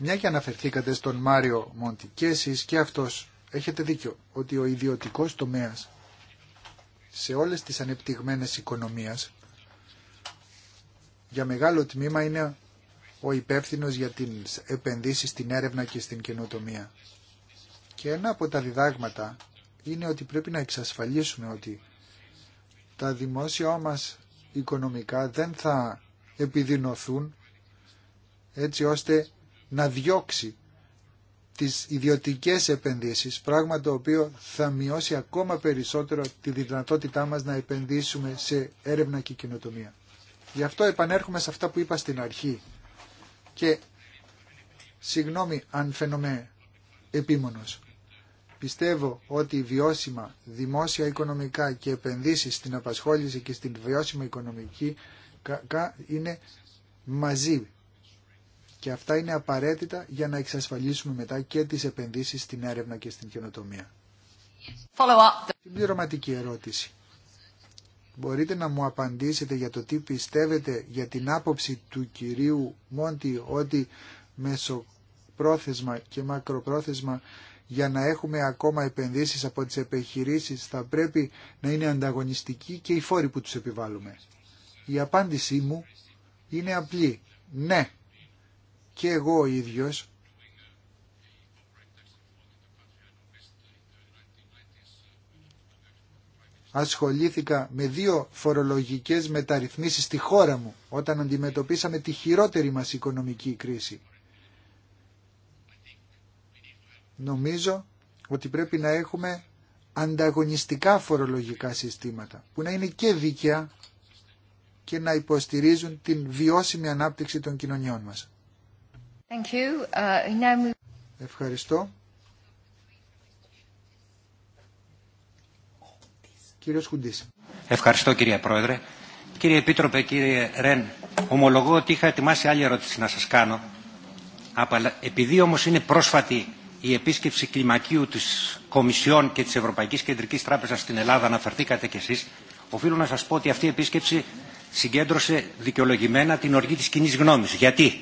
μια και αναφερθήκατε στον Μάριο Μόντι και εσείς και αυτός έχετε δίκιο ότι ο ιδιωτικός τομέας σε όλες τις ανεπτυγμένες οικονομίες για μεγάλο τμήμα είναι ο υπεύθυνο για την επενδύσει στην έρευνα και στην καινοτομία. Και ένα από τα διδάγματα είναι ότι πρέπει να εξασφαλίσουμε ότι τα δημόσια μας οικονομικά δεν θα επιδεινωθούν έτσι ώστε να διώξει τις ιδιωτικές επενδύσεις, πράγμα το οποίο θα μειώσει ακόμα περισσότερο τη δυνατότητά μας να επενδύσουμε σε έρευνα και κοινοτομία. Γι' αυτό επανέρχομαι σε αυτά που είπα στην αρχή και συγγνώμη αν φαινομαι επίμονος. Πιστεύω ότι βιώσιμα δημόσια οικονομικά και επενδύσεις στην απασχόληση και στην βιώσιμη οικονομική είναι μαζί και αυτά είναι απαραίτητα για να εξασφαλίσουμε μετά και τις επενδύσεις στην έρευνα και στην καινοτομία. Follow Την πληρωματική ερώτηση. Μπορείτε να μου απαντήσετε για το τι πιστεύετε για την άποψη του κυρίου Μόντι ότι μεσοπρόθεσμα και μακροπρόθεσμα για να έχουμε ακόμα επενδύσεις από τις επιχειρήσεις θα πρέπει να είναι ανταγωνιστικοί και οι φόροι που τους επιβάλλουμε. Η απάντησή μου είναι απλή. Ναι, και εγώ ο ίδιος ασχολήθηκα με δύο φορολογικές μεταρρυθμίσεις στη χώρα μου όταν αντιμετωπίσαμε τη χειρότερη μας οικονομική κρίση. Νομίζω ότι πρέπει να έχουμε ανταγωνιστικά φορολογικά συστήματα που να είναι και δίκαια και να υποστηρίζουν την βιώσιμη ανάπτυξη των κοινωνιών μας. Thank you. Uh, Ευχαριστώ. Κύριος Χουντής. Ευχαριστώ κύριε Πρόεδρε. Κύριε Επίτροπε, κύριε Ρεν, ομολογώ ότι είχα ετοιμάσει άλλη ερώτηση να σας κάνω. επειδή όμως είναι πρόσφατη η επίσκεψη κλιμακίου της Κομισιόν και της Ευρωπαϊκής Κεντρικής Τράπεζας στην Ελλάδα, αναφερθήκατε κι εσείς, οφείλω να σας πω ότι αυτή η επίσκεψη συγκέντρωσε δικαιολογημένα την οργή της κοινή γνώμης. Γιατί?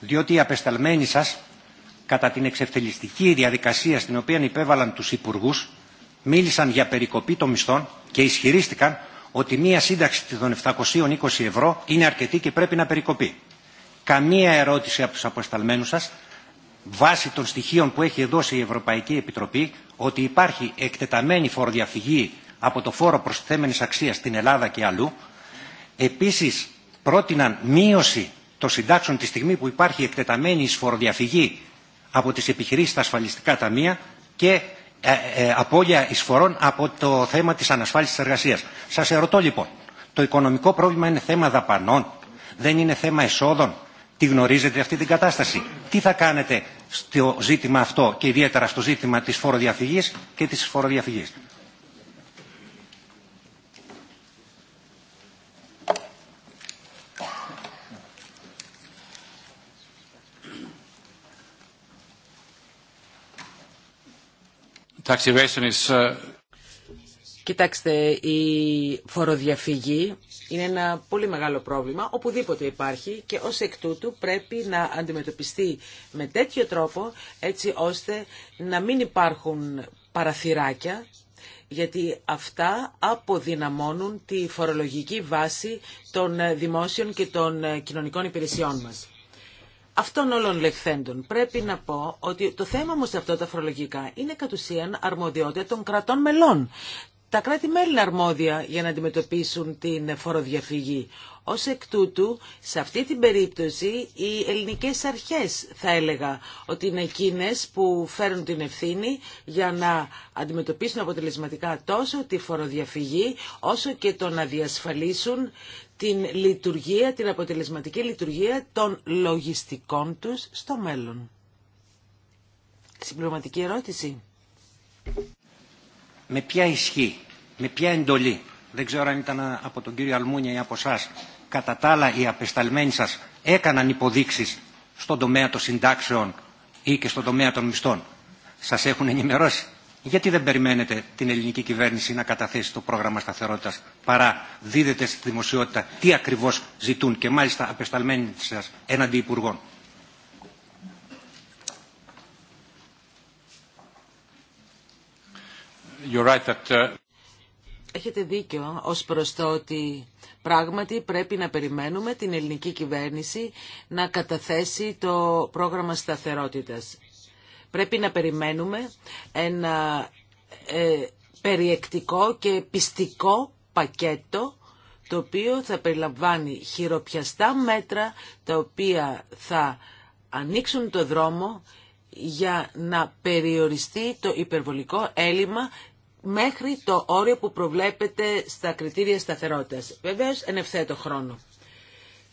Διότι οι απεσταλμένοι σας, κατά την εξευθελιστική διαδικασία στην οποία υπέβαλαν τους υπουργούς, μίλησαν για περικοπή των μισθών και ισχυρίστηκαν ότι μία σύνταξη των 720 ευρώ είναι αρκετή και πρέπει να περικοπεί. Καμία ερώτηση από τους αποσταλμένους σας, βάσει των στοιχείων που έχει δώσει η Ευρωπαϊκή Επιτροπή, ότι υπάρχει εκτεταμένη φοροδιαφυγή από το φόρο προστιθέμενης αξίας στην Ελλάδα και αλλού, Επίσης πρότειναν μείωση των συντάξεων τη στιγμή που υπάρχει εκτεταμένη εισφοροδιαφυγή από τις επιχειρήσεις στα ασφαλιστικά ταμεία και ε, ε, απώλεια εισφορών από το θέμα της ανασφάλισης εργασίας. Σας ερωτώ λοιπόν, το οικονομικό πρόβλημα είναι θέμα δαπανών, δεν είναι θέμα εσόδων. Τι γνωρίζετε αυτή την κατάσταση. Τι θα κάνετε στο ζήτημα αυτό και ιδιαίτερα στο ζήτημα της φοροδιαφυγής και της φοροδιαφυγής. Uh, Κοιτάξτε, η φοροδιαφυγή είναι ένα πολύ μεγάλο πρόβλημα, οπουδήποτε υπάρχει και ως εκ τούτου πρέπει να αντιμετωπιστεί με τέτοιο τρόπο έτσι ώστε να μην υπάρχουν παραθυράκια γιατί αυτά αποδυναμώνουν τη φορολογική βάση των δημόσιων και των κοινωνικών υπηρεσιών μας. Αυτών όλων λεχθέντων πρέπει να πω ότι το θέμα μου σε αυτά τα φορολογικά είναι κατ' ουσίαν αρμοδιότητα των κρατών μελών τα κράτη-μέλη είναι αρμόδια για να αντιμετωπίσουν την φοροδιαφυγή. Ως εκ τούτου, σε αυτή την περίπτωση, οι ελληνικές αρχές θα έλεγα ότι είναι εκείνες που φέρουν την ευθύνη για να αντιμετωπίσουν αποτελεσματικά τόσο τη φοροδιαφυγή, όσο και το να διασφαλίσουν την λειτουργία, την αποτελεσματική λειτουργία των λογιστικών τους στο μέλλον. Συμπληρωματική ερώτηση. Με ποια ισχύ με ποια εντολή, δεν ξέρω αν ήταν από τον κύριο Αλμούνια ή από εσά, κατά τα άλλα οι απεσταλμένοι σας έκαναν υποδείξεις στον τομέα των συντάξεων ή και στον τομέα των μισθών. Σας έχουν ενημερώσει. Γιατί δεν περιμένετε την ελληνική κυβέρνηση να καταθέσει το πρόγραμμα σταθερότητα παρά δίδετε στη δημοσιότητα τι ακριβώ ζητούν και μάλιστα απεσταλμένοι σα έναντι υπουργών. right that... Uh, Έχετε δίκιο ως προς το ότι πράγματι πρέπει να περιμένουμε την ελληνική κυβέρνηση να καταθέσει το πρόγραμμα σταθερότητας. Πρέπει να περιμένουμε ένα ε, περιεκτικό και πιστικό πακέτο το οποίο θα περιλαμβάνει χειροπιαστά μέτρα τα οποία θα ανοίξουν το δρόμο για να περιοριστεί το υπερβολικό έλλειμμα μέχρι το όριο που προβλέπεται στα κριτήρια σταθερότητας. Βεβαίως, εν ευθέτω χρόνο.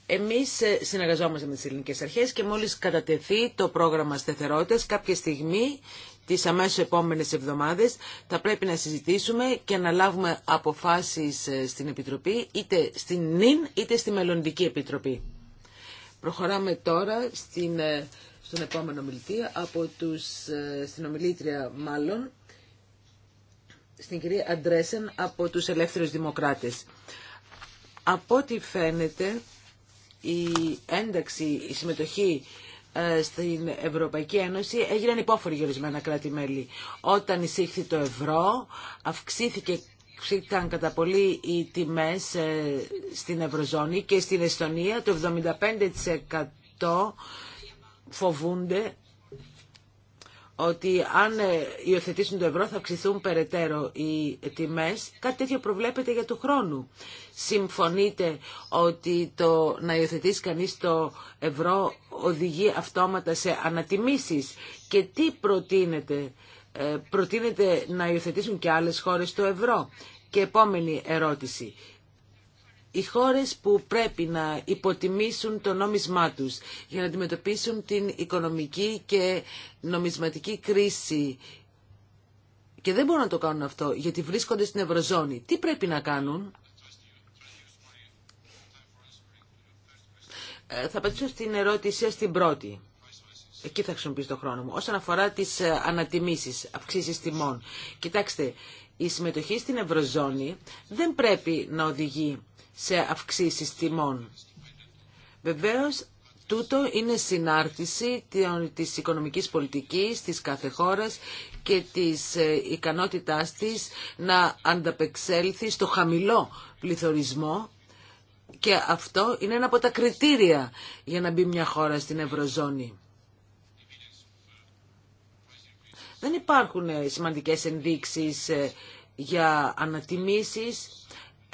Εμείς ε, συνεργαζόμαστε με τις ελληνικές αρχές και μόλις κατατεθεί το πρόγραμμα σταθερότητας κάποια στιγμή τις αμέσως επόμενες εβδομάδες θα πρέπει να συζητήσουμε και να λάβουμε αποφάσεις ε, στην Επιτροπή είτε στην ΝΙΝ είτε στη Μελλοντική Επιτροπή. Προχωράμε τώρα στην, ε, στον επόμενο μιλητή από τους, στην ομιλήτρια μάλλον στην κυρία Αντρέσεν από τους Ελεύθερους Δημοκράτες. Από ό,τι φαίνεται η ένταξη, η συμμετοχή ε, στην Ευρωπαϊκή Ένωση έγιναν υπόφοροι για ορισμένα κράτη-μέλη. Όταν εισήχθη το ευρώ αυξήθηκε αυξήθηκαν κατά πολύ οι τιμές ε, στην Ευρωζώνη και στην Εστονία το 75% φοβούνται ότι αν ε, υιοθετήσουν το ευρώ θα αυξηθούν περαιτέρω οι τιμές. Κάτι τέτοιο προβλέπεται για του χρόνου. Συμφωνείτε ότι το να υιοθετήσει κανείς το ευρώ οδηγεί αυτόματα σε ανατιμήσεις. Και τι προτείνετε. Ε, προτείνετε να υιοθετήσουν και άλλες χώρες το ευρώ. Και επόμενη ερώτηση οι χώρες που πρέπει να υποτιμήσουν το νόμισμά τους για να αντιμετωπίσουν την οικονομική και νομισματική κρίση και δεν μπορούν να το κάνουν αυτό γιατί βρίσκονται στην Ευρωζώνη. Τι πρέπει να κάνουν? Ε, θα απαντήσω στην ερώτηση στην πρώτη. Εκεί θα χρησιμοποιήσω το χρόνο μου. Όσον αφορά τις ε, ανατιμήσεις, αυξήσεις τιμών. Κοιτάξτε, η συμμετοχή στην Ευρωζώνη δεν πρέπει να οδηγεί σε αυξήσεις τιμών. Βεβαίως, τούτο είναι συνάρτηση της οικονομικής πολιτικής της κάθε χώρας και της ε, ικανότητάς της να ανταπεξέλθει στο χαμηλό πληθωρισμό και αυτό είναι ένα από τα κριτήρια για να μπει μια χώρα στην Ευρωζώνη. Δεν υπάρχουν ε, σημαντικές ενδείξεις ε, για ανατιμήσεις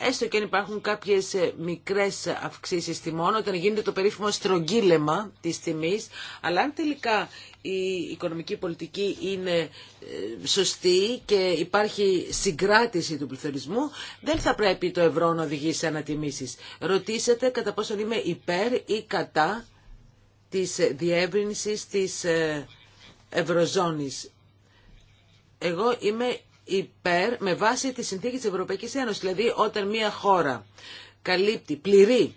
έστω και αν υπάρχουν κάποιες ε, μικρές αυξήσεις τιμών, όταν γίνεται το περίφημο στρογγύλεμα της τιμής, αλλά αν τελικά η οικονομική πολιτική είναι ε, σωστή και υπάρχει συγκράτηση του πληθωρισμού, δεν θα πρέπει το ευρώ να οδηγεί σε ανατιμήσεις. Ρωτήσετε κατά πόσον είμαι υπέρ ή κατά της διεύρυνσης της ε, ευρωζώνης. Εγώ είμαι υπέρ με βάση τη συνθήκη της Ευρωπαϊκής Ένωσης. Δηλαδή όταν μια χώρα καλύπτει, πληρεί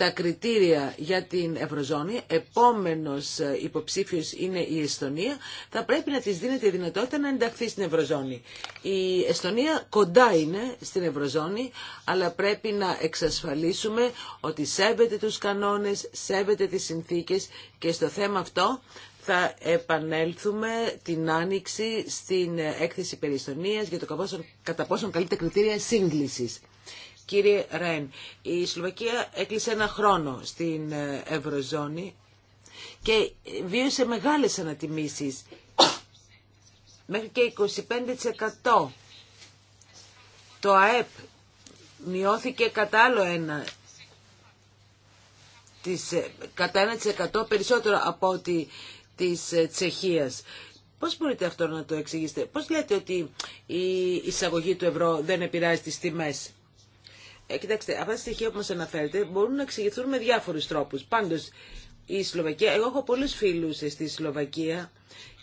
τα κριτήρια για την Ευρωζώνη, επόμενος υποψήφιος είναι η Εστονία, θα πρέπει να της δίνεται η δυνατότητα να ενταχθεί στην Ευρωζώνη. Η Εστονία κοντά είναι στην Ευρωζώνη, αλλά πρέπει να εξασφαλίσουμε ότι σέβεται τους κανόνες, σέβεται τις συνθήκες και στο θέμα αυτό θα επανέλθουμε την άνοιξη στην έκθεση περιστονίας για το κατά πόσον καλείται κριτήρια σύγκλησης. Κύριε Ρεν, η Σλοβακία έκλεισε ένα χρόνο στην ε, Ευρωζώνη και βίωσε μεγάλες ανατιμήσεις, μέχρι και 25%. Το ΑΕΠ μειώθηκε κατά άλλο ένα, της, ε, κατά 1% περισσότερο από ότι της ε, Τσεχίας. Πώς μπορείτε αυτό να το εξηγήσετε, πώς λέτε ότι η εισαγωγή του ευρώ δεν επηρεάζει τις τιμές. Ε, κοιτάξτε, αυτά τα στοιχεία που μα αναφέρετε μπορούν να εξηγηθούν με διάφορους τρόπους. Πάντω, η Σλοβακία, εγώ έχω πολλούς φίλους στη Σλοβακία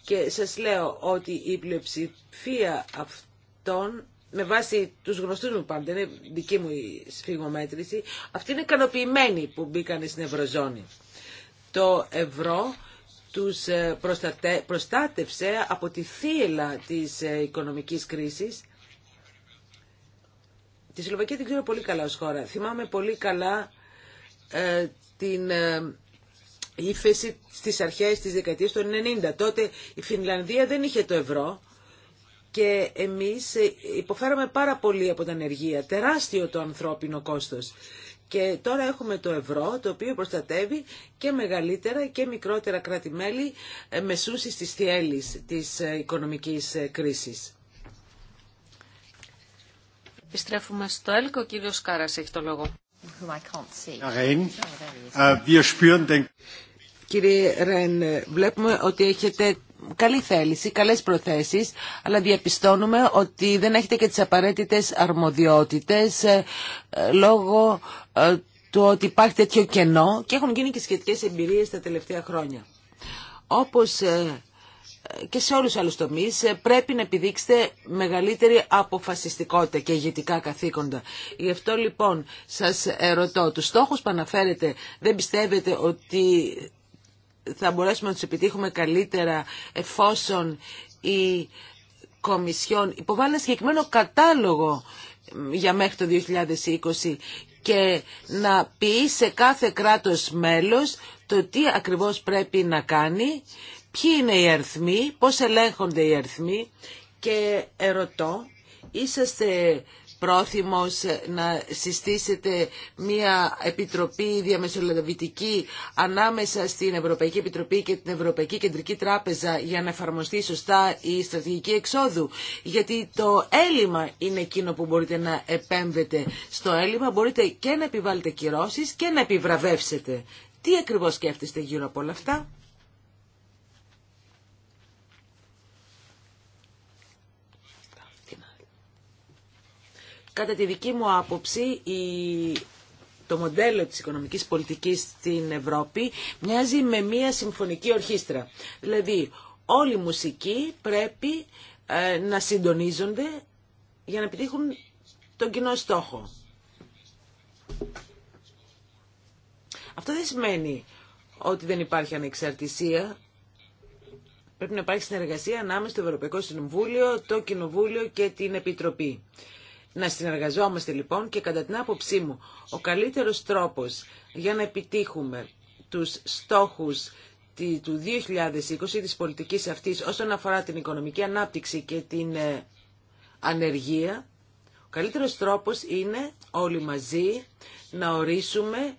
και σας λέω ότι η πλειοψηφία αυτών με βάση του γνωστού μου πάντα, είναι δική μου η σφιγμομέτρηση, αυτοί είναι ικανοποιημένοι που μπήκαν στην Ευρωζώνη. Το ευρώ τους ε, προστάτευσε από τη θύελα της ε, οικονομικής κρίσης Τη Σλοβακία την ξέρω πολύ καλά ως χώρα. Θυμάμαι πολύ καλά ε, την ε, ύφεση στις αρχές της δεκαετίας των 90. Τότε η Φινλανδία δεν είχε το ευρώ και εμείς ε, υποφέραμε πάρα πολύ από την ενεργεια, Τεράστιο το ανθρώπινο κόστος. Και τώρα έχουμε το ευρώ, το οποίο προστατεύει και μεγαλύτερα και μικρότερα κράτη-μέλη μεσούσεις της θέλης της οικονομικής κρίσης. Επιστρέφουμε στο ΕΛΚΟ. Ο κύριος Κάρας έχει το λόγο. Oh, uh, Κύριε Ρεν, βλέπουμε ότι έχετε καλή θέληση, καλές προθέσεις, αλλά διαπιστώνουμε ότι δεν έχετε και τις απαραίτητες αρμοδιότητες ε, ε, λόγω ε, του ότι υπάρχει τέτοιο κενό και έχουν γίνει και σχετικές εμπειρίες τα τελευταία χρόνια. Όπως και σε όλους τους άλλους τομείς ε, πρέπει να επιδείξετε μεγαλύτερη αποφασιστικότητα και ηγετικά καθήκοντα. Γι' αυτό λοιπόν σας ερωτώ, τους στόχους που αναφέρετε δεν πιστεύετε ότι θα μπορέσουμε να τους επιτύχουμε καλύτερα εφόσον η Κομισιόν υποβάλλει ένα συγκεκριμένο κατάλογο για μέχρι το 2020 και να πει σε κάθε κράτος μέλος το τι ακριβώς πρέπει να κάνει ποιοι είναι οι αριθμοί, πώς ελέγχονται οι αριθμοί και ερωτώ, είσαστε πρόθυμος να συστήσετε μια επιτροπή διαμεσολαβητική ανάμεσα στην Ευρωπαϊκή Επιτροπή και την Ευρωπαϊκή Κεντρική Τράπεζα για να εφαρμοστεί σωστά η στρατηγική εξόδου. Γιατί το έλλειμμα είναι εκείνο που μπορείτε να επέμβετε στο έλλειμμα. Μπορείτε και να επιβάλλετε κυρώσεις και να επιβραβεύσετε. Τι ακριβώς σκέφτεστε γύρω από όλα αυτά. Κατά τη δική μου άποψη, το μοντέλο της οικονομικής πολιτικής στην Ευρώπη μοιάζει με μία συμφωνική ορχήστρα. Δηλαδή, όλοι οι μουσικοί πρέπει ε, να συντονίζονται για να επιτύχουν τον κοινό στόχο. Αυτό δεν σημαίνει ότι δεν υπάρχει ανεξαρτησία. Πρέπει να υπάρχει συνεργασία ανάμεσα στο Ευρωπαϊκό Συμβούλιο, το Κοινοβούλιο και την Επιτροπή. Να συνεργαζόμαστε λοιπόν και κατά την άποψή μου ο καλύτερος τρόπος για να επιτύχουμε τους στόχους του 2020 της πολιτικής αυτής όσον αφορά την οικονομική ανάπτυξη και την ε, ανεργία, ο καλύτερος τρόπος είναι όλοι μαζί να ορίσουμε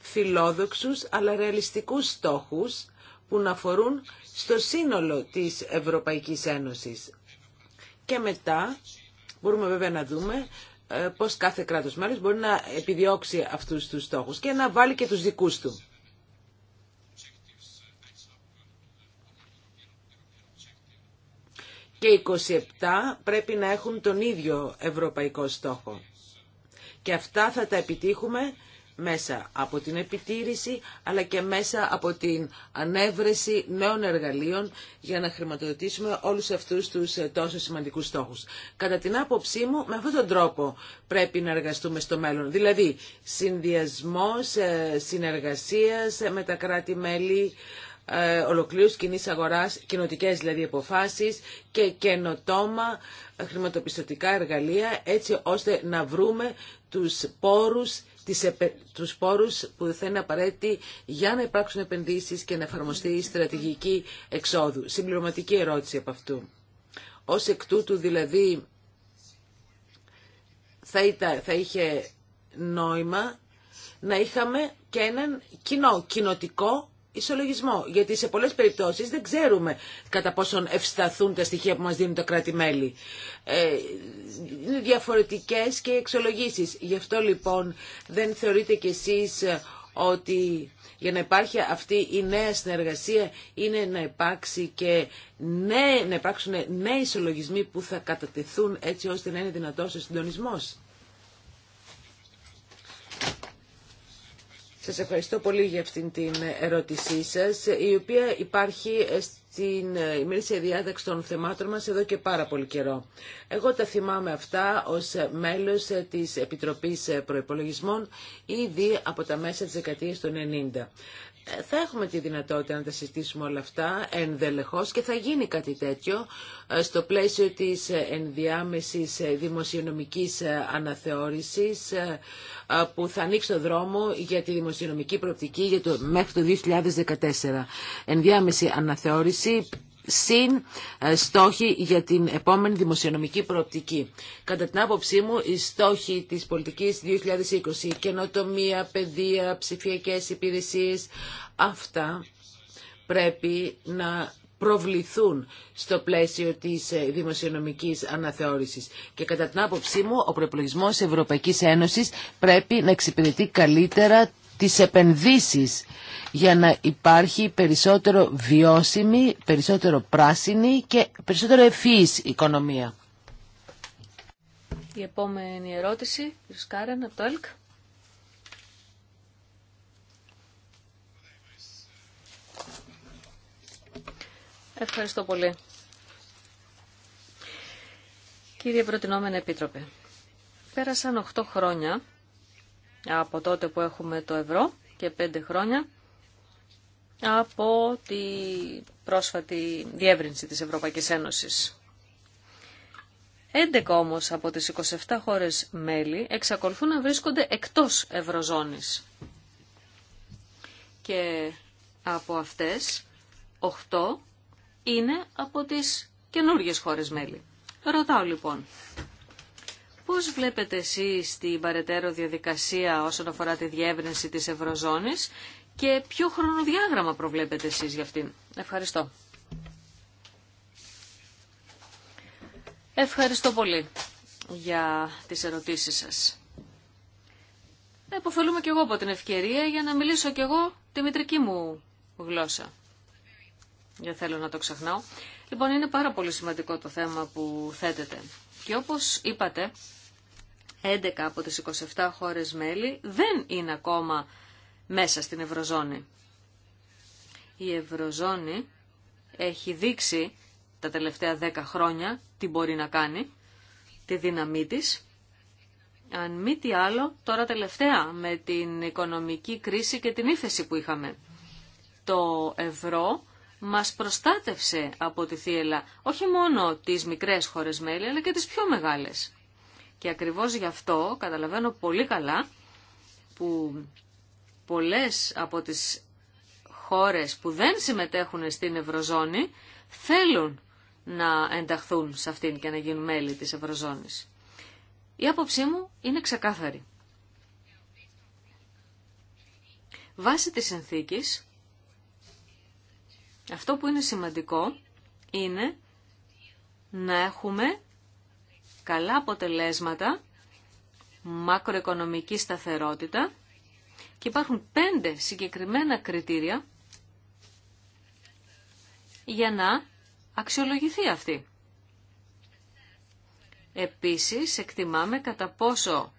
φιλόδοξους αλλά ρεαλιστικούς στόχους που να αφορούν στο σύνολο της Ευρωπαϊκής Ένωσης. Και μετά Μπορούμε βέβαια να δούμε ε, πώς κάθε κράτος μέλος μπορεί να επιδιώξει αυτούς τους στόχους και να βάλει και τους δικούς του. Και 27 πρέπει να έχουν τον ίδιο ευρωπαϊκό στόχο. Και αυτά θα τα επιτύχουμε μέσα από την επιτήρηση αλλά και μέσα από την ανέβρεση νέων εργαλείων για να χρηματοδοτήσουμε όλους αυτούς τους ε, τόσο σημαντικούς στόχους. Κατά την άποψή μου, με αυτόν τον τρόπο πρέπει να εργαστούμε στο μέλλον. Δηλαδή, συνδυασμός ε, συνεργασίας με τα κράτη-μέλη, ε, ολοκλήρους κοινή αγοράς, κοινοτικέ δηλαδή αποφάσεις και καινοτόμα χρηματοπιστωτικά εργαλεία έτσι ώστε να βρούμε τους πόρους τους πόρους που θα είναι απαραίτητοι για να υπάρξουν επενδύσεις και να εφαρμοστεί η στρατηγική εξόδου. Συμπληρωματική ερώτηση από αυτού. Ως εκ τούτου δηλαδή θα, ήταν, θα είχε νόημα να είχαμε και έναν κοινό, κοινοτικό ισολογισμό. Γιατί σε πολλέ περιπτώσεις δεν ξέρουμε κατά πόσον ευσταθούν τα στοιχεία που μα δίνουν τα κράτη-μέλη. Ε, είναι διαφορετικές και εξολογήσει. Γι' αυτό λοιπόν δεν θεωρείτε κι εσείς ε, ότι για να υπάρχει αυτή η νέα συνεργασία είναι να, υπάρξει και νέ, να υπάρξουν νέοι ισολογισμοί που θα κατατεθούν έτσι ώστε να είναι δυνατός ο συντονισμός. Σας ευχαριστώ πολύ για αυτήν την ερώτησή σας, η οποία υπάρχει στην ημερήσια διάταξη των θεμάτων μας εδώ και πάρα πολύ καιρό. Εγώ τα θυμάμαι αυτά ως μέλος της Επιτροπής Προϋπολογισμών ήδη από τα μέσα της δεκαετίας των 90. Ε, θα έχουμε τη δυνατότητα να τα συζητήσουμε όλα αυτά ενδελεχώς και θα γίνει κάτι τέτοιο ε, στο πλαίσιο της ε, ενδιάμεσης δημοσιονομικής αναθεώρησης που θα ανοίξει το δρόμο για τη δημοσιονομική προοπτική για το, μέχρι το 2014. Ενδιάμεση αναθεώρηση συν ε, στόχοι για την επόμενη δημοσιονομική προοπτική. Κατά την άποψή μου, οι στόχοι της πολιτικής 2020, καινοτομία, παιδεία, ψηφιακές υπηρεσίες, αυτά πρέπει να προβληθούν στο πλαίσιο της ε, δημοσιονομικής αναθεώρησης. Και κατά την άποψή μου, ο προϋπολογισμός Ευρωπαϊκής Ένωσης πρέπει να εξυπηρετεί καλύτερα τις επενδύσεις για να υπάρχει περισσότερο βιώσιμη, περισσότερο πράσινη και περισσότερο ευφύης οικονομία. Η επόμενη ερώτηση, κύριος Κάρεν από το ΕΛΚ. Ευχαριστώ πολύ. Κύριε Προτινόμενε Επίτροπε, πέρασαν 8 χρόνια από τότε που έχουμε το ευρώ και 5 χρόνια από τη πρόσφατη διεύρυνση της Ευρωπαϊκής Ένωσης. 11 όμως από τις 27 χώρες μέλη εξακολουθούν να βρίσκονται εκτός Ευρωζώνης. Και από αυτές 8 είναι από τις καινούργιες χώρες μέλη. Ρωτάω λοιπόν, πώς βλέπετε εσείς την παρετέρω διαδικασία όσον αφορά τη διεύρυνση της Ευρωζώνης και ποιο χρονοδιάγραμμα προβλέπετε εσείς για αυτήν. Ευχαριστώ. Ευχαριστώ πολύ για τις ερωτήσεις σας. Εποφελούμε και εγώ από την ευκαιρία για να μιλήσω κι εγώ τη μητρική μου γλώσσα. Δεν θέλω να το ξεχνάω. Λοιπόν, είναι πάρα πολύ σημαντικό το θέμα που θέτεται. Και όπως είπατε, 11 από τις 27 χώρες μέλη δεν είναι ακόμα μέσα στην Ευρωζώνη. Η Ευρωζώνη έχει δείξει τα τελευταία δέκα χρόνια τι μπορεί να κάνει, τη δύναμή της. Αν μη τι άλλο, τώρα τελευταία με την οικονομική κρίση και την ύφεση που είχαμε. Το ευρώ μας προστάτευσε από τη θύελα όχι μόνο τις μικρές χώρες μέλη, αλλά και τις πιο μεγάλες. Και ακριβώς γι' αυτό καταλαβαίνω πολύ καλά που πολλές από τις χώρες που δεν συμμετέχουν στην Ευρωζώνη θέλουν να ενταχθούν σε αυτήν και να γίνουν μέλη της Ευρωζώνης. Η άποψή μου είναι ξεκάθαρη. Βάσει της συνθήκης, αυτό που είναι σημαντικό είναι να έχουμε καλά αποτελέσματα, μακροοικονομική σταθερότητα και υπάρχουν πέντε συγκεκριμένα κριτήρια για να αξιολογηθεί αυτή. Επίσης, εκτιμάμε κατά πόσο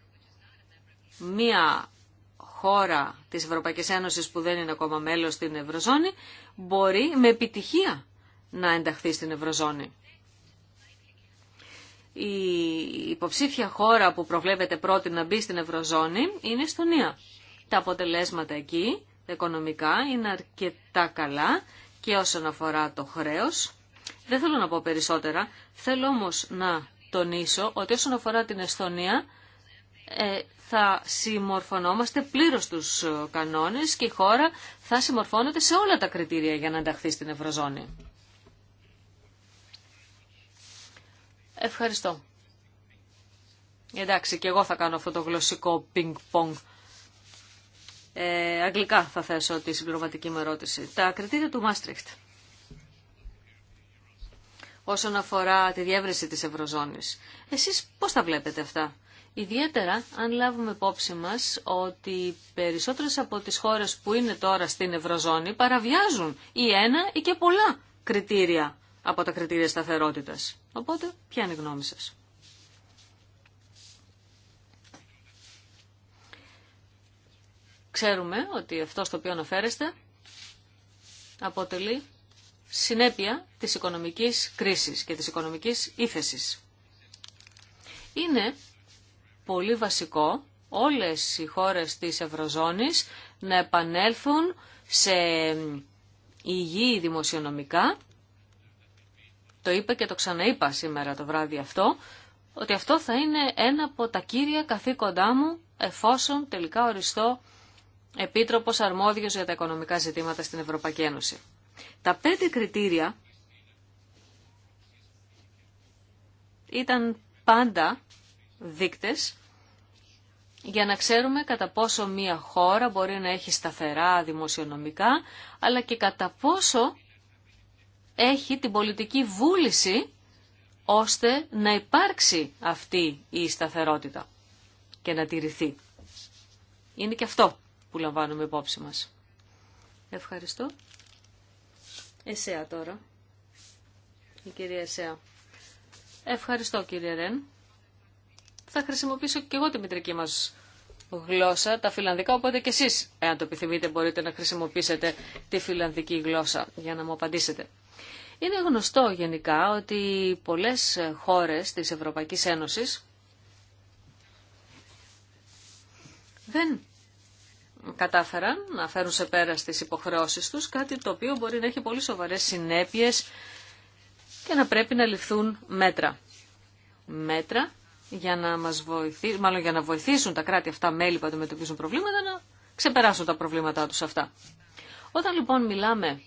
μία χώρα της Ευρωπαϊκής Ένωσης που δεν είναι ακόμα μέλος στην Ευρωζώνη μπορεί με επιτυχία να ενταχθεί στην Ευρωζώνη. Η υποψήφια χώρα που προβλέπεται πρώτη να μπει στην Ευρωζώνη είναι η Εστονία. Τα αποτελέσματα εκεί, οικονομικά, είναι αρκετά καλά και όσον αφορά το χρέος. Δεν θέλω να πω περισσότερα, θέλω όμως να τονίσω ότι όσον αφορά την Εσθονία ε, θα συμμορφωνόμαστε πλήρως τους ε, κανόνες και η χώρα θα συμμορφώνεται σε όλα τα κριτήρια για να ενταχθεί στην Ευρωζώνη. Ευχαριστώ. Εντάξει, και εγώ θα κάνω αυτό το γλωσσικό πινκ-πονγκ ε, αγγλικά θα θέσω τη συμπληρωματική μου ερώτηση. Τα κριτήρια του Μάστριχτ. Όσον αφορά τη διεύρυνση της Ευρωζώνης. Εσείς πώς τα βλέπετε αυτά. Ιδιαίτερα αν λάβουμε υπόψη μας ότι περισσότερες από τις χώρες που είναι τώρα στην Ευρωζώνη παραβιάζουν ή ένα ή και πολλά κριτήρια από τα κριτήρια σταθερότητας. Οπότε, ποια είναι η γνώμη σας. Ξέρουμε ότι αυτό στο οποίο αναφέρεστε αποτελεί συνέπεια της οικονομικής κρίσης και της οικονομικής ύφεσης. Είναι πολύ βασικό όλες οι χώρες της Ευρωζώνης να επανέλθουν σε υγιή δημοσιονομικά. Το είπα και το ξαναείπα σήμερα το βράδυ αυτό, ότι αυτό θα είναι ένα από τα κύρια καθήκοντά μου εφόσον τελικά οριστώ Επίτροπος Αρμόδιος για τα Οικονομικά Ζητήματα στην Ευρωπαϊκή Ένωση. Τα πέντε κριτήρια ήταν πάντα δείκτες για να ξέρουμε κατά πόσο μία χώρα μπορεί να έχει σταθερά δημοσιονομικά, αλλά και κατά πόσο έχει την πολιτική βούληση ώστε να υπάρξει αυτή η σταθερότητα και να τηρηθεί. Είναι και αυτό που λαμβάνουμε υπόψη μας. Ευχαριστώ. Εσέα τώρα. Η κυρία Εσέα. Ευχαριστώ κύριε Ρεν. Θα χρησιμοποιήσω και εγώ τη μητρική μας γλώσσα, τα φιλανδικά, οπότε και εσείς, εάν το επιθυμείτε, μπορείτε να χρησιμοποιήσετε τη φιλανδική γλώσσα για να μου απαντήσετε. Είναι γνωστό γενικά ότι πολλές χώρες της Ευρωπαϊκής Ένωσης δεν κατάφεραν να φέρουν σε πέρα στις υποχρεώσεις τους, κάτι το οποίο μπορεί να έχει πολύ σοβαρές συνέπειες και να πρέπει να ληφθούν μέτρα. Μέτρα για να μας βοηθήσουν, μάλλον για να βοηθήσουν τα κράτη αυτά μέλη που αντιμετωπίζουν προβλήματα να ξεπεράσουν τα προβλήματά τους αυτά. Όταν λοιπόν μιλάμε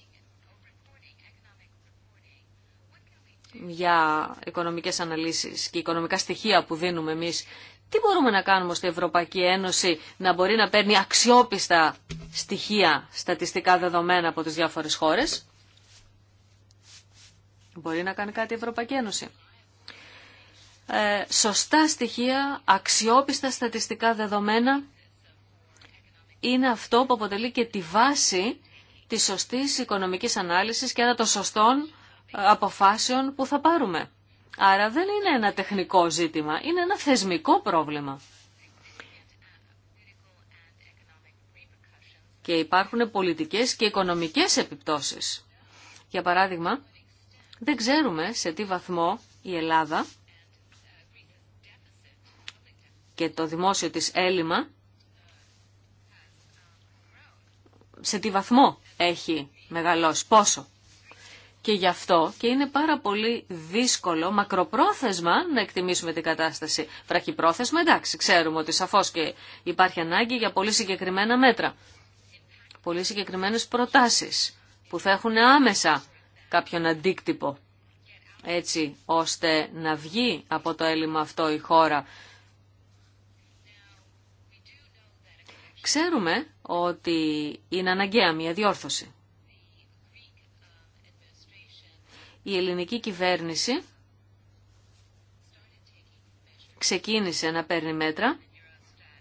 για οικονομικές αναλύσεις και οικονομικά στοιχεία που δίνουμε εμείς τι μπορούμε να κάνουμε ώστε Ευρωπαϊκή Ένωση να μπορεί να παίρνει αξιόπιστα στοιχεία, στατιστικά δεδομένα από τις διάφορες χώρες. Μπορεί να κάνει κάτι η Ευρωπαϊκή Ένωση. Ε, σωστά στοιχεία, αξιόπιστα στατιστικά δεδομένα είναι αυτό που αποτελεί και τη βάση της σωστής οικονομικής ανάλυσης και ένα των σωστών ε, αποφάσεων που θα πάρουμε. Άρα δεν είναι ένα τεχνικό ζήτημα, είναι ένα θεσμικό πρόβλημα. Και υπάρχουν πολιτικές και οικονομικές επιπτώσεις. Για παράδειγμα, δεν ξέρουμε σε τι βαθμό η Ελλάδα και το δημόσιο της έλλειμμα σε τι βαθμό έχει μεγαλώσει, πόσο και γι' αυτό και είναι πάρα πολύ δύσκολο μακροπρόθεσμα να εκτιμήσουμε την κατάσταση. Βραχυπρόθεσμα εντάξει, ξέρουμε ότι σαφώς και υπάρχει ανάγκη για πολύ συγκεκριμένα μέτρα. Πολύ συγκεκριμένες προτάσεις που θα έχουν άμεσα κάποιον αντίκτυπο έτσι ώστε να βγει από το έλλειμμα αυτό η χώρα. Ξέρουμε ότι είναι αναγκαία μια διόρθωση. η ελληνική κυβέρνηση ξεκίνησε να παίρνει μέτρα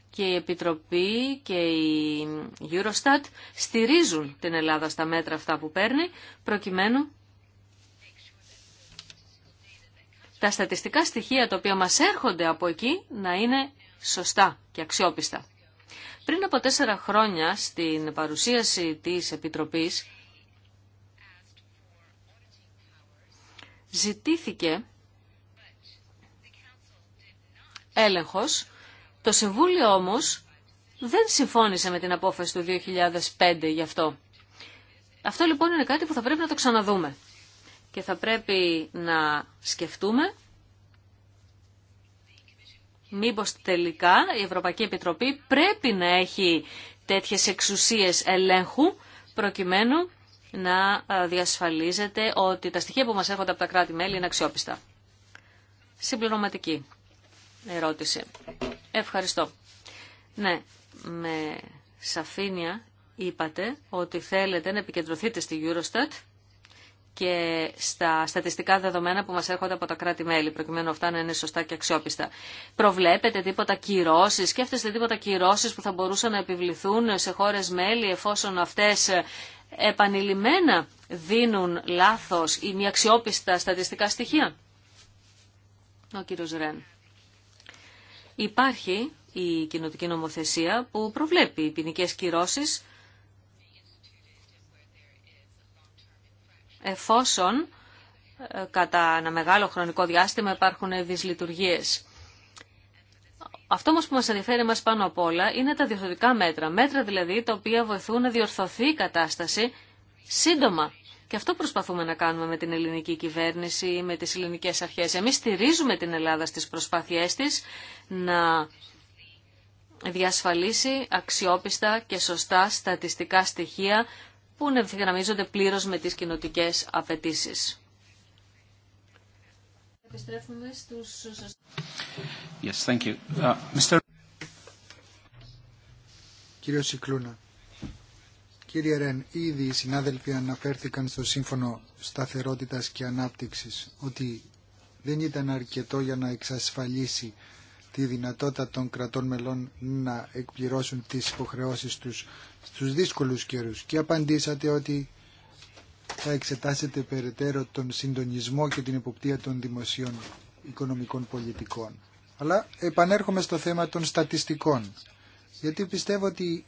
και η Επιτροπή και η Eurostat στηρίζουν την Ελλάδα στα μέτρα αυτά που παίρνει προκειμένου τα στατιστικά στοιχεία τα οποία μας έρχονται από εκεί να είναι σωστά και αξιόπιστα. Πριν από τέσσερα χρόνια στην παρουσίαση της Επιτροπής ζητήθηκε έλεγχος. Το Συμβούλιο όμως δεν συμφώνησε με την απόφαση του 2005 γι' αυτό. Αυτό λοιπόν είναι κάτι που θα πρέπει να το ξαναδούμε. Και θα πρέπει να σκεφτούμε μήπως τελικά η Ευρωπαϊκή Επιτροπή πρέπει να έχει τέτοιες εξουσίες ελέγχου προκειμένου να ε, διασφαλίζεται ότι τα στοιχεία που μας έρχονται από τα κράτη-μέλη είναι αξιόπιστα. Συμπληρωματική ερώτηση. Ευχαριστώ. Ναι, με σαφήνεια είπατε ότι θέλετε να επικεντρωθείτε στη Eurostat και στα στατιστικά δεδομένα που μας έρχονται από τα κράτη-μέλη, προκειμένου αυτά να είναι σωστά και αξιόπιστα. Προβλέπετε τίποτα κυρώσεις, σκέφτεστε τίποτα κυρώσεις που θα μπορούσαν να επιβληθούν σε χώρες μέλη, εφόσον αυτές επανειλημμένα δίνουν λάθος ή μη αξιόπιστα στατιστικά στοιχεία. Ο κύριος Ρεν. Υπάρχει η κοινοτική υπαρχει η κοινοτικη νομοθεσια που προβλέπει ποινικέ κυρώσεις εφόσον ε, κατά ένα μεγάλο χρονικό διάστημα υπάρχουν δυσλειτουργίες. Αυτό όμω που μα ενδιαφέρει μα πάνω απ' όλα είναι τα διορθωτικά μέτρα. Μέτρα δηλαδή τα οποία βοηθούν να διορθωθεί η κατάσταση σύντομα. Και αυτό προσπαθούμε να κάνουμε με την ελληνική κυβέρνηση, με τις ελληνικές αρχές. Εμείς στηρίζουμε την Ελλάδα στις προσπάθειέ τη να διασφαλίσει αξιόπιστα και σωστά στατιστικά στοιχεία που να ευθυγραμμίζονται πλήρως με τις κοινοτικές απαιτήσεις στους... Yes, thank uh, Κύριο Σικλούνα. Κύριε Ρεν, ήδη οι συνάδελφοι αναφέρθηκαν στο Σύμφωνο Σταθερότητας και Ανάπτυξης ότι δεν ήταν αρκετό για να εξασφαλίσει τη δυνατότητα των κρατών μελών να εκπληρώσουν τις υποχρεώσεις τους στους δύσκολους καιρούς. Και απαντήσατε ότι θα εξετάσετε περαιτέρω τον συντονισμό και την εποπτεία των δημοσίων οικονομικών πολιτικών. Αλλά επανέρχομαι στο θέμα των στατιστικών. Γιατί πιστεύω ότι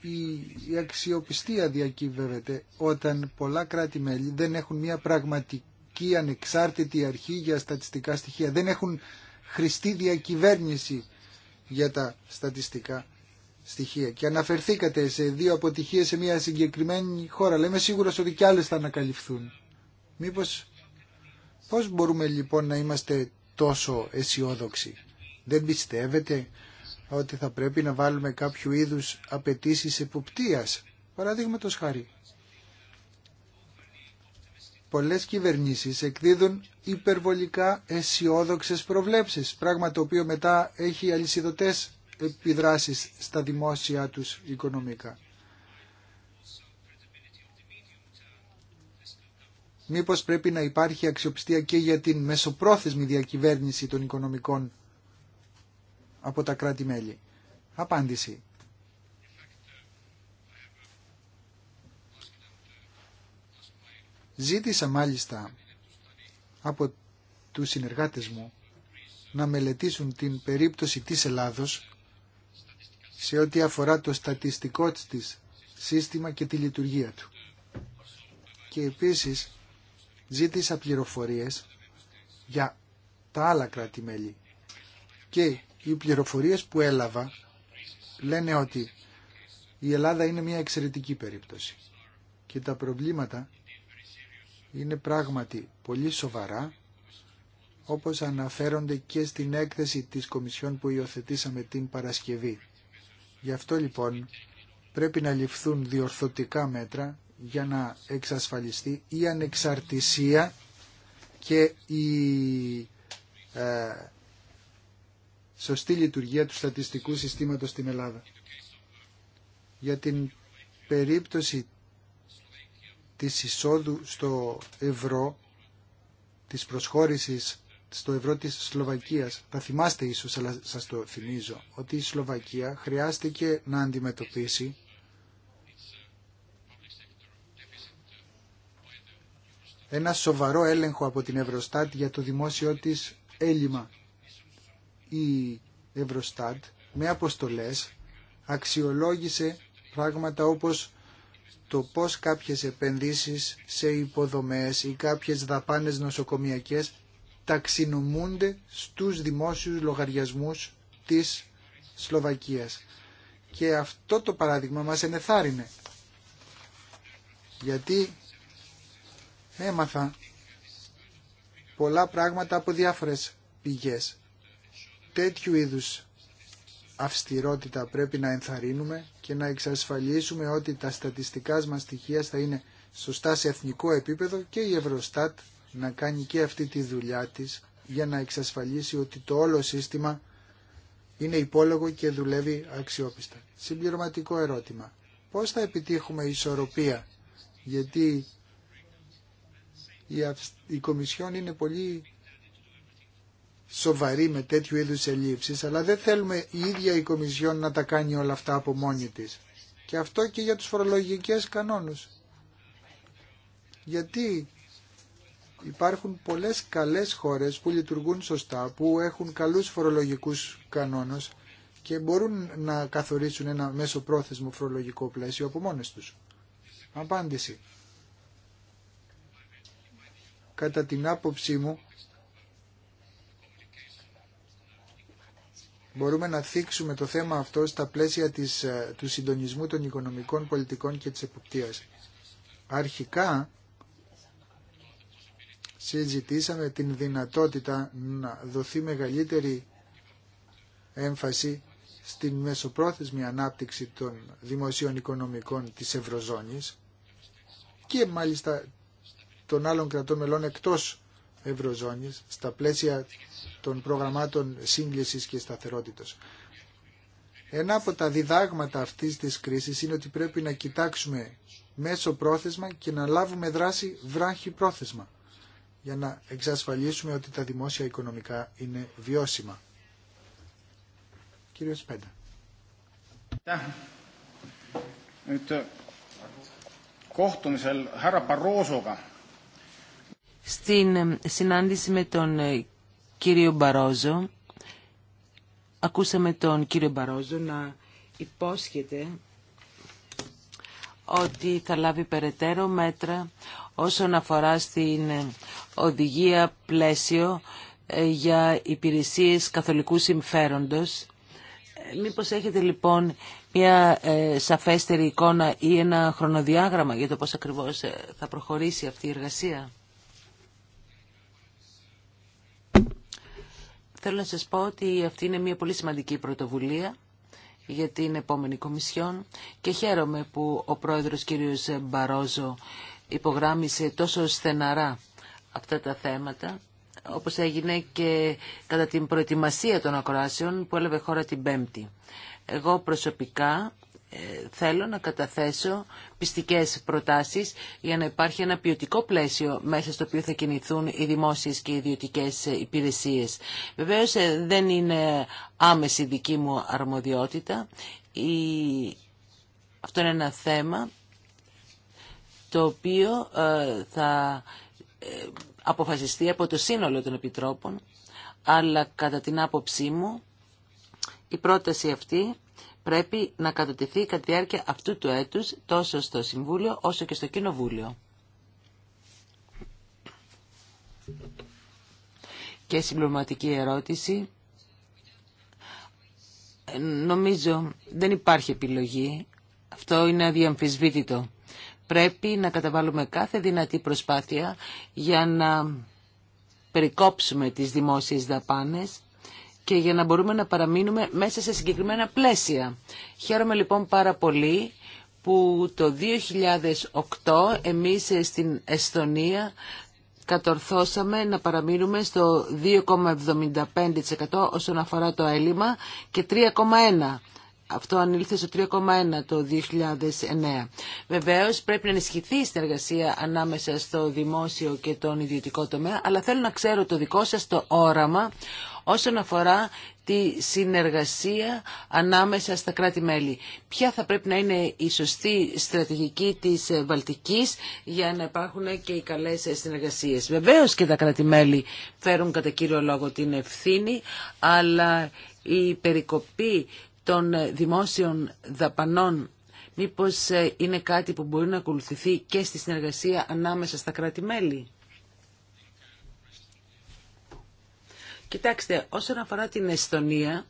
η αξιοπιστία διακύβευεται όταν πολλά κράτη-μέλη δεν έχουν μια πραγματική ανεξάρτητη αρχή για στατιστικά στοιχεία. Δεν έχουν χρηστή διακυβέρνηση για τα στατιστικά στοιχεία. Και αναφερθήκατε σε δύο αποτυχίες σε μια συγκεκριμένη χώρα, Λέμε σίγουρα ότι κι άλλες θα ανακαλυφθούν. Μήπως πώς μπορούμε λοιπόν να είμαστε τόσο αισιόδοξοι. Δεν πιστεύετε ότι θα πρέπει να βάλουμε κάποιο είδους απαιτήσει εποπτείας. Παραδείγματος χάρη. Πολλές κυβερνήσεις εκδίδουν υπερβολικά αισιόδοξε προβλέψεις, πράγμα το οποίο μετά έχει αλυσιδωτές επιδράσεις στα δημόσια τους οικονομικά. Μήπως πρέπει να υπάρχει αξιοπιστία και για την μεσοπρόθεσμη διακυβέρνηση των οικονομικών από τα κράτη-μέλη. Απάντηση. Ζήτησα μάλιστα από τους συνεργάτες μου να μελετήσουν την περίπτωση της Ελλάδος σε ό,τι αφορά το στατιστικό της σύστημα και τη λειτουργία του. Και επίσης ζήτησα πληροφορίες για τα άλλα κράτη-μέλη. Και οι πληροφορίες που έλαβα λένε ότι η Ελλάδα είναι μια εξαιρετική περίπτωση και τα προβλήματα είναι πράγματι πολύ σοβαρά όπως αναφέρονται και στην έκθεση της Κομισιόν που υιοθετήσαμε την Παρασκευή. Γι' αυτό λοιπόν πρέπει να ληφθούν διορθωτικά μέτρα για να εξασφαλιστεί η ανεξαρτησία και η ε, σωστή λειτουργία του στατιστικού συστήματος στην Ελλάδα. Για την περίπτωση της εισόδου στο ευρώ, της προσχώρησης στο ευρώ της Σλοβακίας. Θα θυμάστε ίσως, αλλά σας το θυμίζω, ότι η Σλοβακία χρειάστηκε να αντιμετωπίσει ένα σοβαρό έλεγχο από την Ευρωστάτ για το δημόσιο της έλλειμμα. Η Ευρωστάτ με αποστολές αξιολόγησε πράγματα όπως το πώς κάποιες επενδύσεις σε υποδομές ή κάποιες δαπάνες νοσοκομιακές ταξινομούνται στους δημόσιους λογαριασμούς της Σλοβακίας. Και αυτό το παράδειγμα μας ενεθάρρυνε. Γιατί έμαθα πολλά πράγματα από διάφορες πηγές. Τέτοιου είδους αυστηρότητα πρέπει να ενθαρρύνουμε και να εξασφαλίσουμε ότι τα στατιστικά μας στοιχεία θα είναι σωστά σε εθνικό επίπεδο και η Ευρωστάτ να κάνει και αυτή τη δουλειά της για να εξασφαλίσει ότι το όλο σύστημα είναι υπόλογο και δουλεύει αξιόπιστα. Συμπληρωματικό ερώτημα. Πώς θα επιτύχουμε ισορροπία, γιατί η, η Κομισιόν είναι πολύ σοβαρή με τέτοιου είδους ελλείψεις, αλλά δεν θέλουμε η ίδια η Κομισιόν να τα κάνει όλα αυτά από μόνη της. Και αυτό και για τους φορολογικές κανόνους. Γιατί υπάρχουν πολλές καλές χώρες που λειτουργούν σωστά, που έχουν καλούς φορολογικούς κανόνες και μπορούν να καθορίσουν ένα μέσο πρόθεσμο φορολογικό πλαίσιο από μόνες τους. Απάντηση. Κατά την άποψή μου, μπορούμε να θίξουμε το θέμα αυτό στα πλαίσια της, ε, του συντονισμού των οικονομικών πολιτικών και της εποπτείας. Αρχικά, συζητήσαμε την δυνατότητα να δοθεί μεγαλύτερη έμφαση στην μεσοπρόθεσμη ανάπτυξη των δημοσίων οικονομικών της Ευρωζώνης και μάλιστα των άλλων κρατών μελών εκτός Ευρωζώνης στα πλαίσια των προγραμμάτων σύγκλησης και σταθερότητας. Ένα από τα διδάγματα αυτής της κρίσης είναι ότι πρέπει να κοιτάξουμε μέσο πρόθεσμα και να λάβουμε δράση βράχη πρόθεσμα για να εξασφαλίσουμε ότι τα δημόσια οικονομικά είναι βιώσιμα. Κύριος Πέντα. Äh, Στην ε, συνάντηση με τον ε, κύριο Μπαρόζο, ακούσαμε τον κύριο Μπαρόζο να υπόσχεται ότι θα λάβει περαιτέρω μέτρα όσον αφορά στην οδηγία πλαίσιο ε, για υπηρεσίες καθολικού συμφέροντος. Ε, μήπως έχετε λοιπόν μια ε, σαφέστερη εικόνα ή ένα χρονοδιάγραμμα για το πώς ακριβώς θα προχωρήσει αυτή η εργασία. Θέλω να σας πω ότι αυτή είναι μια πολύ σημαντική πρωτοβουλία για την επόμενη Κομισιόν και χαίρομαι που ο πρόεδρος κ. Μπαρόζο υπογράμμισε τόσο στεναρά αυτά τα θέματα όπως έγινε και κατά την προετοιμασία των ακροάσεων που έλαβε χώρα την Πέμπτη. Εγώ προσωπικά ε, θέλω να καταθέσω πιστικές προτάσεις για να υπάρχει ένα ποιοτικό πλαίσιο μέσα στο οποίο θα κινηθούν οι δημόσιες και οι ιδιωτικές υπηρεσίες. Βεβαίως ε, δεν είναι άμεση δική μου αρμοδιότητα. Αυτό είναι ένα θέμα το οποίο ε, θα αποφασιστεί από το σύνολο των επιτρόπων αλλά κατά την άποψή μου η πρόταση αυτή πρέπει να κατοτεθεί κατά τη διάρκεια αυτού του έτους τόσο στο Συμβούλιο όσο και στο Κοινοβούλιο. Και συμπληρωματική ερώτηση. Νομίζω δεν υπάρχει επιλογή. Αυτό είναι αδιαμφισβήτητο. Πρέπει να καταβάλουμε κάθε δυνατή προσπάθεια για να περικόψουμε τις δημόσιες δαπάνες και για να μπορούμε να παραμείνουμε μέσα σε συγκεκριμένα πλαίσια. Χαίρομαι λοιπόν πάρα πολύ που το 2008 εμείς στην Εστονία κατορθώσαμε να παραμείνουμε στο 2,75% όσον αφορά το έλλειμμα και 3,1%. Αυτό ανήλθε στο 3,1 το 2009. Βεβαίως πρέπει να ενισχυθεί η συνεργασία ανάμεσα στο δημόσιο και τον ιδιωτικό τομέα, αλλά θέλω να ξέρω το δικό σας το όραμα όσον αφορά τη συνεργασία ανάμεσα στα κράτη-μέλη. Ποια θα πρέπει να είναι η σωστή στρατηγική της Βαλτικής για να υπάρχουν και οι καλές συνεργασίες. Βεβαίως και τα κράτη-μέλη φέρουν κατά κύριο λόγο την ευθύνη, αλλά η περικοπή των δημόσιων δαπανών μήπως είναι κάτι που μπορεί να ακολουθηθεί και στη συνεργασία ανάμεσα στα κράτη-μέλη. Κοιτάξτε, όσον αφορά την Εστονία,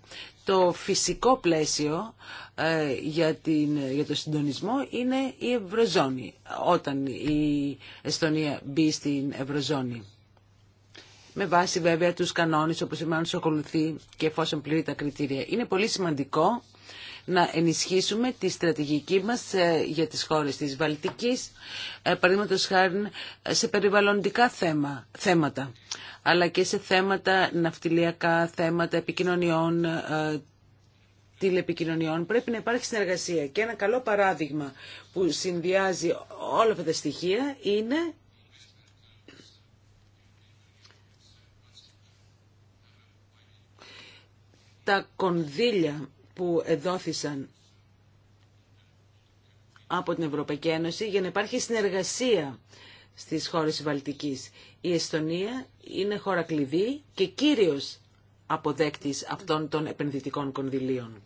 το φυσικό πλαίσιο ε, για, την, για το συντονισμό είναι η Ευρωζώνη, όταν η Εστονία μπει στην Ευρωζώνη. Με βάση βέβαια τους κανόνες όπως να ακολουθεί και εφόσον πληρεί τα κριτήρια. Είναι πολύ σημαντικό να ενισχύσουμε τη στρατηγική μας ε, για τις χώρες της Βαλτικής, ε, παραδείγματο χάρη ε, σε περιβαλλοντικά θέμα, θέματα, αλλά και σε θέματα ναυτιλιακά, θέματα επικοινωνιών, τηλεπικοινωνιών πρέπει να υπάρχει συνεργασία και ένα καλό παράδειγμα που συνδυάζει όλα αυτά τα στοιχεία είναι τα κονδύλια που εδόθησαν από την Ευρωπαϊκή Ένωση για να υπάρχει συνεργασία στις χώρες της Βαλτικής. Η Εστονία είναι χώρα κλειδί και κύριος αποδέκτης αυτών των επενδυτικών κονδυλίων.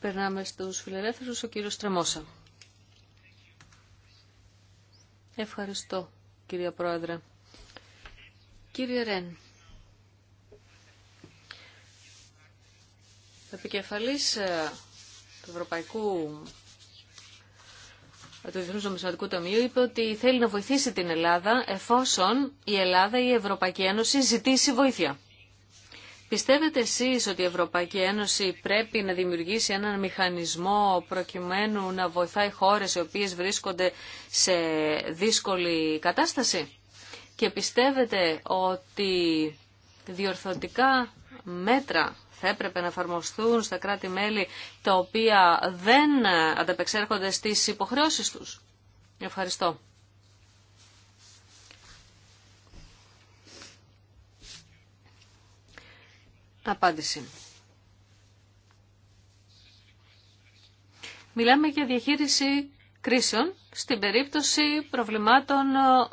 Περνάμε στους φιλελεύθερους, ο κύριος Τρεμόσα. Ευχαριστώ, κυρία Πρόεδρε. Κύριε Ρεν, επικεφαλής ε, του Ευρωπαϊκού ε, του Διεθνούς Νομισματικού Ταμείου είπε ότι θέλει να βοηθήσει την Ελλάδα εφόσον η Ελλάδα ή η Ευρωπαϊκή Ένωση ζητήσει βοήθεια. Πιστεύετε εσείς ότι η Ευρωπαϊκή Ένωση πρέπει να δημιουργήσει έναν μηχανισμό προκειμένου να βοηθάει χώρες οι οποίες βρίσκονται σε δύσκολη κατάσταση και πιστεύετε ότι διορθωτικά μέτρα θα έπρεπε να εφαρμοστούν στα κράτη-μέλη τα οποία δεν ανταπεξέρχονται στις υποχρεώσεις τους. Ευχαριστώ. Απάντηση. Μιλάμε για διαχείριση κρίσεων στην περίπτωση προβλημάτων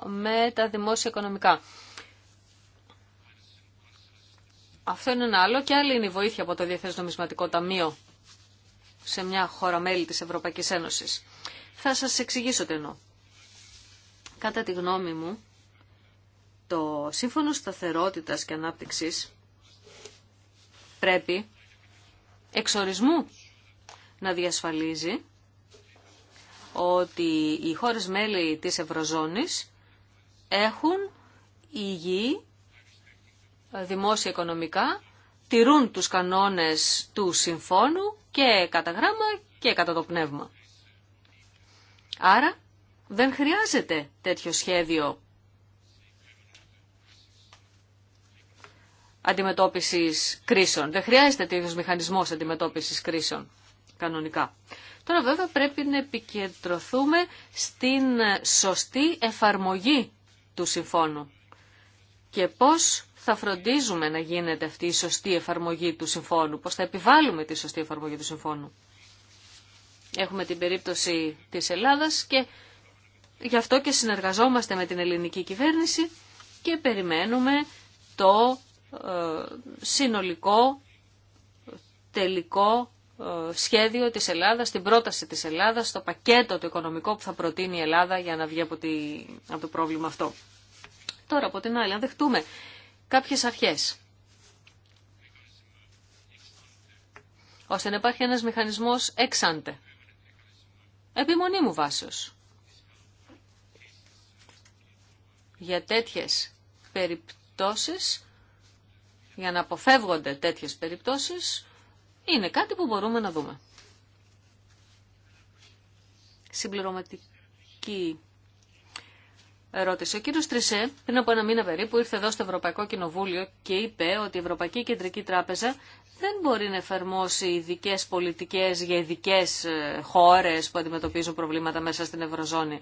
με τα δημόσια οικονομικά. Αυτό είναι ένα άλλο και άλλη είναι η βοήθεια από το Διεθνές Νομισματικό Ταμείο σε μια χώρα μέλη της Ευρωπαϊκής Ένωσης. Θα σας εξηγήσω τι εννοώ. Κατά τη γνώμη μου, το Σύμφωνο Σταθερότητας και Ανάπτυξης πρέπει εξορισμού να διασφαλίζει ότι οι χώρες μέλη της Ευρωζώνης έχουν υγιή δημόσια οικονομικά τηρούν τους κανόνες του συμφώνου και κατά γράμμα και κατά το πνεύμα. Άρα δεν χρειάζεται τέτοιο σχέδιο αντιμετώπισης κρίσεων. Δεν χρειάζεται τέτοιο μηχανισμός αντιμετώπισης κρίσεων κανονικά. Τώρα βέβαια πρέπει να επικεντρωθούμε στην σωστή εφαρμογή του συμφώνου και πώς θα φροντίζουμε να γίνεται αυτή η σωστή εφαρμογή του συμφώνου, πώς θα επιβάλλουμε τη σωστή εφαρμογή του συμφώνου. Έχουμε την περίπτωση της Ελλάδας και γι' αυτό και συνεργαζόμαστε με την ελληνική κυβέρνηση και περιμένουμε το ε, συνολικό τελικό ε, σχέδιο της Ελλάδας, την πρόταση της Ελλάδας, το πακέτο το οικονομικό που θα προτείνει η Ελλάδα για να βγει από, από το πρόβλημα αυτό. Τώρα από την άλλη, αν δεχτούμε κάποιες αρχές. Ώστε να υπάρχει ένας μηχανισμός εξάντε. Επιμονή μου βάσεως. Για τέτοιες περιπτώσεις, για να αποφεύγονται τέτοιες περιπτώσεις, είναι κάτι που μπορούμε να δούμε. Συμπληρωματική ρώτησε Ο κύριο Τρισέ πριν από ένα μήνα περίπου ήρθε εδώ στο Ευρωπαϊκό Κοινοβούλιο και είπε ότι η Ευρωπαϊκή Κεντρική Τράπεζα δεν μπορεί να εφαρμόσει ειδικέ πολιτικέ για ειδικέ ε, χώρε που αντιμετωπίζουν προβλήματα μέσα στην Ευρωζώνη.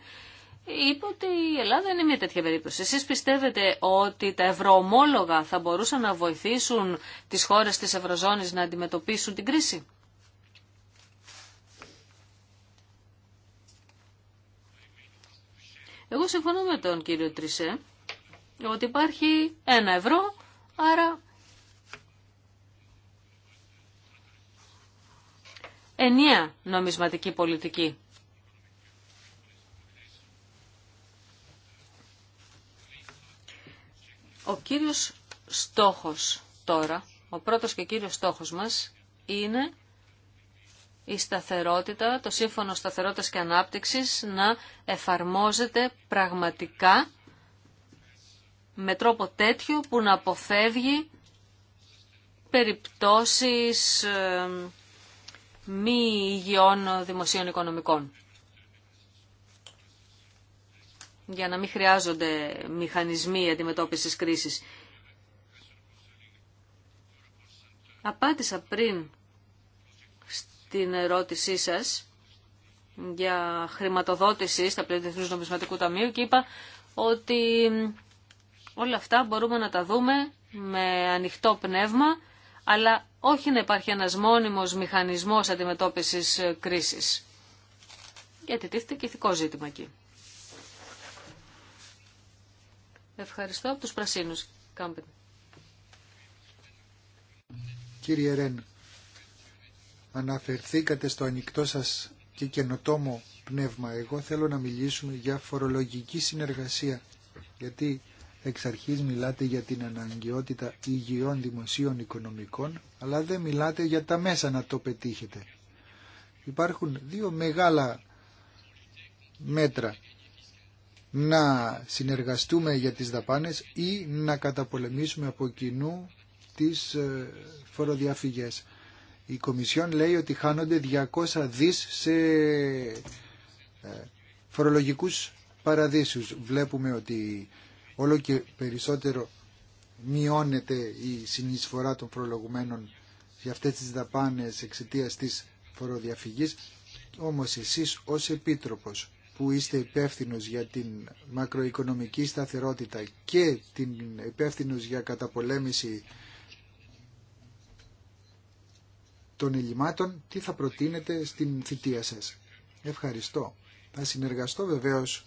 Είπε ότι η Ελλάδα είναι μια τέτοια περίπτωση. Εσεί πιστεύετε ότι τα ευρωομόλογα θα μπορούσαν να βοηθήσουν τι χώρε τη Ευρωζώνη να αντιμετωπίσουν την κρίση. Εγώ συμφωνώ με τον κύριο Τρισέ ότι υπάρχει ένα ευρώ, άρα ενιαία νομισματική πολιτική. Ο κύριος στόχος τώρα, ο πρώτος και κύριος στόχος μας είναι η σταθερότητα, το σύμφωνο σταθερότητας και ανάπτυξης να εφαρμόζεται πραγματικά με τρόπο τέτοιο που να αποφεύγει περιπτώσεις μη υγιών δημοσίων οικονομικών. Για να μην χρειάζονται μηχανισμοί αντιμετώπισης κρίσης. Απάντησα πριν την ερώτησή σας για χρηματοδότηση στα πλαίσια του Νομισματικού Ταμείου και είπα ότι όλα αυτά μπορούμε να τα δούμε με ανοιχτό πνεύμα, αλλά όχι να υπάρχει ένας μόνιμος μηχανισμός αντιμετώπισης κρίσης. Γιατί τίθεται και ηθικό ζήτημα εκεί. Ευχαριστώ από τους Πρασίνους. Κύριε Ρεν, αναφερθήκατε στο ανοιχτό σας και καινοτόμο πνεύμα. Εγώ θέλω να μιλήσουμε για φορολογική συνεργασία, γιατί εξ αρχής μιλάτε για την αναγκαιότητα υγιών δημοσίων οικονομικών, αλλά δεν μιλάτε για τα μέσα να το πετύχετε. Υπάρχουν δύο μεγάλα μέτρα να συνεργαστούμε για τις δαπάνες ή να καταπολεμήσουμε από κοινού τις ε, φοροδιαφυγές. Η Κομισιόν λέει ότι χάνονται 200 δις σε ε, φορολογικούς παραδείσους. Βλέπουμε ότι όλο και περισσότερο μειώνεται η συνεισφορά των φορολογουμένων για αυτές τις δαπάνες εξαιτία της φοροδιαφυγής. Όμως εσείς ως Επίτροπος που είστε υπεύθυνο για την μακροοικονομική σταθερότητα και την υπεύθυνο για καταπολέμηση των ελλημάτων, τι θα προτείνετε στην θητεία σας. Ευχαριστώ. Θα συνεργαστώ βεβαίως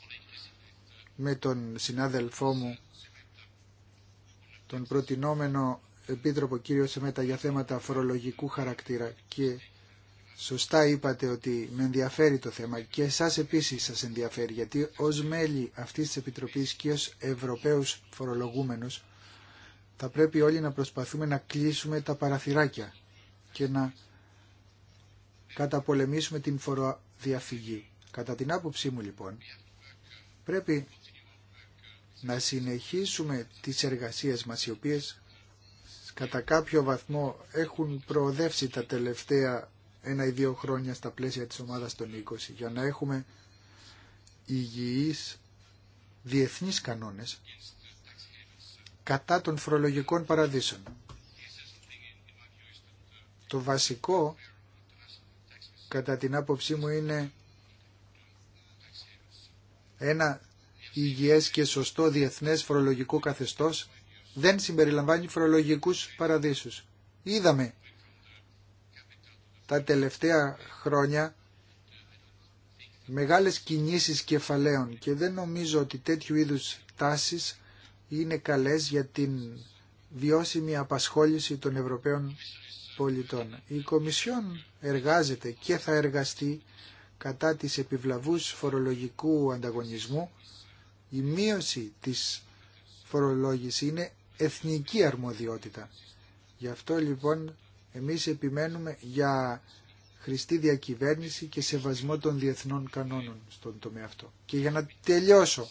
με τον συνάδελφό μου, τον προτινόμενο Επίτροπο κύριο Σεμέτα για θέματα φορολογικού χαρακτήρα και σωστά είπατε ότι με ενδιαφέρει το θέμα και εσάς επίσης σας ενδιαφέρει γιατί ως μέλη αυτής της Επιτροπής και ως Ευρωπαίους φορολογούμενους θα πρέπει όλοι να προσπαθούμε να κλείσουμε τα παραθυράκια και να καταπολεμήσουμε την φοροδιαφυγή. Κατά την άποψή μου λοιπόν, πρέπει να συνεχίσουμε τις εργασίες μας οι οποίες κατά κάποιο βαθμό έχουν προοδεύσει τα τελευταία ένα ή δύο χρόνια στα πλαίσια της ομάδας των 20 για να έχουμε υγιείς διεθνείς κανόνες κατά των φορολογικών παραδείσων. Το βασικό, κατά την άποψή μου, είναι ένα υγιές και σωστό διεθνές φορολογικό καθεστώς δεν συμπεριλαμβάνει φορολογικούς παραδείσους. Είδαμε τα τελευταία χρόνια μεγάλες κινήσεις κεφαλαίων και δεν νομίζω ότι τέτοιου είδους τάσεις είναι καλές για την βιώσιμη απασχόληση των Ευρωπαίων πολιτών. Η Κομισιόν εργάζεται και θα εργαστεί κατά της επιβλαβούς φορολογικού ανταγωνισμού. Η μείωση της φορολόγηση είναι εθνική αρμοδιότητα. Γι' αυτό λοιπόν εμείς επιμένουμε για χρηστή διακυβέρνηση και σεβασμό των διεθνών κανόνων στον τομέα αυτό. Και για να τελειώσω,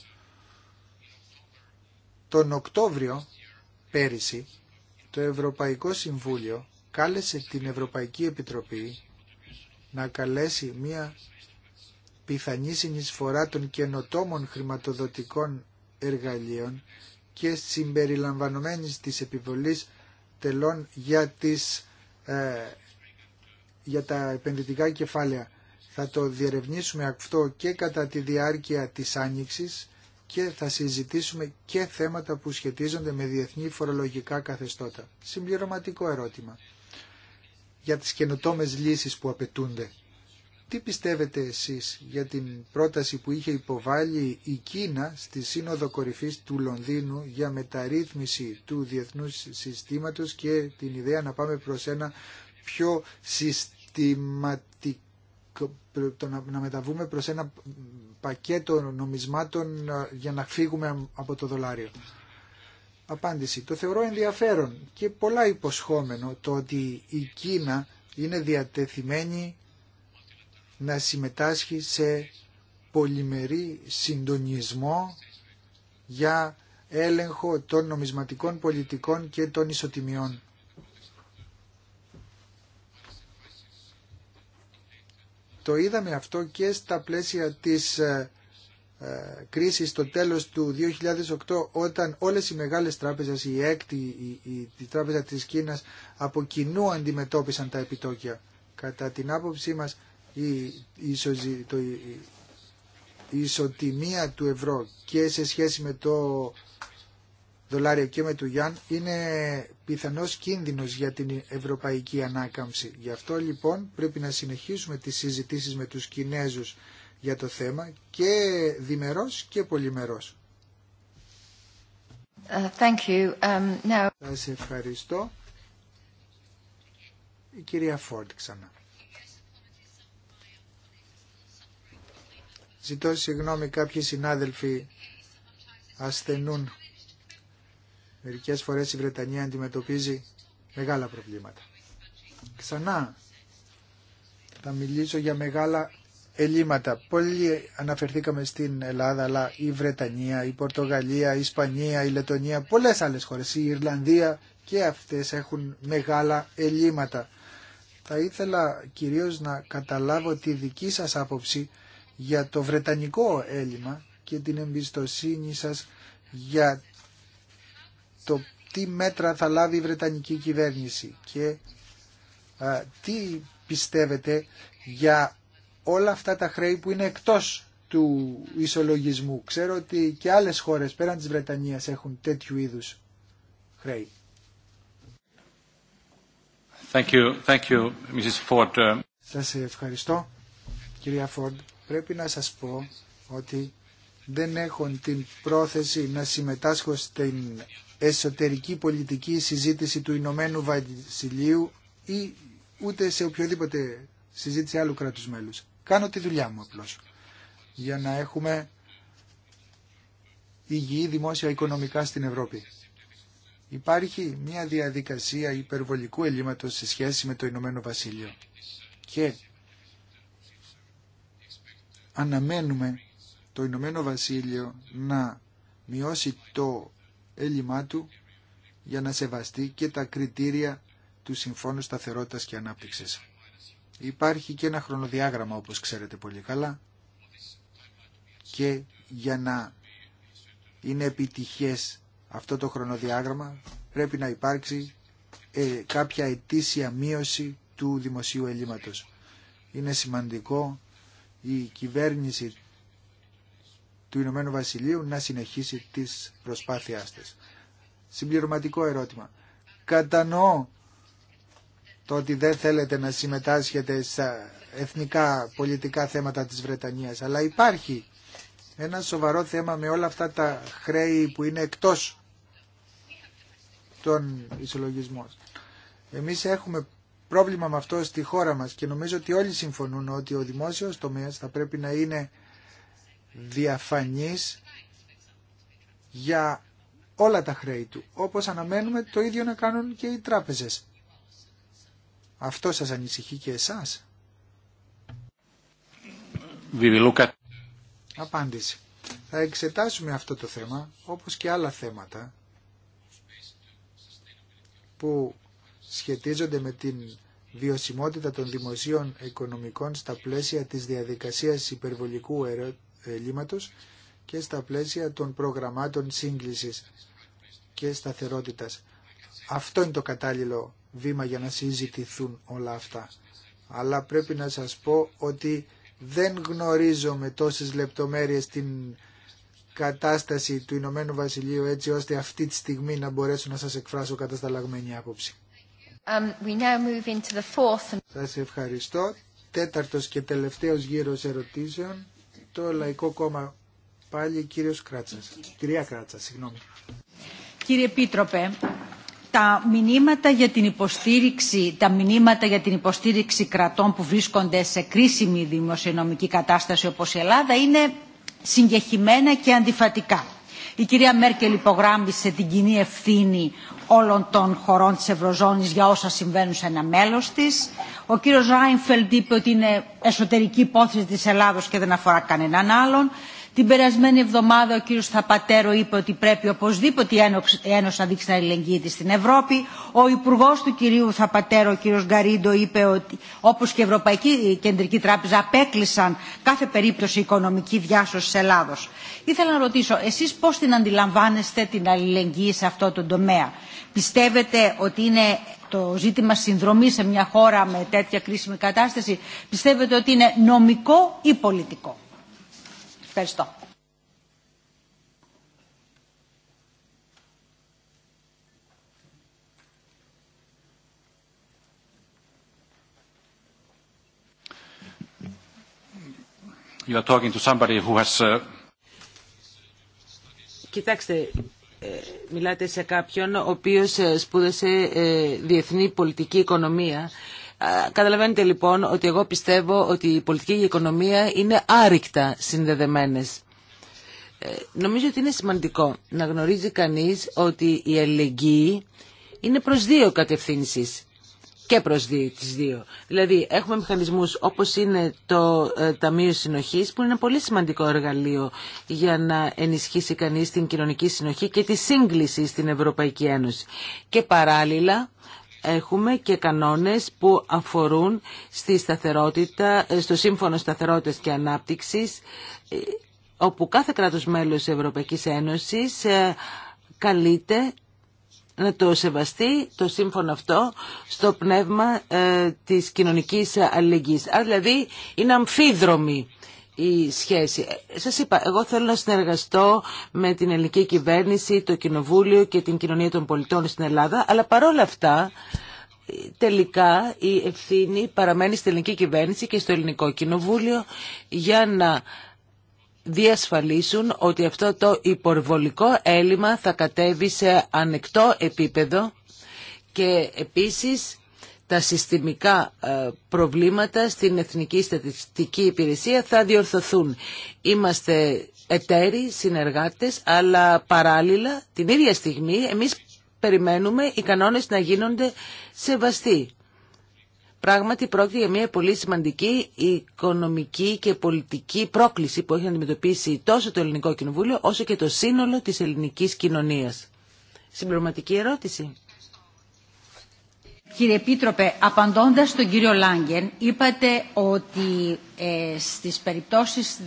τον Οκτώβριο πέρυσι το Ευρωπαϊκό Συμβούλιο κάλεσε την Ευρωπαϊκή Επιτροπή να καλέσει μία πιθανή συνεισφορά των καινοτόμων χρηματοδοτικών εργαλείων και συμπεριλαμβανομένης της επιβολής τελών για, τις, ε, για τα επενδυτικά κεφάλαια. Θα το διερευνήσουμε αυτό και κατά τη διάρκεια της Άνοιξης και θα συζητήσουμε και θέματα που σχετίζονται με διεθνή φορολογικά καθεστώτα. Συμπληρωματικό ερώτημα για τις καινοτόμες λύσεις που απαιτούνται. Τι πιστεύετε εσείς για την πρόταση που είχε υποβάλει η Κίνα στη Σύνοδο Κορυφής του Λονδίνου για μεταρρύθμιση του διεθνούς συστήματος και την ιδέα να πάμε προς ένα πιο συστηματικό να μεταβούμε προς ένα πακέτο νομισμάτων ε, για να φύγουμε από το δολάριο. Απάντηση. Το θεωρώ ενδιαφέρον και πολλά υποσχόμενο το ότι η Κίνα είναι διατεθειμένη να συμμετάσχει σε πολυμερή συντονισμό για έλεγχο των νομισματικών πολιτικών και των ισοτιμιών. Το είδαμε αυτό και στα πλαίσια της ε, ε, κρίση στο τέλος του 2008 όταν όλες οι μεγάλες τράπεζες, η έκτη, η, τράπεζα της Κίνας από κοινού αντιμετώπισαν τα επιτόκια. Κατά την άποψή μας η, το, η ισοτιμία του ευρώ και σε σχέση με το δολάριο και με του Γιάν είναι πιθανός κίνδυνος για την ευρωπαϊκή ανάκαμψη. Γι' αυτό λοιπόν πρέπει να συνεχίσουμε τις συζητήσεις με τους Κινέζους για το θέμα και διμερός και πολυμερός. Ε, thank you. Um, ευχαριστώ. Η κυρία Φόρντ ξανά. Ζητώ συγγνώμη κάποιοι συνάδελφοι ασθενούν. Μερικές φορές η Βρετανία αντιμετωπίζει μεγάλα προβλήματα. Ξανά θα μιλήσω για μεγάλα ελλείμματα. πολλοί αναφερθήκαμε στην Ελλάδα, αλλά η Βρετανία, η Πορτογαλία, η Ισπανία, η Λετωνία, πολλές άλλες χώρες, η Ιρλανδία και αυτές έχουν μεγάλα ελλείμματα. Θα ήθελα κυρίως να καταλάβω τη δική σας άποψη για το βρετανικό έλλειμμα και την εμπιστοσύνη σας για το τι μέτρα θα λάβει η Βρετανική κυβέρνηση και τι πιστεύετε για όλα αυτά τα χρέη που είναι εκτός του ισολογισμού. Ξέρω ότι και άλλες χώρες πέραν της Βρετανίας έχουν τέτοιου είδους χρέη. Thank you. Thank you, Σας ευχαριστώ, κυρία Φόρντ. Πρέπει να σας πω ότι δεν έχω την πρόθεση να συμμετάσχω στην εσωτερική πολιτική συζήτηση του Ηνωμένου Βασιλείου ή ούτε σε οποιοδήποτε συζήτηση άλλου κράτους μέλους. Κάνω τη δουλειά μου απλώς. Για να έχουμε υγιή δημόσια οικονομικά στην Ευρώπη. Υπάρχει μια διαδικασία υπερβολικού ελλείμματος σε σχέση με το Ηνωμένο Βασίλειο. Και αναμένουμε το Ηνωμένο Βασίλειο να μειώσει το έλλειμμά του για να σεβαστεί και τα κριτήρια του Συμφώνου Σταθερότητας και Ανάπτυξης. Υπάρχει και ένα χρονοδιάγραμμα όπως ξέρετε πολύ καλά και για να είναι επιτυχές αυτό το χρονοδιάγραμμα πρέπει να υπάρξει ε, κάποια ετήσια μείωση του δημοσίου ελλείμματος. Είναι σημαντικό η κυβέρνηση του Ηνωμένου Βασιλείου να συνεχίσει τις προσπάθειάς της. Συμπληρωματικό ερώτημα. Κατανοώ το ότι δεν θέλετε να συμμετάσχετε στα εθνικά πολιτικά θέματα της Βρετανίας. Αλλά υπάρχει ένα σοβαρό θέμα με όλα αυτά τα χρέη που είναι εκτός των ισολογισμών. Εμείς έχουμε πρόβλημα με αυτό στη χώρα μας και νομίζω ότι όλοι συμφωνούν ότι ο δημόσιος τομέας θα πρέπει να είναι διαφανής για όλα τα χρέη του, όπως αναμένουμε το ίδιο να κάνουν και οι τράπεζες. Αυτό σας ανησυχεί και εσάς. Απάντηση. Θα εξετάσουμε αυτό το θέμα όπως και άλλα θέματα που σχετίζονται με την βιωσιμότητα των δημοσίων οικονομικών στα πλαίσια της διαδικασίας υπερβολικού ελλείμματος και στα πλαίσια των προγραμμάτων σύγκλησης και σταθερότητας. Αυτό είναι το κατάλληλο βήμα για να συζητηθούν όλα αυτά. Αλλά πρέπει να σας πω ότι δεν γνωρίζω με τόσες λεπτομέρειες την κατάσταση του Ηνωμένου Βασιλείου έτσι ώστε αυτή τη στιγμή να μπορέσω να σας εκφράσω κατασταλαγμένη άποψη. Um, we Σας ευχαριστώ. Τέταρτος και τελευταίος γύρος ερωτήσεων. Το Λαϊκό Κόμμα πάλι κύριος Κράτσας. Κυρία Κράτσα, συγγνώμη. Κύριε Πίτροπε, τα μηνύματα για την υποστήριξη, τα μηνύματα για την υποστήριξη κρατών που βρίσκονται σε κρίσιμη δημοσιονομική κατάσταση όπως η Ελλάδα είναι συγκεχημένα και αντιφατικά. Η κυρία Μέρκελ υπογράμμισε την κοινή ευθύνη όλων των χωρών της Ευρωζώνης για όσα συμβαίνουν σε ένα μέλος της. Ο κύριος Ράινφελντ είπε ότι είναι εσωτερική υπόθεση της Ελλάδος και δεν αφορά κανέναν άλλον. Την περασμένη εβδομάδα ο κύριος Θαπατέρο είπε ότι πρέπει οπωσδήποτε η Ένωση να δείξει την αλληλεγγύη της στην Ευρώπη. Ο υπουργό του κυρίου Θαπατέρο, ο κύριος Γκαρίντο, είπε ότι όπως και η Ευρωπαϊκή Κεντρική Τράπεζα απέκλεισαν κάθε περίπτωση οικονομική διάσωση της Ελλάδος. Ήθελα να ρωτήσω, εσείς πώς την αντιλαμβάνεστε την αλληλεγγύη σε αυτό το τομέα. Πιστεύετε ότι είναι το ζήτημα συνδρομή σε μια χώρα με τέτοια κρίσιμη κατάσταση, πιστεύετε ότι είναι νομικό ή πολιτικό. Ευχαριστώ. You are talking to somebody who has... Uh, Κοιτάξτε, ε, μιλάτε σε κάποιον ο οποίος ε, σπούδασε ε, διεθνή πολιτική οικονομία Καταλαβαίνετε λοιπόν ότι εγώ πιστεύω ότι η πολιτική και η οικονομία είναι άρρηκτα συνδεδεμένες. Ε, νομίζω ότι είναι σημαντικό να γνωρίζει κανείς ότι η αλληλεγγύη είναι προς δύο κατευθύνσεις και προς δύο, τις δύο. Δηλαδή έχουμε μηχανισμούς όπως είναι το ε, Ταμείο Συνοχής που είναι ένα πολύ σημαντικό εργαλείο για να ενισχύσει κανείς την κοινωνική συνοχή και τη σύγκληση στην Ευρωπαϊκή Ένωση. Και παράλληλα έχουμε και κανόνες που αφορούν στη σταθερότητα, ε, στο Σύμφωνο Σταθερότητας και Ανάπτυξης, ε, όπου κάθε κράτος μέλος της Ευρωπαϊκής Ένωσης ε, καλείται να το σεβαστεί το σύμφωνο αυτό στο πνεύμα της κοινωνικής αλληλεγγύης. δηλαδή είναι αμφίδρομη η σχέση. Ε, σας είπα, εγώ θέλω να συνεργαστώ με την ελληνική κυβέρνηση, το κοινοβούλιο και την κοινωνία των πολιτών στην Ελλάδα, αλλά παρόλα αυτά τελικά η ευθύνη παραμένει στην ελληνική κυβέρνηση και στο ελληνικό κοινοβούλιο για να διασφαλίσουν ότι αυτό το υπορβολικό έλλειμμα θα κατέβει σε ανεκτό επίπεδο και επίσης τα συστημικά ε, προβλήματα στην Εθνική Στατιστική Υπηρεσία θα διορθωθούν. Είμαστε εταίροι, συνεργάτες, αλλά παράλληλα την ίδια στιγμή εμείς περιμένουμε οι κανόνες να γίνονται σεβαστοί. Πράγματι πρόκειται για μια πολύ σημαντική οικονομική και πολιτική πρόκληση που έχει αντιμετωπίσει τόσο το Ελληνικό Κοινοβούλιο όσο και το σύνολο της ελληνικής κοινωνίας. Συμπληρωματική ερώτηση. Κύριε Επίτροπε, απαντώντας στον κύριο Λάγκεν, είπατε ότι ε, στις περιπτώσεις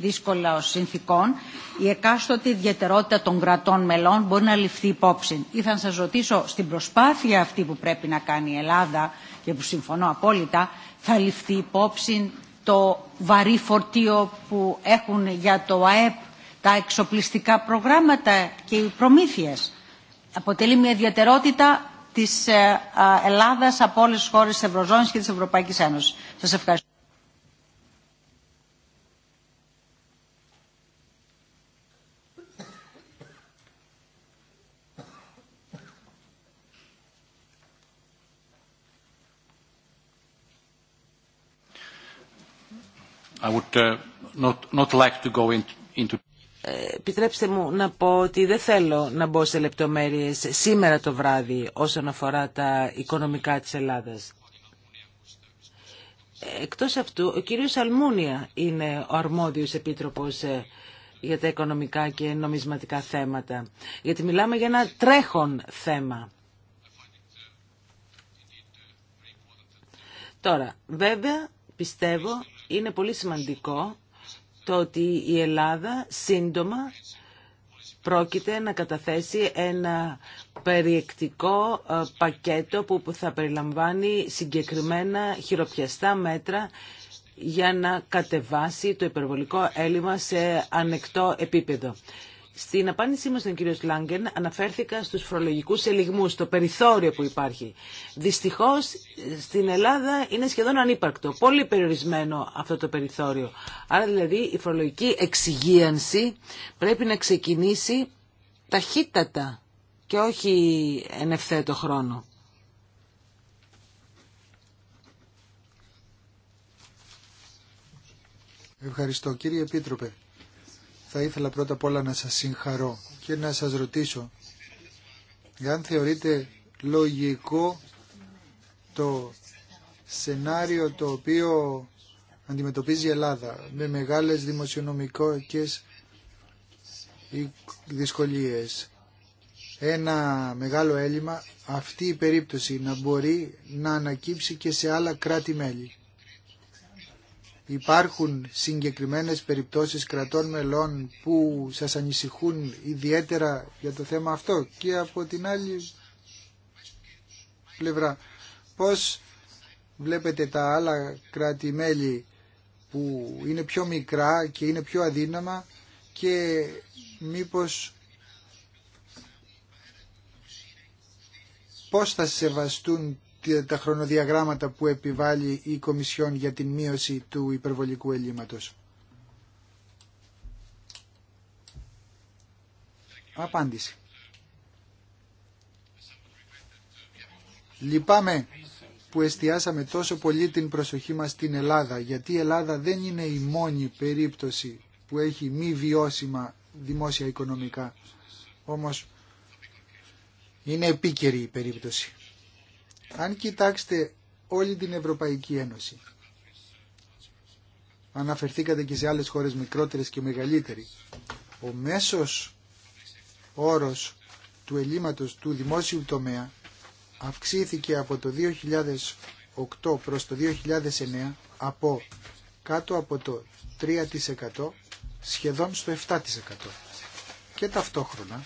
δύσκολων συνθήκων η εκάστοτε ιδιαιτερότητα των κρατών μελών μπορεί να ληφθεί υπόψη. Ήθελα να σας ρωτήσω, στην προσπάθεια αυτή που πρέπει να κάνει η Ελλάδα και που συμφωνώ απόλυτα, θα ληφθεί υπόψη το βαρύ φορτίο που έχουν για το ΑΕΠ τα εξοπλιστικά προγράμματα και οι προμήθειες. Αποτελεί μια ιδιαιτερότητα της ε, Ελλάδας από όλες τις χώρες της Ευρωζώνης και της Ευρωπαϊκής Ένωσης. Σας ευχαριστώ. I would uh, not, not like to go into επιτρέψτε μου να πω ότι δεν θέλω να μπω σε λεπτομέρειες σήμερα το βράδυ όσον αφορά τα οικονομικά της Ελλάδας. Εκτός αυτού, ο κύριος Αλμούνια είναι ο αρμόδιος επίτροπος ε, για τα οικονομικά και νομισματικά θέματα. Γιατί μιλάμε για ένα τρέχον θέμα. Τώρα, βέβαια, πιστεύω, είναι πολύ σημαντικό το ότι η Ελλάδα σύντομα πρόκειται να καταθέσει ένα περιεκτικό ε, πακέτο που θα περιλαμβάνει συγκεκριμένα χειροπιαστά μέτρα για να κατεβάσει το υπερβολικό έλλειμμα σε ανεκτό επίπεδο. Στην απάντησή μας τον κύριο Σλάγκεν αναφέρθηκα στους φορολογικούς ελιγμούς, το περιθώριο που υπάρχει. Δυστυχώς στην Ελλάδα είναι σχεδόν ανύπαρκτο, πολύ περιορισμένο αυτό το περιθώριο. Άρα δηλαδή η φορολογική εξυγίανση πρέπει να ξεκινήσει ταχύτατα και όχι εν ευθέτω χρόνο. Ευχαριστώ κύριε Επίτροπε θα ήθελα πρώτα απ' όλα να σας συγχαρώ και να σας ρωτήσω αν θεωρείτε λογικό το σενάριο το οποίο αντιμετωπίζει η Ελλάδα με μεγάλες δημοσιονομικές δυσκολίες ένα μεγάλο έλλειμμα αυτή η περίπτωση να μπορεί να ανακύψει και σε άλλα κράτη-μέλη. Υπάρχουν συγκεκριμένες περιπτώσεις κρατών μελών που σας ανησυχούν ιδιαίτερα για το θέμα αυτό και από την άλλη πλευρά πώς βλέπετε τα άλλα κράτη-μέλη που είναι πιο μικρά και είναι πιο αδύναμα και μήπως πώς θα σεβαστούν τα χρονοδιαγράμματα που επιβάλλει η Κομισιόν για την μείωση του υπερβολικού ελλείμματος. Απάντηση. Λυπάμαι που εστιάσαμε τόσο πολύ την προσοχή μας στην Ελλάδα, γιατί η Ελλάδα δεν είναι η μόνη περίπτωση που έχει μη βιώσιμα δημόσια οικονομικά. Όμως είναι επίκαιρη η περίπτωση. Αν κοιτάξετε όλη την Ευρωπαϊκή Ένωση, αναφερθήκατε και σε άλλες χώρες μικρότερες και μεγαλύτεροι, ο μέσος όρος του ελλείμματος του δημόσιου τομέα αυξήθηκε από το 2008 προς το 2009 από κάτω από το 3% σχεδόν στο 7% και ταυτόχρονα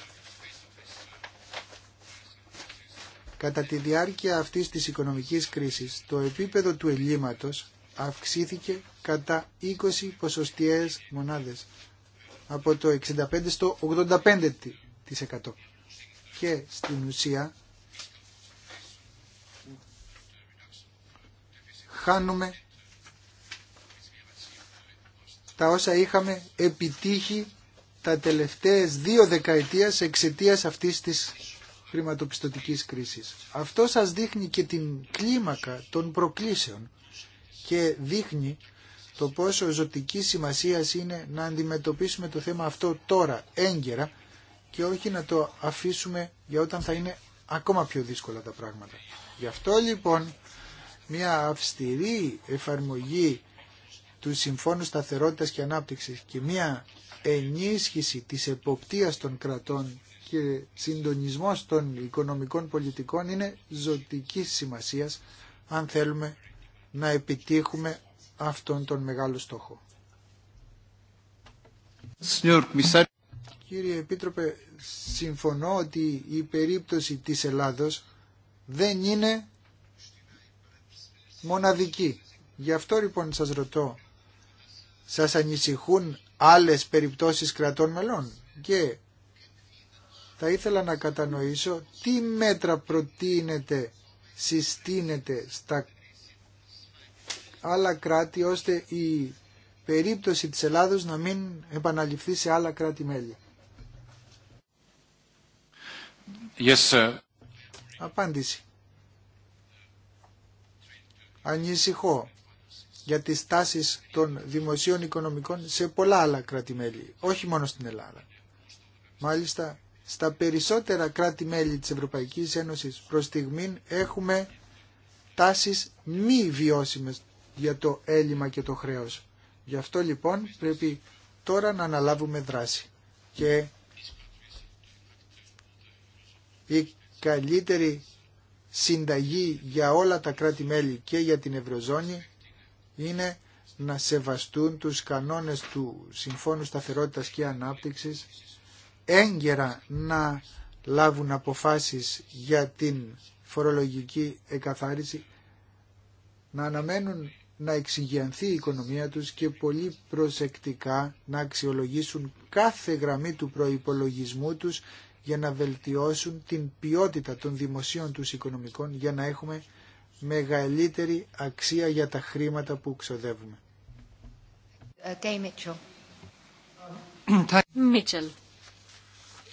Κατά τη διάρκεια αυτής της οικονομικής κρίσης, το επίπεδο του ελλείμματος αυξήθηκε κατά 20 ποσοστιαίες μονάδες, από το 65% στο 85%. Και στην ουσία χάνουμε τα όσα είχαμε επιτύχει τα τελευταίες δύο δεκαετίες εξαιτίας αυτής της χρηματοπιστωτικής κρίσης. Αυτό σας δείχνει και την κλίμακα των προκλήσεων και δείχνει το πόσο ζωτική σημασία είναι να αντιμετωπίσουμε το θέμα αυτό τώρα, έγκαιρα και όχι να το αφήσουμε για όταν θα είναι ακόμα πιο δύσκολα τα πράγματα. Γι' αυτό λοιπόν μια αυστηρή εφαρμογή του Συμφώνου Σταθερότητας και Ανάπτυξης και μια ενίσχυση της εποπτείας των κρατών και συντονισμός των οικονομικών πολιτικών είναι ζωτικής σημασίας αν θέλουμε να επιτύχουμε αυτόν τον μεγάλο στόχο. Κύριε Επίτροπε, συμφωνώ ότι η περίπτωση της Ελλάδος δεν είναι μοναδική. Γι' αυτό λοιπόν σας ρωτώ, σας ανησυχούν άλλες περιπτώσεις κρατών μελών και θα ήθελα να κατανοήσω τι μέτρα προτείνεται, συστήνεται στα άλλα κράτη ώστε η περίπτωση της Ελλάδος να μην επαναληφθεί σε άλλα κράτη-μέλη. Yes, Απάντηση. Ανησυχώ για τις τάσεις των δημοσίων οικονομικών σε πολλά άλλα κράτη-μέλη, όχι μόνο στην Ελλάδα. Μάλιστα, στα περισσότερα κράτη-μέλη της Ευρωπαϊκής Ένωσης προς στιγμήν έχουμε τάσεις μη βιώσιμες για το έλλειμμα και το χρέος. Γι' αυτό λοιπόν πρέπει τώρα να αναλάβουμε δράση. Και η καλύτερη συνταγή για όλα τα κράτη-μέλη και για την Ευρωζώνη είναι να σεβαστούν τους κανόνες του Συμφώνου Σταθερότητας και Ανάπτυξης έγκαιρα να λάβουν αποφάσεις για την φορολογική εκαθάριση, να αναμένουν να εξυγιανθεί η οικονομία τους και πολύ προσεκτικά να αξιολογήσουν κάθε γραμμή του προϋπολογισμού τους για να βελτιώσουν την ποιότητα των δημοσίων τους οικονομικών για να έχουμε μεγαλύτερη αξία για τα χρήματα που ξοδεύουμε. Ε, Μίτσελ.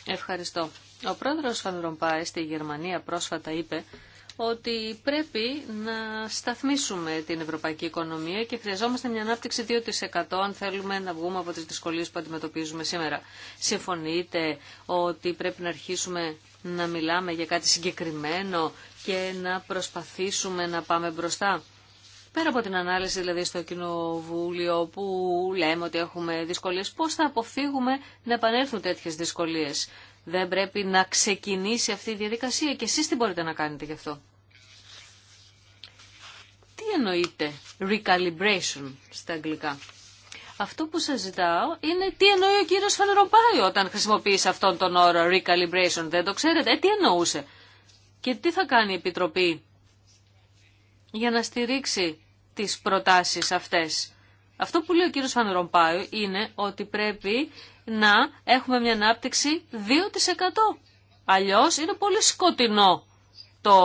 Ευχαριστώ. Ο πρόεδρος Φανρομπάη στη Γερμανία πρόσφατα είπε ότι πρέπει να σταθμίσουμε την ευρωπαϊκή οικονομία και χρειαζόμαστε μια ανάπτυξη 2% αν θέλουμε να βγούμε από τις δυσκολίες που αντιμετωπίζουμε σήμερα. Συμφωνείτε ότι πρέπει να αρχίσουμε να μιλάμε για κάτι συγκεκριμένο και να προσπαθήσουμε να πάμε μπροστά. Πέρα από την ανάλυση δηλαδή στο Κοινοβούλιο που λέμε ότι έχουμε δυσκολίες, πώς θα αποφύγουμε να επανέλθουν τέτοιες δυσκολίες. Δεν πρέπει να ξεκινήσει αυτή η διαδικασία και εσείς τι μπορείτε να κάνετε γι' αυτό. Τι εννοείτε recalibration στα αγγλικά. Αυτό που σας ζητάω είναι τι εννοεί ο κύριος Φανεροπάη όταν χρησιμοποιείς αυτόν τον όρο recalibration. Δεν το ξέρετε. Ε, τι εννοούσε. Και τι θα κάνει η Επιτροπή για να στηρίξει τις προτάσεις αυτές. Αυτό που λέει ο κύριος Φανρομπάου είναι ότι πρέπει να έχουμε μια ανάπτυξη 2%. Αλλιώς είναι πολύ σκοτεινό το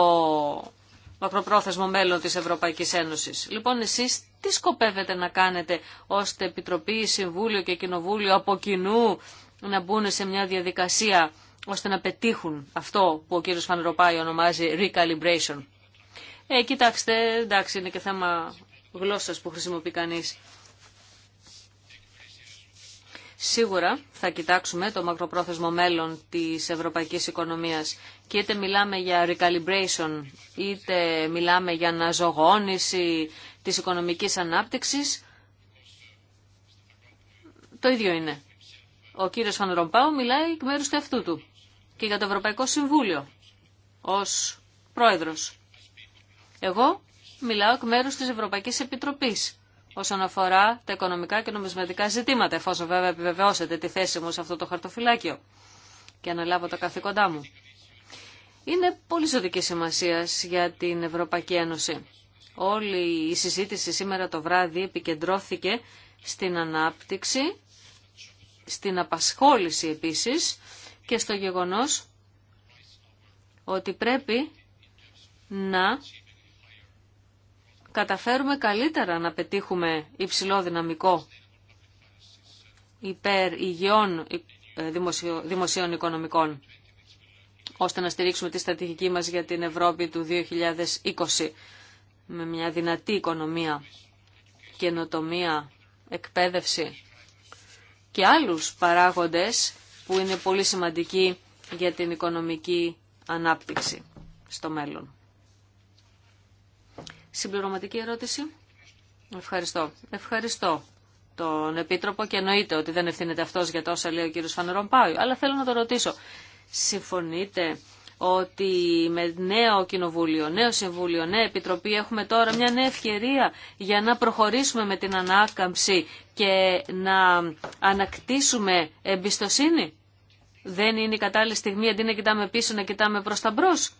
μακροπρόθεσμο μέλλον της Ευρωπαϊκής Ένωσης. Λοιπόν, εσείς τι σκοπεύετε να κάνετε ώστε Επιτροπή, Συμβούλιο και Κοινοβούλιο από κοινού να μπουν σε μια διαδικασία ώστε να πετύχουν αυτό που ο κύριος Φανροπάη ονομάζει recalibration. Ε, κοιτάξτε, εντάξει, είναι και θέμα γλώσσας που χρησιμοποιεί κανείς. Σίγουρα θα κοιτάξουμε το μακροπρόθεσμο μέλλον της ευρωπαϊκής οικονομίας και είτε μιλάμε για recalibration είτε μιλάμε για αναζωγόνηση της οικονομικής ανάπτυξης, το ίδιο είναι. Ο κύριος Φανρομπάου μιλάει εκ μέρους του αυτού του και για το Ευρωπαϊκό Συμβούλιο ως πρόεδρος. Εγώ μιλάω εκ μέρους της Ευρωπαϊκής Επιτροπής όσον αφορά τα οικονομικά και νομισματικά ζητήματα, εφόσον βέβαια επιβεβαιώσετε τη θέση μου σε αυτό το χαρτοφυλάκιο και αναλάβω τα καθήκοντά μου. Είναι πολύ ζωτική σημασία για την Ευρωπαϊκή Ένωση. Όλη η συζήτηση σήμερα το βράδυ επικεντρώθηκε στην ανάπτυξη, στην απασχόληση επίσης και στο γεγονός ότι πρέπει να καταφέρουμε καλύτερα να πετύχουμε υψηλό δυναμικό υπέρ υγιών ε, δημοσίων οικονομικών, ώστε να στηρίξουμε τη στρατηγική μας για την Ευρώπη του 2020 με μια δυνατή οικονομία, καινοτομία, εκπαίδευση και άλλους παράγοντες που είναι πολύ σημαντικοί για την οικονομική ανάπτυξη στο μέλλον. Συμπληρωματική ερώτηση. Ευχαριστώ. Ευχαριστώ τον Επίτροπο και εννοείται ότι δεν ευθύνεται αυτός για τόσα λέει ο κύριος Φανερομπάου. Αλλά θέλω να το ρωτήσω. Συμφωνείτε ότι με νέο κοινοβούλιο, νέο συμβούλιο, νέα επιτροπή έχουμε τώρα μια νέα ευκαιρία για να προχωρήσουμε με την ανάκαμψη και να ανακτήσουμε εμπιστοσύνη. Δεν είναι η κατάλληλη στιγμή αντί να κοιτάμε πίσω να κοιτάμε προς τα μπρος.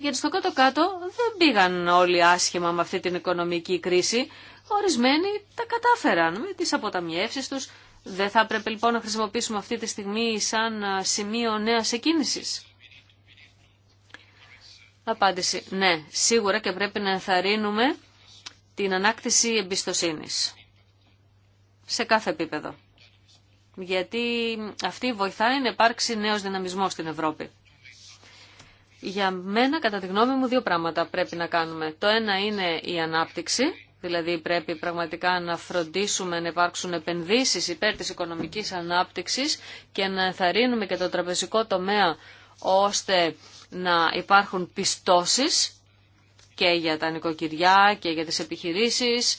Γιατί στο κάτω-κάτω δεν πήγαν όλοι άσχημα με αυτή την οικονομική κρίση. Ορισμένοι τα κατάφεραν με τις αποταμιεύσεις τους. Δεν θα έπρεπε λοιπόν να χρησιμοποιήσουμε αυτή τη στιγμή σαν σημείο νέας εκκίνησης. Απάντηση. Ναι, σίγουρα και πρέπει να ενθαρρύνουμε την ανάκτηση εμπιστοσύνης. Σε κάθε επίπεδο. Γιατί αυτή βοηθάει να υπάρξει νέος δυναμισμός στην Ευρώπη. Για μένα, κατά τη γνώμη μου, δύο πράγματα πρέπει να κάνουμε. Το ένα είναι η ανάπτυξη, δηλαδή πρέπει πραγματικά να φροντίσουμε να υπάρξουν επενδύσεις υπέρ της οικονομικής ανάπτυξης και να ενθαρρύνουμε και το τραπεζικό τομέα ώστε να υπάρχουν πιστώσεις και για τα νοικοκυριά και για τις επιχειρήσεις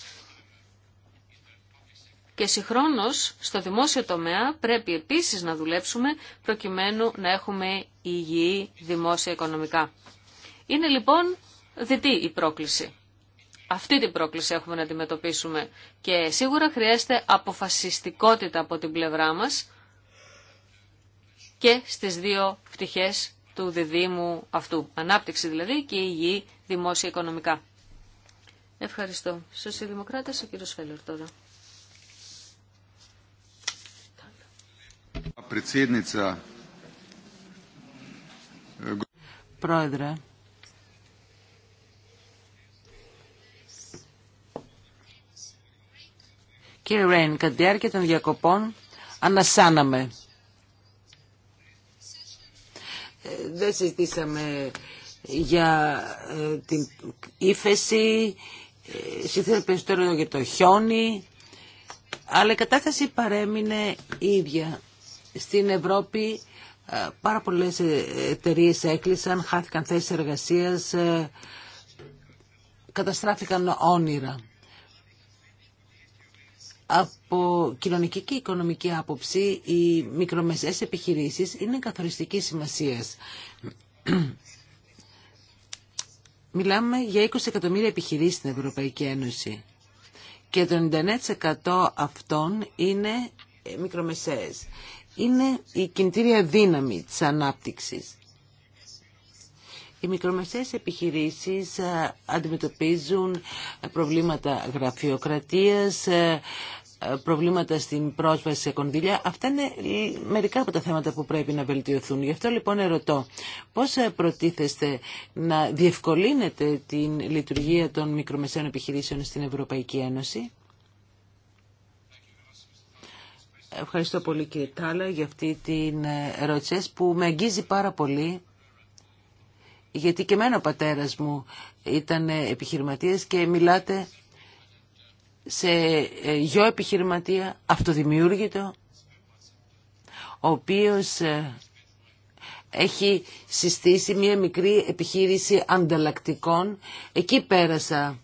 και συγχρόνως στο δημόσιο τομέα πρέπει επίσης να δουλέψουμε προκειμένου να έχουμε υγιή δημόσια οικονομικά. Είναι λοιπόν διτή η πρόκληση. Αυτή την πρόκληση έχουμε να αντιμετωπίσουμε και σίγουρα χρειάζεται αποφασιστικότητα από την πλευρά μας και στις δύο πτυχές του διδήμου αυτού. Ανάπτυξη δηλαδή και υγιή δημόσια οικονομικά. Ευχαριστώ. Σοσιαλδημοκράτες, ο κύριος Φέλλερ τώρα. predsednica. Πρόεδρε. Κύριε Ρέιν, κατά τη διάρκεια των διακοπών ανασάναμε. Ε, δεν συζητήσαμε για ε, την ύφεση, ε, συζητήσαμε περισσότερο για το χιόνι, αλλά η κατάσταση παρέμεινε ίδια. Στην Ευρώπη ε, πάρα πολλές ε, εταιρείε έκλεισαν, χάθηκαν θέσεις εργασίας, ε, καταστράφηκαν όνειρα. Από κοινωνική και οικονομική άποψη, οι μικρομεσαίες επιχειρήσεις είναι καθοριστική σημασίας. Μιλάμε για 20 εκατομμύρια επιχειρήσεις στην Ευρωπαϊκή Ένωση και το 99% αυτών είναι ε, μικρομεσαίες. Είναι η κινητήρια δύναμη της ανάπτυξης. Οι μικρομεσαίες επιχειρήσεις ε, αντιμετωπίζουν ε, προβλήματα γραφειοκρατίας, προβλήματα στην πρόσβαση σε κονδύλια. Αυτά είναι μερικά από τα θέματα που πρέπει να βελτιωθούν. Γι' αυτό λοιπόν ερωτώ, πώς προτίθεστε να διευκολύνετε την λειτουργία των μικρομεσαίων επιχειρήσεων στην Ευρωπαϊκή Ένωση. Ευχαριστώ πολύ κύριε Τάλα για αυτή την ε, ερώτηση που με αγγίζει πάρα πολύ γιατί και εμένα ο πατέρας μου ήταν ε, επιχειρηματίας και μιλάτε σε ε, γιο επιχειρηματία, αυτοδημιούργητο, ο οποίος έχει συστήσει μία μικρή επιχείρηση ανταλλακτικών. Εκεί πέρασα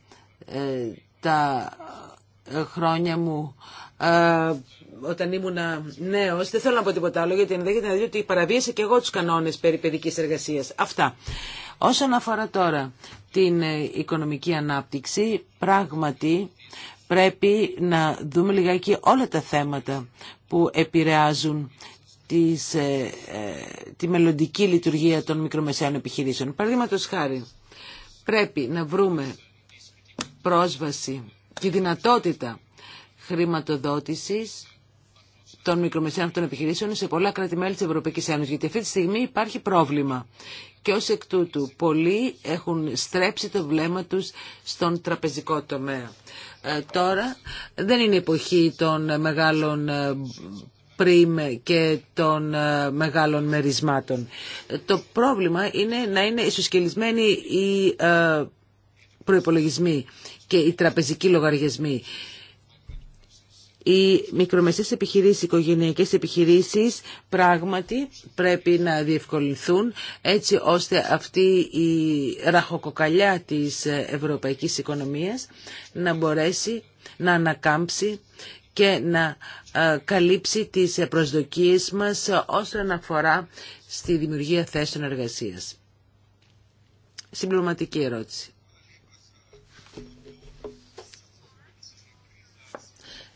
τα χρόνια μου όταν ήμουν νέο, δεν θέλω να πω τίποτα άλλο, γιατί ενδέχεται να δει ότι παραβίασα και εγώ του κανόνε περί παιδική εργασία. Αυτά. Όσον αφορά τώρα την ε, οικονομική ανάπτυξη, πράγματι πρέπει να δούμε λιγάκι όλα τα θέματα που επηρεάζουν τις, ε, ε, τη μελλοντική λειτουργία των μικρομεσαίων επιχειρήσεων. Παραδείγματο χάρη, πρέπει να βρούμε πρόσβαση, τη δυνατότητα χρηματοδότησης των μικρομεσαίων αυτών επιχειρήσεων σε πολλά κράτη-μέλη της Ευρωπαϊκής γιατί αυτή τη στιγμή υπάρχει πρόβλημα. Και ως εκ τούτου, πολλοί έχουν στρέψει το βλέμμα τους στον τραπεζικό τομέα. Ε, τώρα δεν είναι η εποχή των ε, μεγάλων ε, πριμ και των μεγάλων μερισμάτων. Το πρόβλημα είναι να είναι ισοσκελισμένοι οι προπολογισμοί και οι τραπεζικοί λογαριασμοί. Οι μικρομεσαίες επιχειρήσεις, οι οικογενειακές επιχειρήσεις πράγματι πρέπει να διευκολυνθούν έτσι ώστε αυτή η ραχοκοκαλιά της ευρωπαϊκής οικονομίας να μπορέσει να ανακάμψει και να ε, καλύψει τις προσδοκίες μας όσον αφορά στη δημιουργία θέσεων εργασίας. Συμπληρωματική ερώτηση.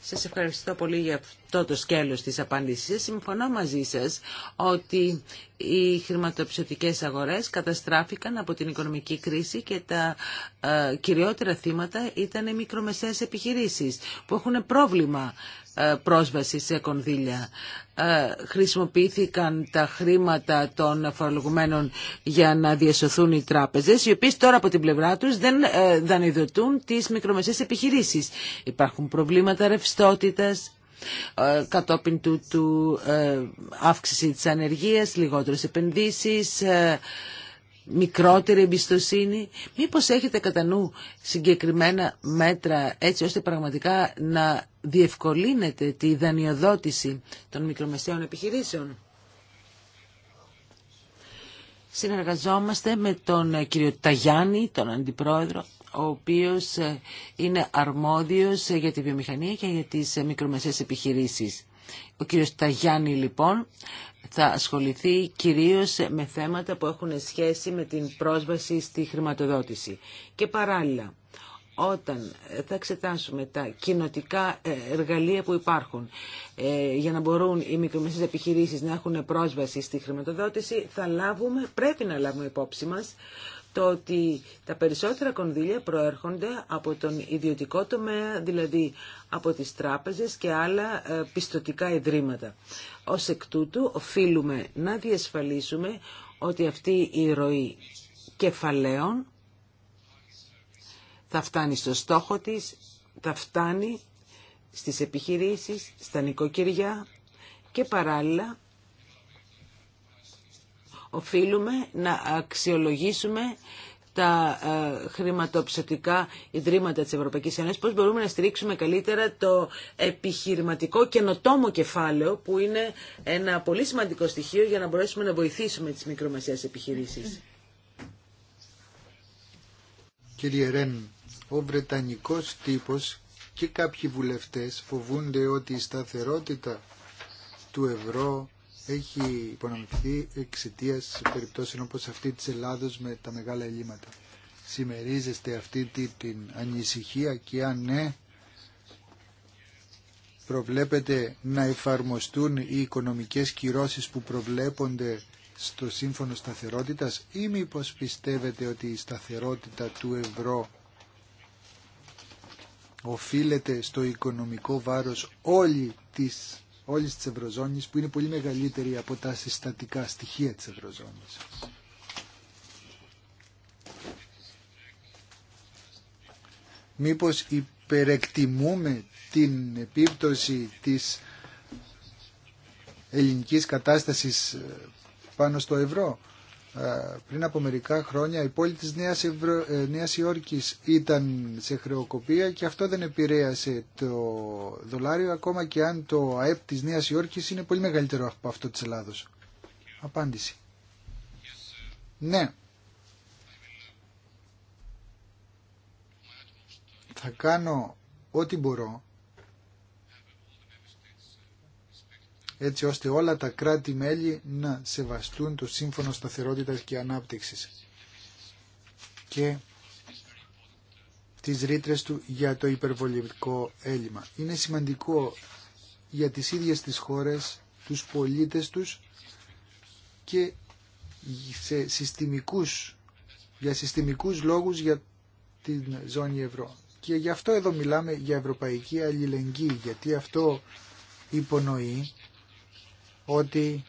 Σας ευχαριστώ πολύ για αυτό το σκέλος της απάντησης. Συμφωνώ μαζί σας ότι οι χρηματοψηφιακές αγορές καταστράφηκαν από την οικονομική κρίση και τα ε, κυριότερα θύματα ήταν οι μικρομεσαίες επιχειρήσεις που έχουν πρόβλημα ε, πρόσβαση σε κονδύλια. Ε, χρησιμοποιήθηκαν τα χρήματα των αφορολογουμένων για να διασωθούν οι τράπεζες, οι οποίες τώρα από την πλευρά τους δεν ε, δανειδοτούν τις μικρομεσαίες επιχειρήσεις. Υπάρχουν προβλήματα ρευστότητας, ε, κατόπιν του, του ε, αύξηση της ανεργίας, λιγότερες επενδύσεις, ε, μικρότερη εμπιστοσύνη. Μήπως έχετε κατά νου συγκεκριμένα μέτρα έτσι ώστε πραγματικά να διευκολύνετε τη δανειοδότηση των μικρομεσαίων επιχειρήσεων. Συνεργαζόμαστε με τον κύριο Ταγιάννη, τον Αντιπρόεδρο ο οποίος ε, είναι αρμόδιος ε, για τη βιομηχανία και για τις ε, μικρομεσαίες επιχειρήσεις. Ο κύριος Ταγιάννη λοιπόν θα ασχοληθεί κυρίως με θέματα που έχουν σχέση με την πρόσβαση στη χρηματοδότηση. Και παράλληλα, όταν θα εξετάσουμε τα κοινοτικά εργαλεία που υπάρχουν για να μπορούν οι μικρομεσαίες επιχειρήσεις να έχουν πρόσβαση στη χρηματοδότηση, θα λάβουμε, πρέπει να λάβουμε υπόψη μας το ότι τα περισσότερα κονδύλια προέρχονται από τον ιδιωτικό τομέα, δηλαδή από τις τράπεζες και άλλα ε, πιστοτικά ιδρύματα. Ως εκ τούτου οφείλουμε να διασφαλίσουμε ότι αυτή η ροή κεφαλαίων θα φτάνει στο στόχο της, θα φτάνει στις επιχειρήσεις, στα νοικοκυριά και παράλληλα Οφείλουμε να αξιολογήσουμε τα ε, χρηματοπιστωτικά ιδρύματα της Ευρωπαϊκής Ένωσης, πώς μπορούμε να στηρίξουμε καλύτερα το επιχειρηματικό καινοτόμο κεφάλαιο, που είναι ένα πολύ σημαντικό στοιχείο για να μπορέσουμε να βοηθήσουμε τις μικρομεσαίες επιχειρήσεις. Κύριε Ρέν, ο Βρετανικός τύπος και κάποιοι βουλευτές φοβούνται ότι η σταθερότητα του ευρώ έχει υπονομηθεί εξαιτία περιπτώσεων όπως αυτή της Ελλάδος με τα μεγάλα ελλείμματα. Σημερίζεστε αυτή την ανησυχία και αν ναι, προβλέπετε να εφαρμοστούν οι οικονομικές κυρώσεις που προβλέπονται στο σύμφωνο σταθερότητας ή μήπως πιστεύετε ότι η σταθερότητα του ευρώ οφείλεται στο οικονομικό βάρος όλη της όλης της Ευρωζώνης που είναι πολύ μεγαλύτερη από τα συστατικά στοιχεία της Ευρωζώνης. Μήπως υπερεκτιμούμε την επίπτωση της ελληνικής κατάστασης πάνω στο ευρώ. Ε, πριν από μερικά χρόνια η πόλη της Νέας, Ευρω... Ε, Υόρκης ήταν σε χρεοκοπία και αυτό δεν επηρέασε το δολάριο ακόμα και αν το ΑΕΠ της Νέας Υόρκης είναι πολύ μεγαλύτερο από αυτό της Ελλάδος. Απάντηση. Ναι. Θα κάνω ό,τι μπορώ έτσι ώστε όλα τα κράτη-μέλη να σεβαστούν το Σύμφωνο Σταθερότητας και Ανάπτυξης και τις ρήτρε του για το υπερβολικό έλλειμμα. Είναι σημαντικό για τις ίδιες τις χώρες, τους πολίτες τους και σε συστημικούς, για συστημικούς λόγους για την ζώνη ευρώ. Και γι' αυτό εδώ μιλάμε για ευρωπαϊκή αλληλεγγύη, γιατί αυτό υπονοεί ότι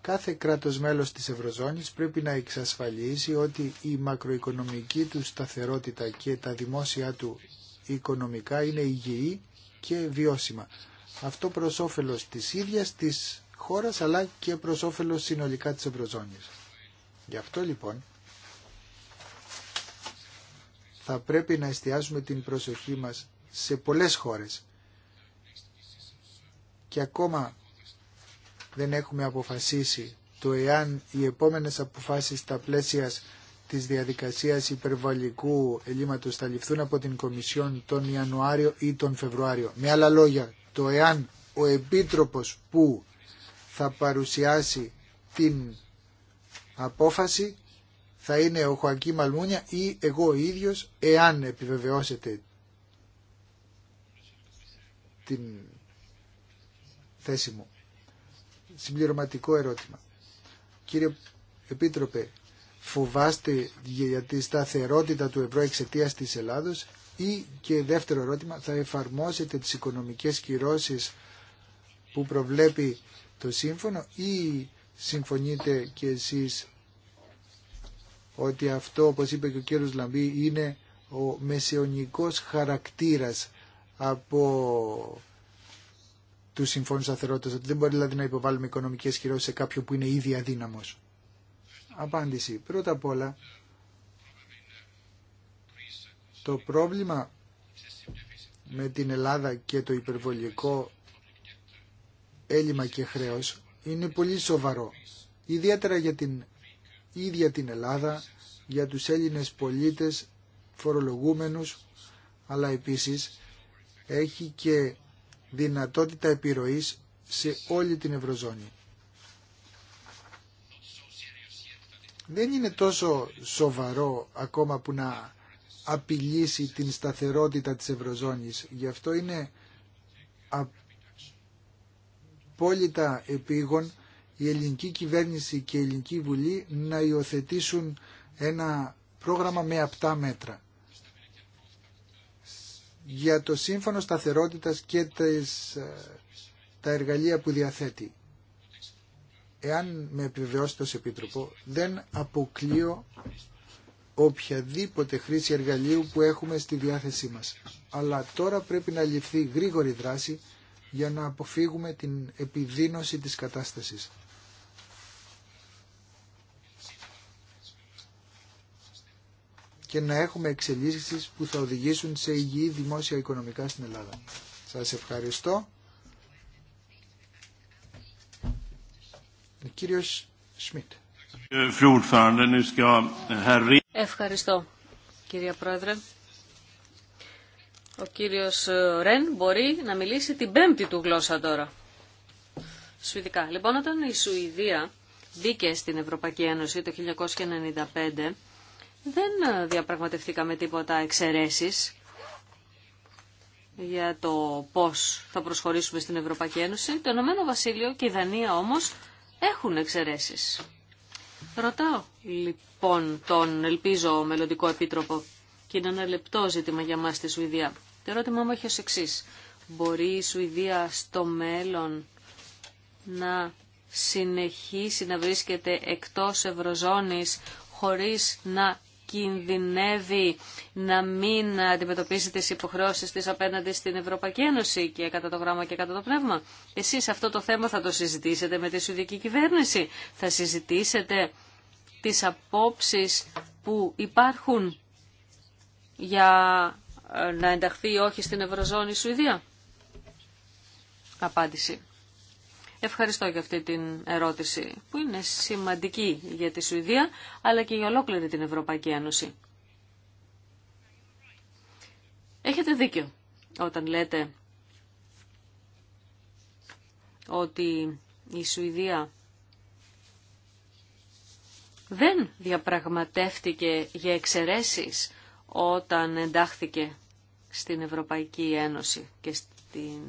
κάθε κράτος μέλος της Ευρωζώνης πρέπει να εξασφαλίσει ότι η μακροοικονομική του σταθερότητα και τα δημόσια του οικονομικά είναι υγιή και βιώσιμα. Αυτό προς όφελος της ίδιας της χώρας αλλά και προς όφελος συνολικά της Ευρωζώνης. Γι' αυτό λοιπόν θα πρέπει να εστιάσουμε την προσοχή μας σε πολλές χώρες και ακόμα δεν έχουμε αποφασίσει το εάν οι επόμενες αποφάσεις στα πλαίσια της διαδικασίας υπερβαλλικού ελλείμματος θα ληφθούν από την Κομισιόν τον Ιανουάριο ή τον Φεβρουάριο. Με άλλα λόγια, το εάν ο Επίτροπος που θα παρουσιάσει την απόφαση θα είναι ο Χωακή Μαλμούνια ή εγώ ίδιος εάν επιβεβαιώσετε την θέση μου συμπληρωματικό ερώτημα. Κύριε Επίτροπε, φοβάστε για τη σταθερότητα του ευρώ εξαιτία τη Ελλάδος ή και δεύτερο ερώτημα, θα εφαρμόσετε τι οικονομικές κυρώσει που προβλέπει το σύμφωνο ή συμφωνείτε και εσείς ότι αυτό, όπως είπε και ο κύριος Λαμπή, είναι ο μεσαιωνικός χαρακτήρας από του Συμφώνου Σταθερότητα, ότι δεν μπορεί δηλαδή να υποβάλουμε οικονομικέ χειρώσει σε κάποιον που είναι ήδη αδύναμο. Απάντηση. Πρώτα απ' όλα, το πρόβλημα με την Ελλάδα και το υπερβολικό έλλειμμα και χρέος είναι πολύ σοβαρό. Ιδιαίτερα για την ίδια την Ελλάδα, για τους Έλληνες πολίτες φορολογούμενους, αλλά επίσης έχει και δυνατότητα επιρροής σε όλη την Ευρωζώνη. Δεν είναι τόσο σοβαρό ακόμα που να απειλήσει την σταθερότητα της Ευρωζώνης. Γι' αυτό είναι απόλυτα επίγον η ελληνική κυβέρνηση και η ελληνική βουλή να υιοθετήσουν ένα πρόγραμμα με απτά μέτρα για το σύμφωνο σταθερότητας και τις, ε, τα εργαλεία που διαθέτει. Εάν με επιβεβαιώσετε ως Επίτροπο, δεν αποκλείω οποιαδήποτε χρήση εργαλείου που έχουμε στη διάθεσή μας. Αλλά τώρα πρέπει να ληφθεί γρήγορη δράση για να αποφύγουμε την επιδείνωση της κατάστασης. και να έχουμε εξελίξεις που θα οδηγήσουν σε υγιή δημόσια οικονομικά στην Ελλάδα. Σας ευχαριστώ. Ο κύριος Σμιτ. Ευχαριστώ, κύριε Πρόεδρε. Ο κύριος Ρεν μπορεί να μιλήσει την πέμπτη του γλώσσα τώρα. Σουηδικά. Λοιπόν, όταν η Σουηδία μπήκε στην Ευρωπαϊκή Ένωση το 1995, δεν διαπραγματευτήκαμε τίποτα εξαιρέσει για το πώς θα προσχωρήσουμε στην Ευρωπαϊκή Ένωση. Το Ηνωμένο Βασίλειο και η Δανία όμως έχουν εξαιρέσει. Ρωτάω λοιπόν τον ελπίζω μελλοντικό επίτροπο και είναι ένα λεπτό ζήτημα για μας στη Σουηδία. Το ερώτημά μου έχει ως Μπορεί η Σουηδία στο μέλλον να συνεχίσει να βρίσκεται εκτός Ευρωζώνης χωρίς να κινδυνεύει να μην αντιμετωπίσει τις υποχρεώσεις της απέναντι στην Ευρωπαϊκή Ένωση και κατά το γράμμα και κατά το πνεύμα. Εσείς αυτό το θέμα θα το συζητήσετε με τη Σουηδική Κυβέρνηση. Θα συζητήσετε τις απόψεις που υπάρχουν για ε, να ενταχθεί όχι στην Ευρωζώνη η Σουηδία. Απάντηση. Ευχαριστώ για αυτή την ερώτηση που είναι σημαντική για τη Σουηδία αλλά και για ολόκληρη την Ευρωπαϊκή Ένωση. Έχετε δίκιο όταν λέτε ότι η Σουηδία δεν διαπραγματεύτηκε για εξαιρέσει όταν εντάχθηκε στην Ευρωπαϊκή Ένωση και στην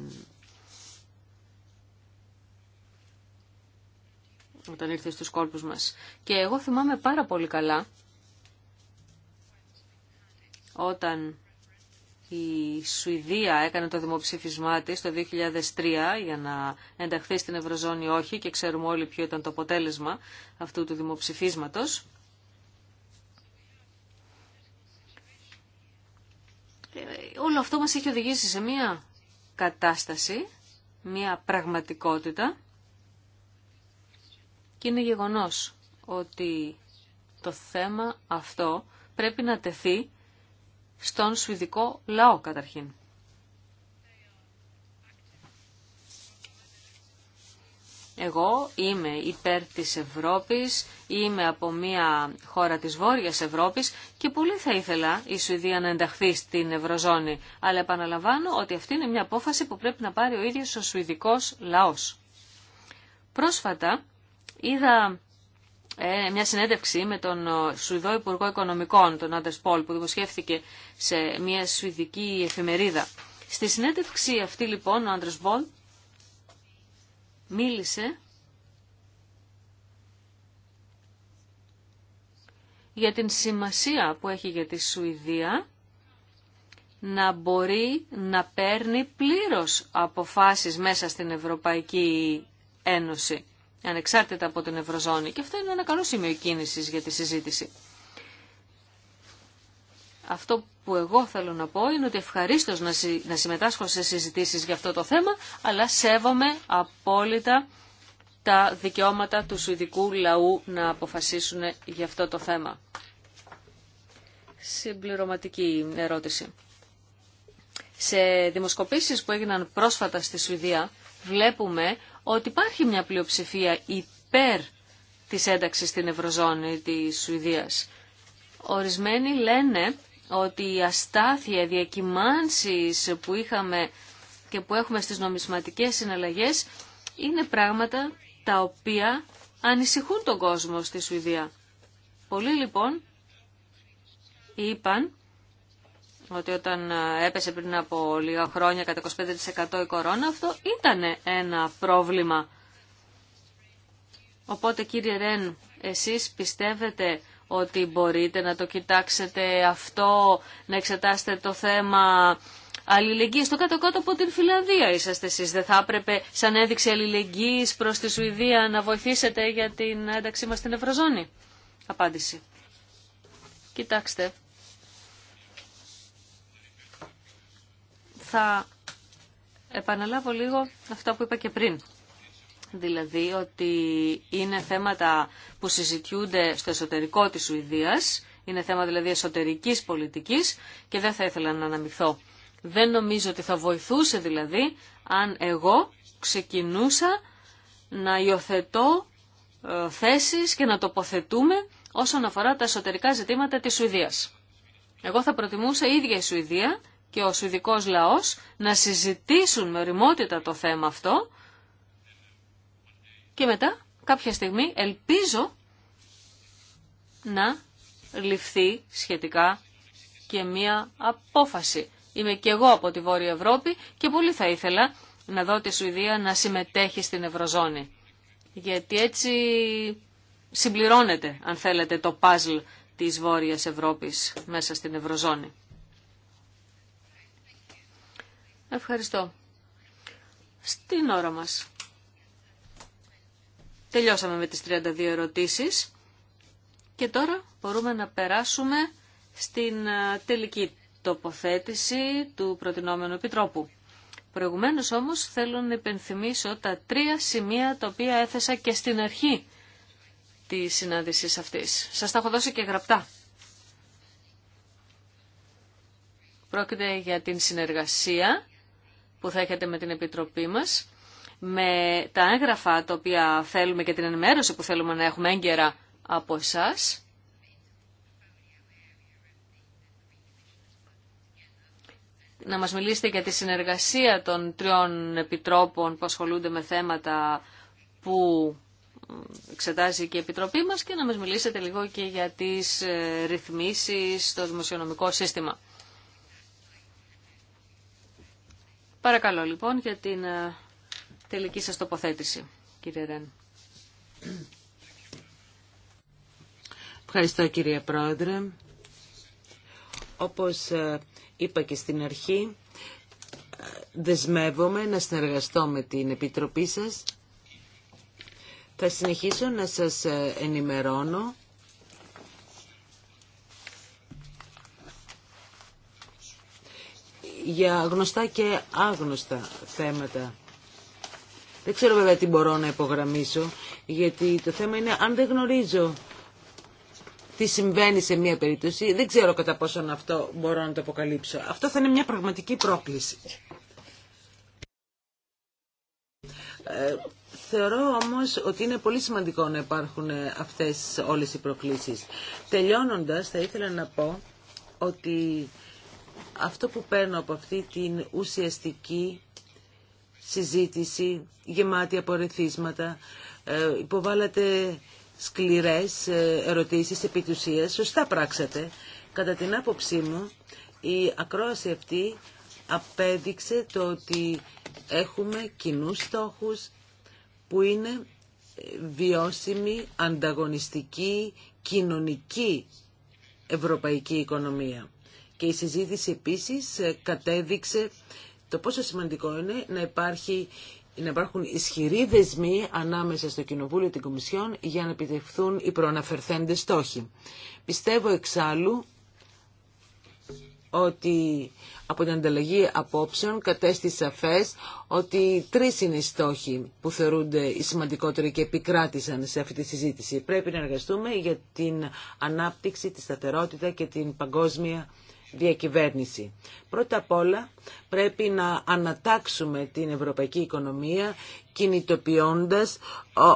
όταν ήρθε στους κόλπους μας. Και εγώ θυμάμαι πάρα πολύ καλά όταν η Σουηδία έκανε το δημοψήφισμά της το 2003 για να ενταχθεί στην Ευρωζώνη όχι και ξέρουμε όλοι ποιο ήταν το αποτέλεσμα αυτού του δημοψηφίσματος. Όλο αυτό μας έχει οδηγήσει σε μια κατάσταση, μια πραγματικότητα και είναι γεγονός ότι το θέμα αυτό πρέπει να τεθεί στον σουηδικό λαό καταρχήν. Εγώ είμαι υπέρ της Ευρώπης, είμαι από μια χώρα της Βόρειας Ευρώπης και πολύ θα ήθελα η Σουηδία να ενταχθεί στην Ευρωζώνη. Αλλά επαναλαμβάνω ότι αυτή είναι μια απόφαση που πρέπει να πάρει ο ίδιος ο Σουηδικός λαός. Πρόσφατα Είδα ε, μια συνέντευξη με τον ε, Σουηδό Υπουργό Οικονομικών, τον Άντερ Πολ, που δημοσιεύθηκε σε μια σουηδική εφημερίδα. Στη συνέντευξη αυτή λοιπόν ο Άντερ Πολ μίλησε για την σημασία που έχει για τη Σουηδία να μπορεί να παίρνει πλήρως αποφάσεις μέσα στην Ευρωπαϊκή Ένωση ανεξάρτητα από την Ευρωζώνη. Και αυτό είναι ένα καλό σημείο κίνησης για τη συζήτηση. Αυτό που εγώ θέλω να πω είναι ότι ευχαρίστως να, να συμμετάσχω σε συζητήσεις για αυτό το θέμα, αλλά σέβομαι απόλυτα τα δικαιώματα του Σουηδικού λαού να αποφασίσουν για αυτό το θέμα. Συμπληρωματική ερώτηση. Σε δημοσκοπήσεις που έγιναν πρόσφατα στη Σουηδία, βλέπουμε ότι υπάρχει μια πλειοψηφία υπέρ της ένταξης στην Ευρωζώνη της Σουηδίας. Ορισμένοι λένε ότι η αστάθεια διακυμάνσεις που είχαμε και που έχουμε στις νομισματικές συναλλαγές είναι πράγματα τα οποία ανησυχούν τον κόσμο στη Σουηδία. Πολλοί λοιπόν είπαν ότι όταν ε, έπεσε πριν από λίγα χρόνια κατά 25% η κορώνα, αυτό ήταν ένα πρόβλημα. Οπότε κύριε Ρεν, εσείς πιστεύετε ότι μπορείτε να το κοιτάξετε αυτό, να εξετάσετε το θέμα αλληλεγγύης. Στο κάτω-κάτω από την Φιλανδία είσαστε εσείς. Δεν θα έπρεπε σαν έδειξη αλληλεγγύης προς τη Σουηδία να βοηθήσετε για την ένταξή μας στην Ευρωζώνη. Απάντηση. Κοιτάξτε, θα επαναλάβω λίγο αυτά που είπα και πριν. Δηλαδή ότι είναι θέματα που συζητιούνται στο εσωτερικό της Σουηδίας, είναι θέμα δηλαδή εσωτερικής πολιτικής και δεν θα ήθελα να αναμειχθώ. Δεν νομίζω ότι θα βοηθούσε δηλαδή αν εγώ ξεκινούσα να υιοθετώ ε, θέσεις και να τοποθετούμε όσον αφορά τα εσωτερικά ζητήματα της Σουηδίας. Εγώ θα προτιμούσα η ίδια η Σουηδία και ο Σουηδικός λαός να συζητήσουν με οριμότητα το θέμα αυτό και μετά κάποια στιγμή ελπίζω να ληφθεί σχετικά και μία απόφαση. Είμαι και εγώ από τη Βόρεια Ευρώπη και πολύ θα ήθελα να δω τη Σουηδία να συμμετέχει στην Ευρωζώνη. Γιατί έτσι συμπληρώνεται, αν θέλετε, το παζλ της Βόρειας Ευρώπης μέσα στην Ευρωζώνη. Ευχαριστώ. Στην ώρα μας. Τελειώσαμε με τις 32 ερωτήσεις και τώρα μπορούμε να περάσουμε στην τελική τοποθέτηση του προτινόμενου επιτρόπου. Προηγουμένως όμως θέλω να υπενθυμίσω τα τρία σημεία τα οποία έθεσα και στην αρχή της συνάντησης αυτής. Σας τα έχω δώσει και γραπτά. Πρόκειται για την συνεργασία που θα έχετε με την Επιτροπή μας, με τα έγγραφα τα οποία θέλουμε και την ενημέρωση που θέλουμε να έχουμε έγκαιρα από εσάς. Να μας μιλήσετε για τη συνεργασία των τριών επιτρόπων που ασχολούνται με θέματα που εξετάζει και η Επιτροπή μας και να μας μιλήσετε λίγο και για τις ε, ρυθμίσεις στο δημοσιονομικό σύστημα. Παρακαλώ λοιπόν για την ε, τελική σας τοποθέτηση, κύριε Ρεν. Ευχαριστώ κύριε Πρόεδρε. Όπως ε, είπα και στην αρχή, ε, δεσμεύομαι να συνεργαστώ με την Επιτροπή σας. Θα συνεχίσω να σας ενημερώνω για γνωστά και άγνωστα θέματα. Δεν ξέρω βέβαια τι μπορώ να υπογραμμίσω, γιατί το θέμα είναι αν δεν γνωρίζω τι συμβαίνει σε μία περίπτωση, δεν ξέρω κατά πόσο αυτό μπορώ να το αποκαλύψω. Αυτό θα είναι μια πραγματική πρόκληση. Ε, θεωρώ όμως ότι είναι πολύ σημαντικό να υπάρχουν αυτές όλες οι προκλήσεις. Τελειώνοντας, θα ήθελα να πω ότι αυτό που παίρνω από αυτή την ουσιαστική συζήτηση γεμάτη από ρεθίσματα, ε, υποβάλλατε σκληρές ε, ερωτήσεις επί της Σωστά πράξατε. Κατά την άποψή μου, η ακρόαση αυτή απέδειξε το ότι έχουμε κοινούς στόχους που είναι βιώσιμη, ανταγωνιστική, κοινωνική ευρωπαϊκή οικονομία. Και η συζήτηση επίσης ε, κατέδειξε το πόσο σημαντικό είναι να υπάρχει να υπάρχουν ισχυροί δεσμοί ανάμεσα στο Κοινοβούλιο και την Κομισιόν για να επιτευχθούν οι προαναφερθέντες στόχοι. Πιστεύω εξάλλου ότι από την ανταλλαγή απόψεων κατέστη σαφές ότι τρεις είναι οι στόχοι που θεωρούνται οι σημαντικότεροι και επικράτησαν σε αυτή τη συζήτηση. Πρέπει να εργαστούμε για την ανάπτυξη, τη σταθερότητα και την παγκόσμια διακυβέρνηση. Πρώτα απ' όλα πρέπει να ανατάξουμε την ευρωπαϊκή οικονομία κινητοποιώντας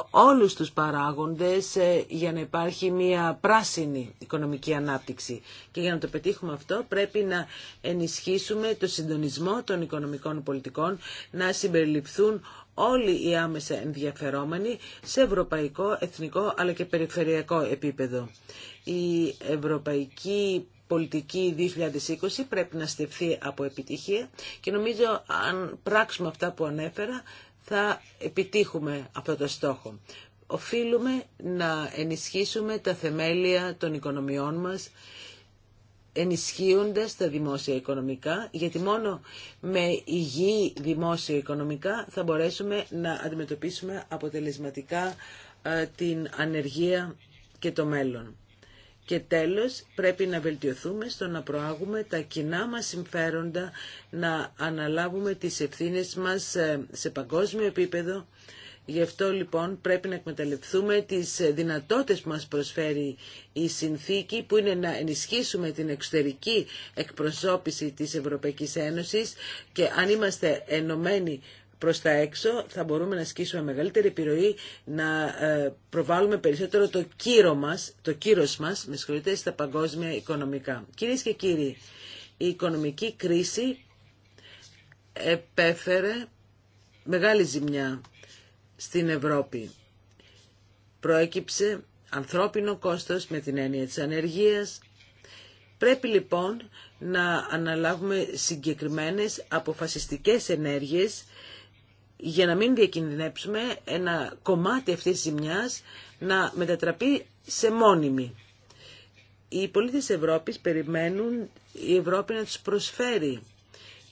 όλους τους παράγοντες ε, για να υπάρχει μια πράσινη οικονομική ανάπτυξη. Και για να το πετύχουμε αυτό πρέπει να ενισχύσουμε το συντονισμό των οικονομικών πολιτικών, να συμπεριληφθούν όλοι οι άμεσα ενδιαφερόμενοι σε ευρωπαϊκό, εθνικό αλλά και περιφερειακό επίπεδο. Η ευρωπαϊκή πολιτική 2020 πρέπει να στεφθεί από επιτυχία και νομίζω αν πράξουμε αυτά που ανέφερα θα επιτύχουμε αυτό το στόχο. Οφείλουμε να ενισχύσουμε τα θεμέλια των οικονομιών μας ενισχύοντας τα δημόσια οικονομικά, γιατί μόνο με υγιή δημόσια οικονομικά θα μπορέσουμε να αντιμετωπίσουμε αποτελεσματικά ε, την ανεργία και το μέλλον. Και τέλος πρέπει να βελτιωθούμε στο να προάγουμε τα κοινά μας συμφέροντα, να αναλάβουμε τις ευθύνες μας ε, σε παγκόσμιο επίπεδο. Γι' αυτό λοιπόν πρέπει να εκμεταλλευτούμε τις δυνατότητες που μας προσφέρει η συνθήκη που είναι να ενισχύσουμε την εξωτερική εκπροσώπηση της Ευρωπαϊκής Ένωσης και αν είμαστε ενωμένοι προς τα έξω θα μπορούμε να ασκήσουμε μεγαλύτερη επιρροή, να ε, προβάλλουμε περισσότερο το, κύρο μας, το κύρος μας με συγχωρείτε, στα παγκόσμια οικονομικά. Κυρίες και κύριοι, η οικονομική κρίση επέφερε μεγάλη ζημιά στην Ευρώπη. Προέκυψε ανθρώπινο κόστος με την έννοια της ανεργίας. Πρέπει λοιπόν να αναλάβουμε συγκεκριμένες αποφασιστικές ενέργειες για να μην διακινδυνέψουμε ένα κομμάτι αυτής της ζημιάς να μετατραπεί σε μόνιμη. Οι πολίτες Ευρώπης περιμένουν η Ευρώπη να τους προσφέρει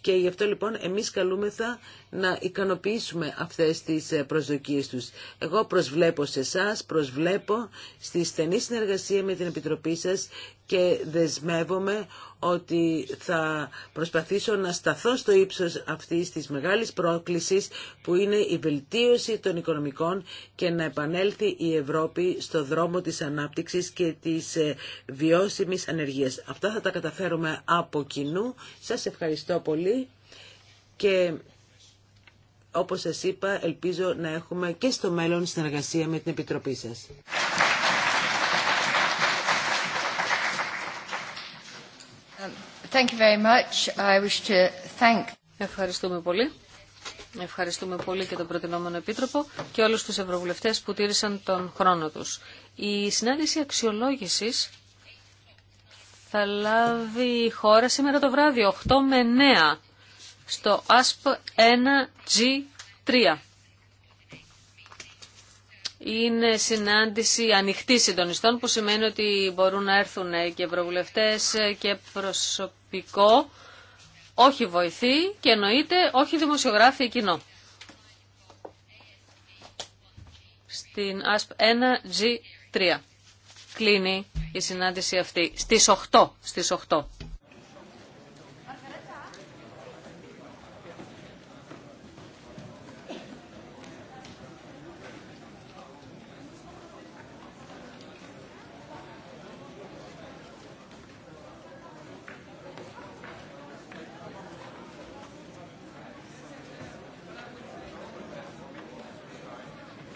και γι' αυτό λοιπόν εμείς καλούμεθα να ικανοποιήσουμε αυτές τις ε, προσδοκίες τους. Εγώ προσβλέπω σε εσά, προσβλέπω στη στενή συνεργασία με την Επιτροπή σας και δεσμεύομαι ότι θα προσπαθήσω να σταθώ στο ύψος αυτής της μεγάλης πρόκλησης που είναι η βελτίωση των οικονομικών και να επανέλθει η Ευρώπη στο δρόμο της ανάπτυξης και της ε, βιώσιμης ανεργίας. Αυτά θα τα καταφέρουμε από κοινού. Σας ευχαριστώ πολύ και όπως σας είπα ελπίζω να έχουμε και στο μέλλον συνεργασία με την Επιτροπή σας. Ευχαριστούμε πολύ. Ευχαριστούμε πολύ και τον Προτινόμενο Επίτροπο και όλους τους Ευρωβουλευτές που τήρησαν τον χρόνο τους. Η συνάντηση αξιολόγησης θα λάβει η χώρα σήμερα το βράδυ, 8 με 9, στο ASP 1G3 είναι συνάντηση ανοιχτή συντονιστών που σημαίνει ότι μπορούν να έρθουν και προβουλευτές και προσωπικό, όχι βοηθή και εννοείται όχι δημοσιογράφοι ή κοινό. Στην ΑΣΠ 1G3 κλείνει η συνάντηση αυτή στις 8, στις 8.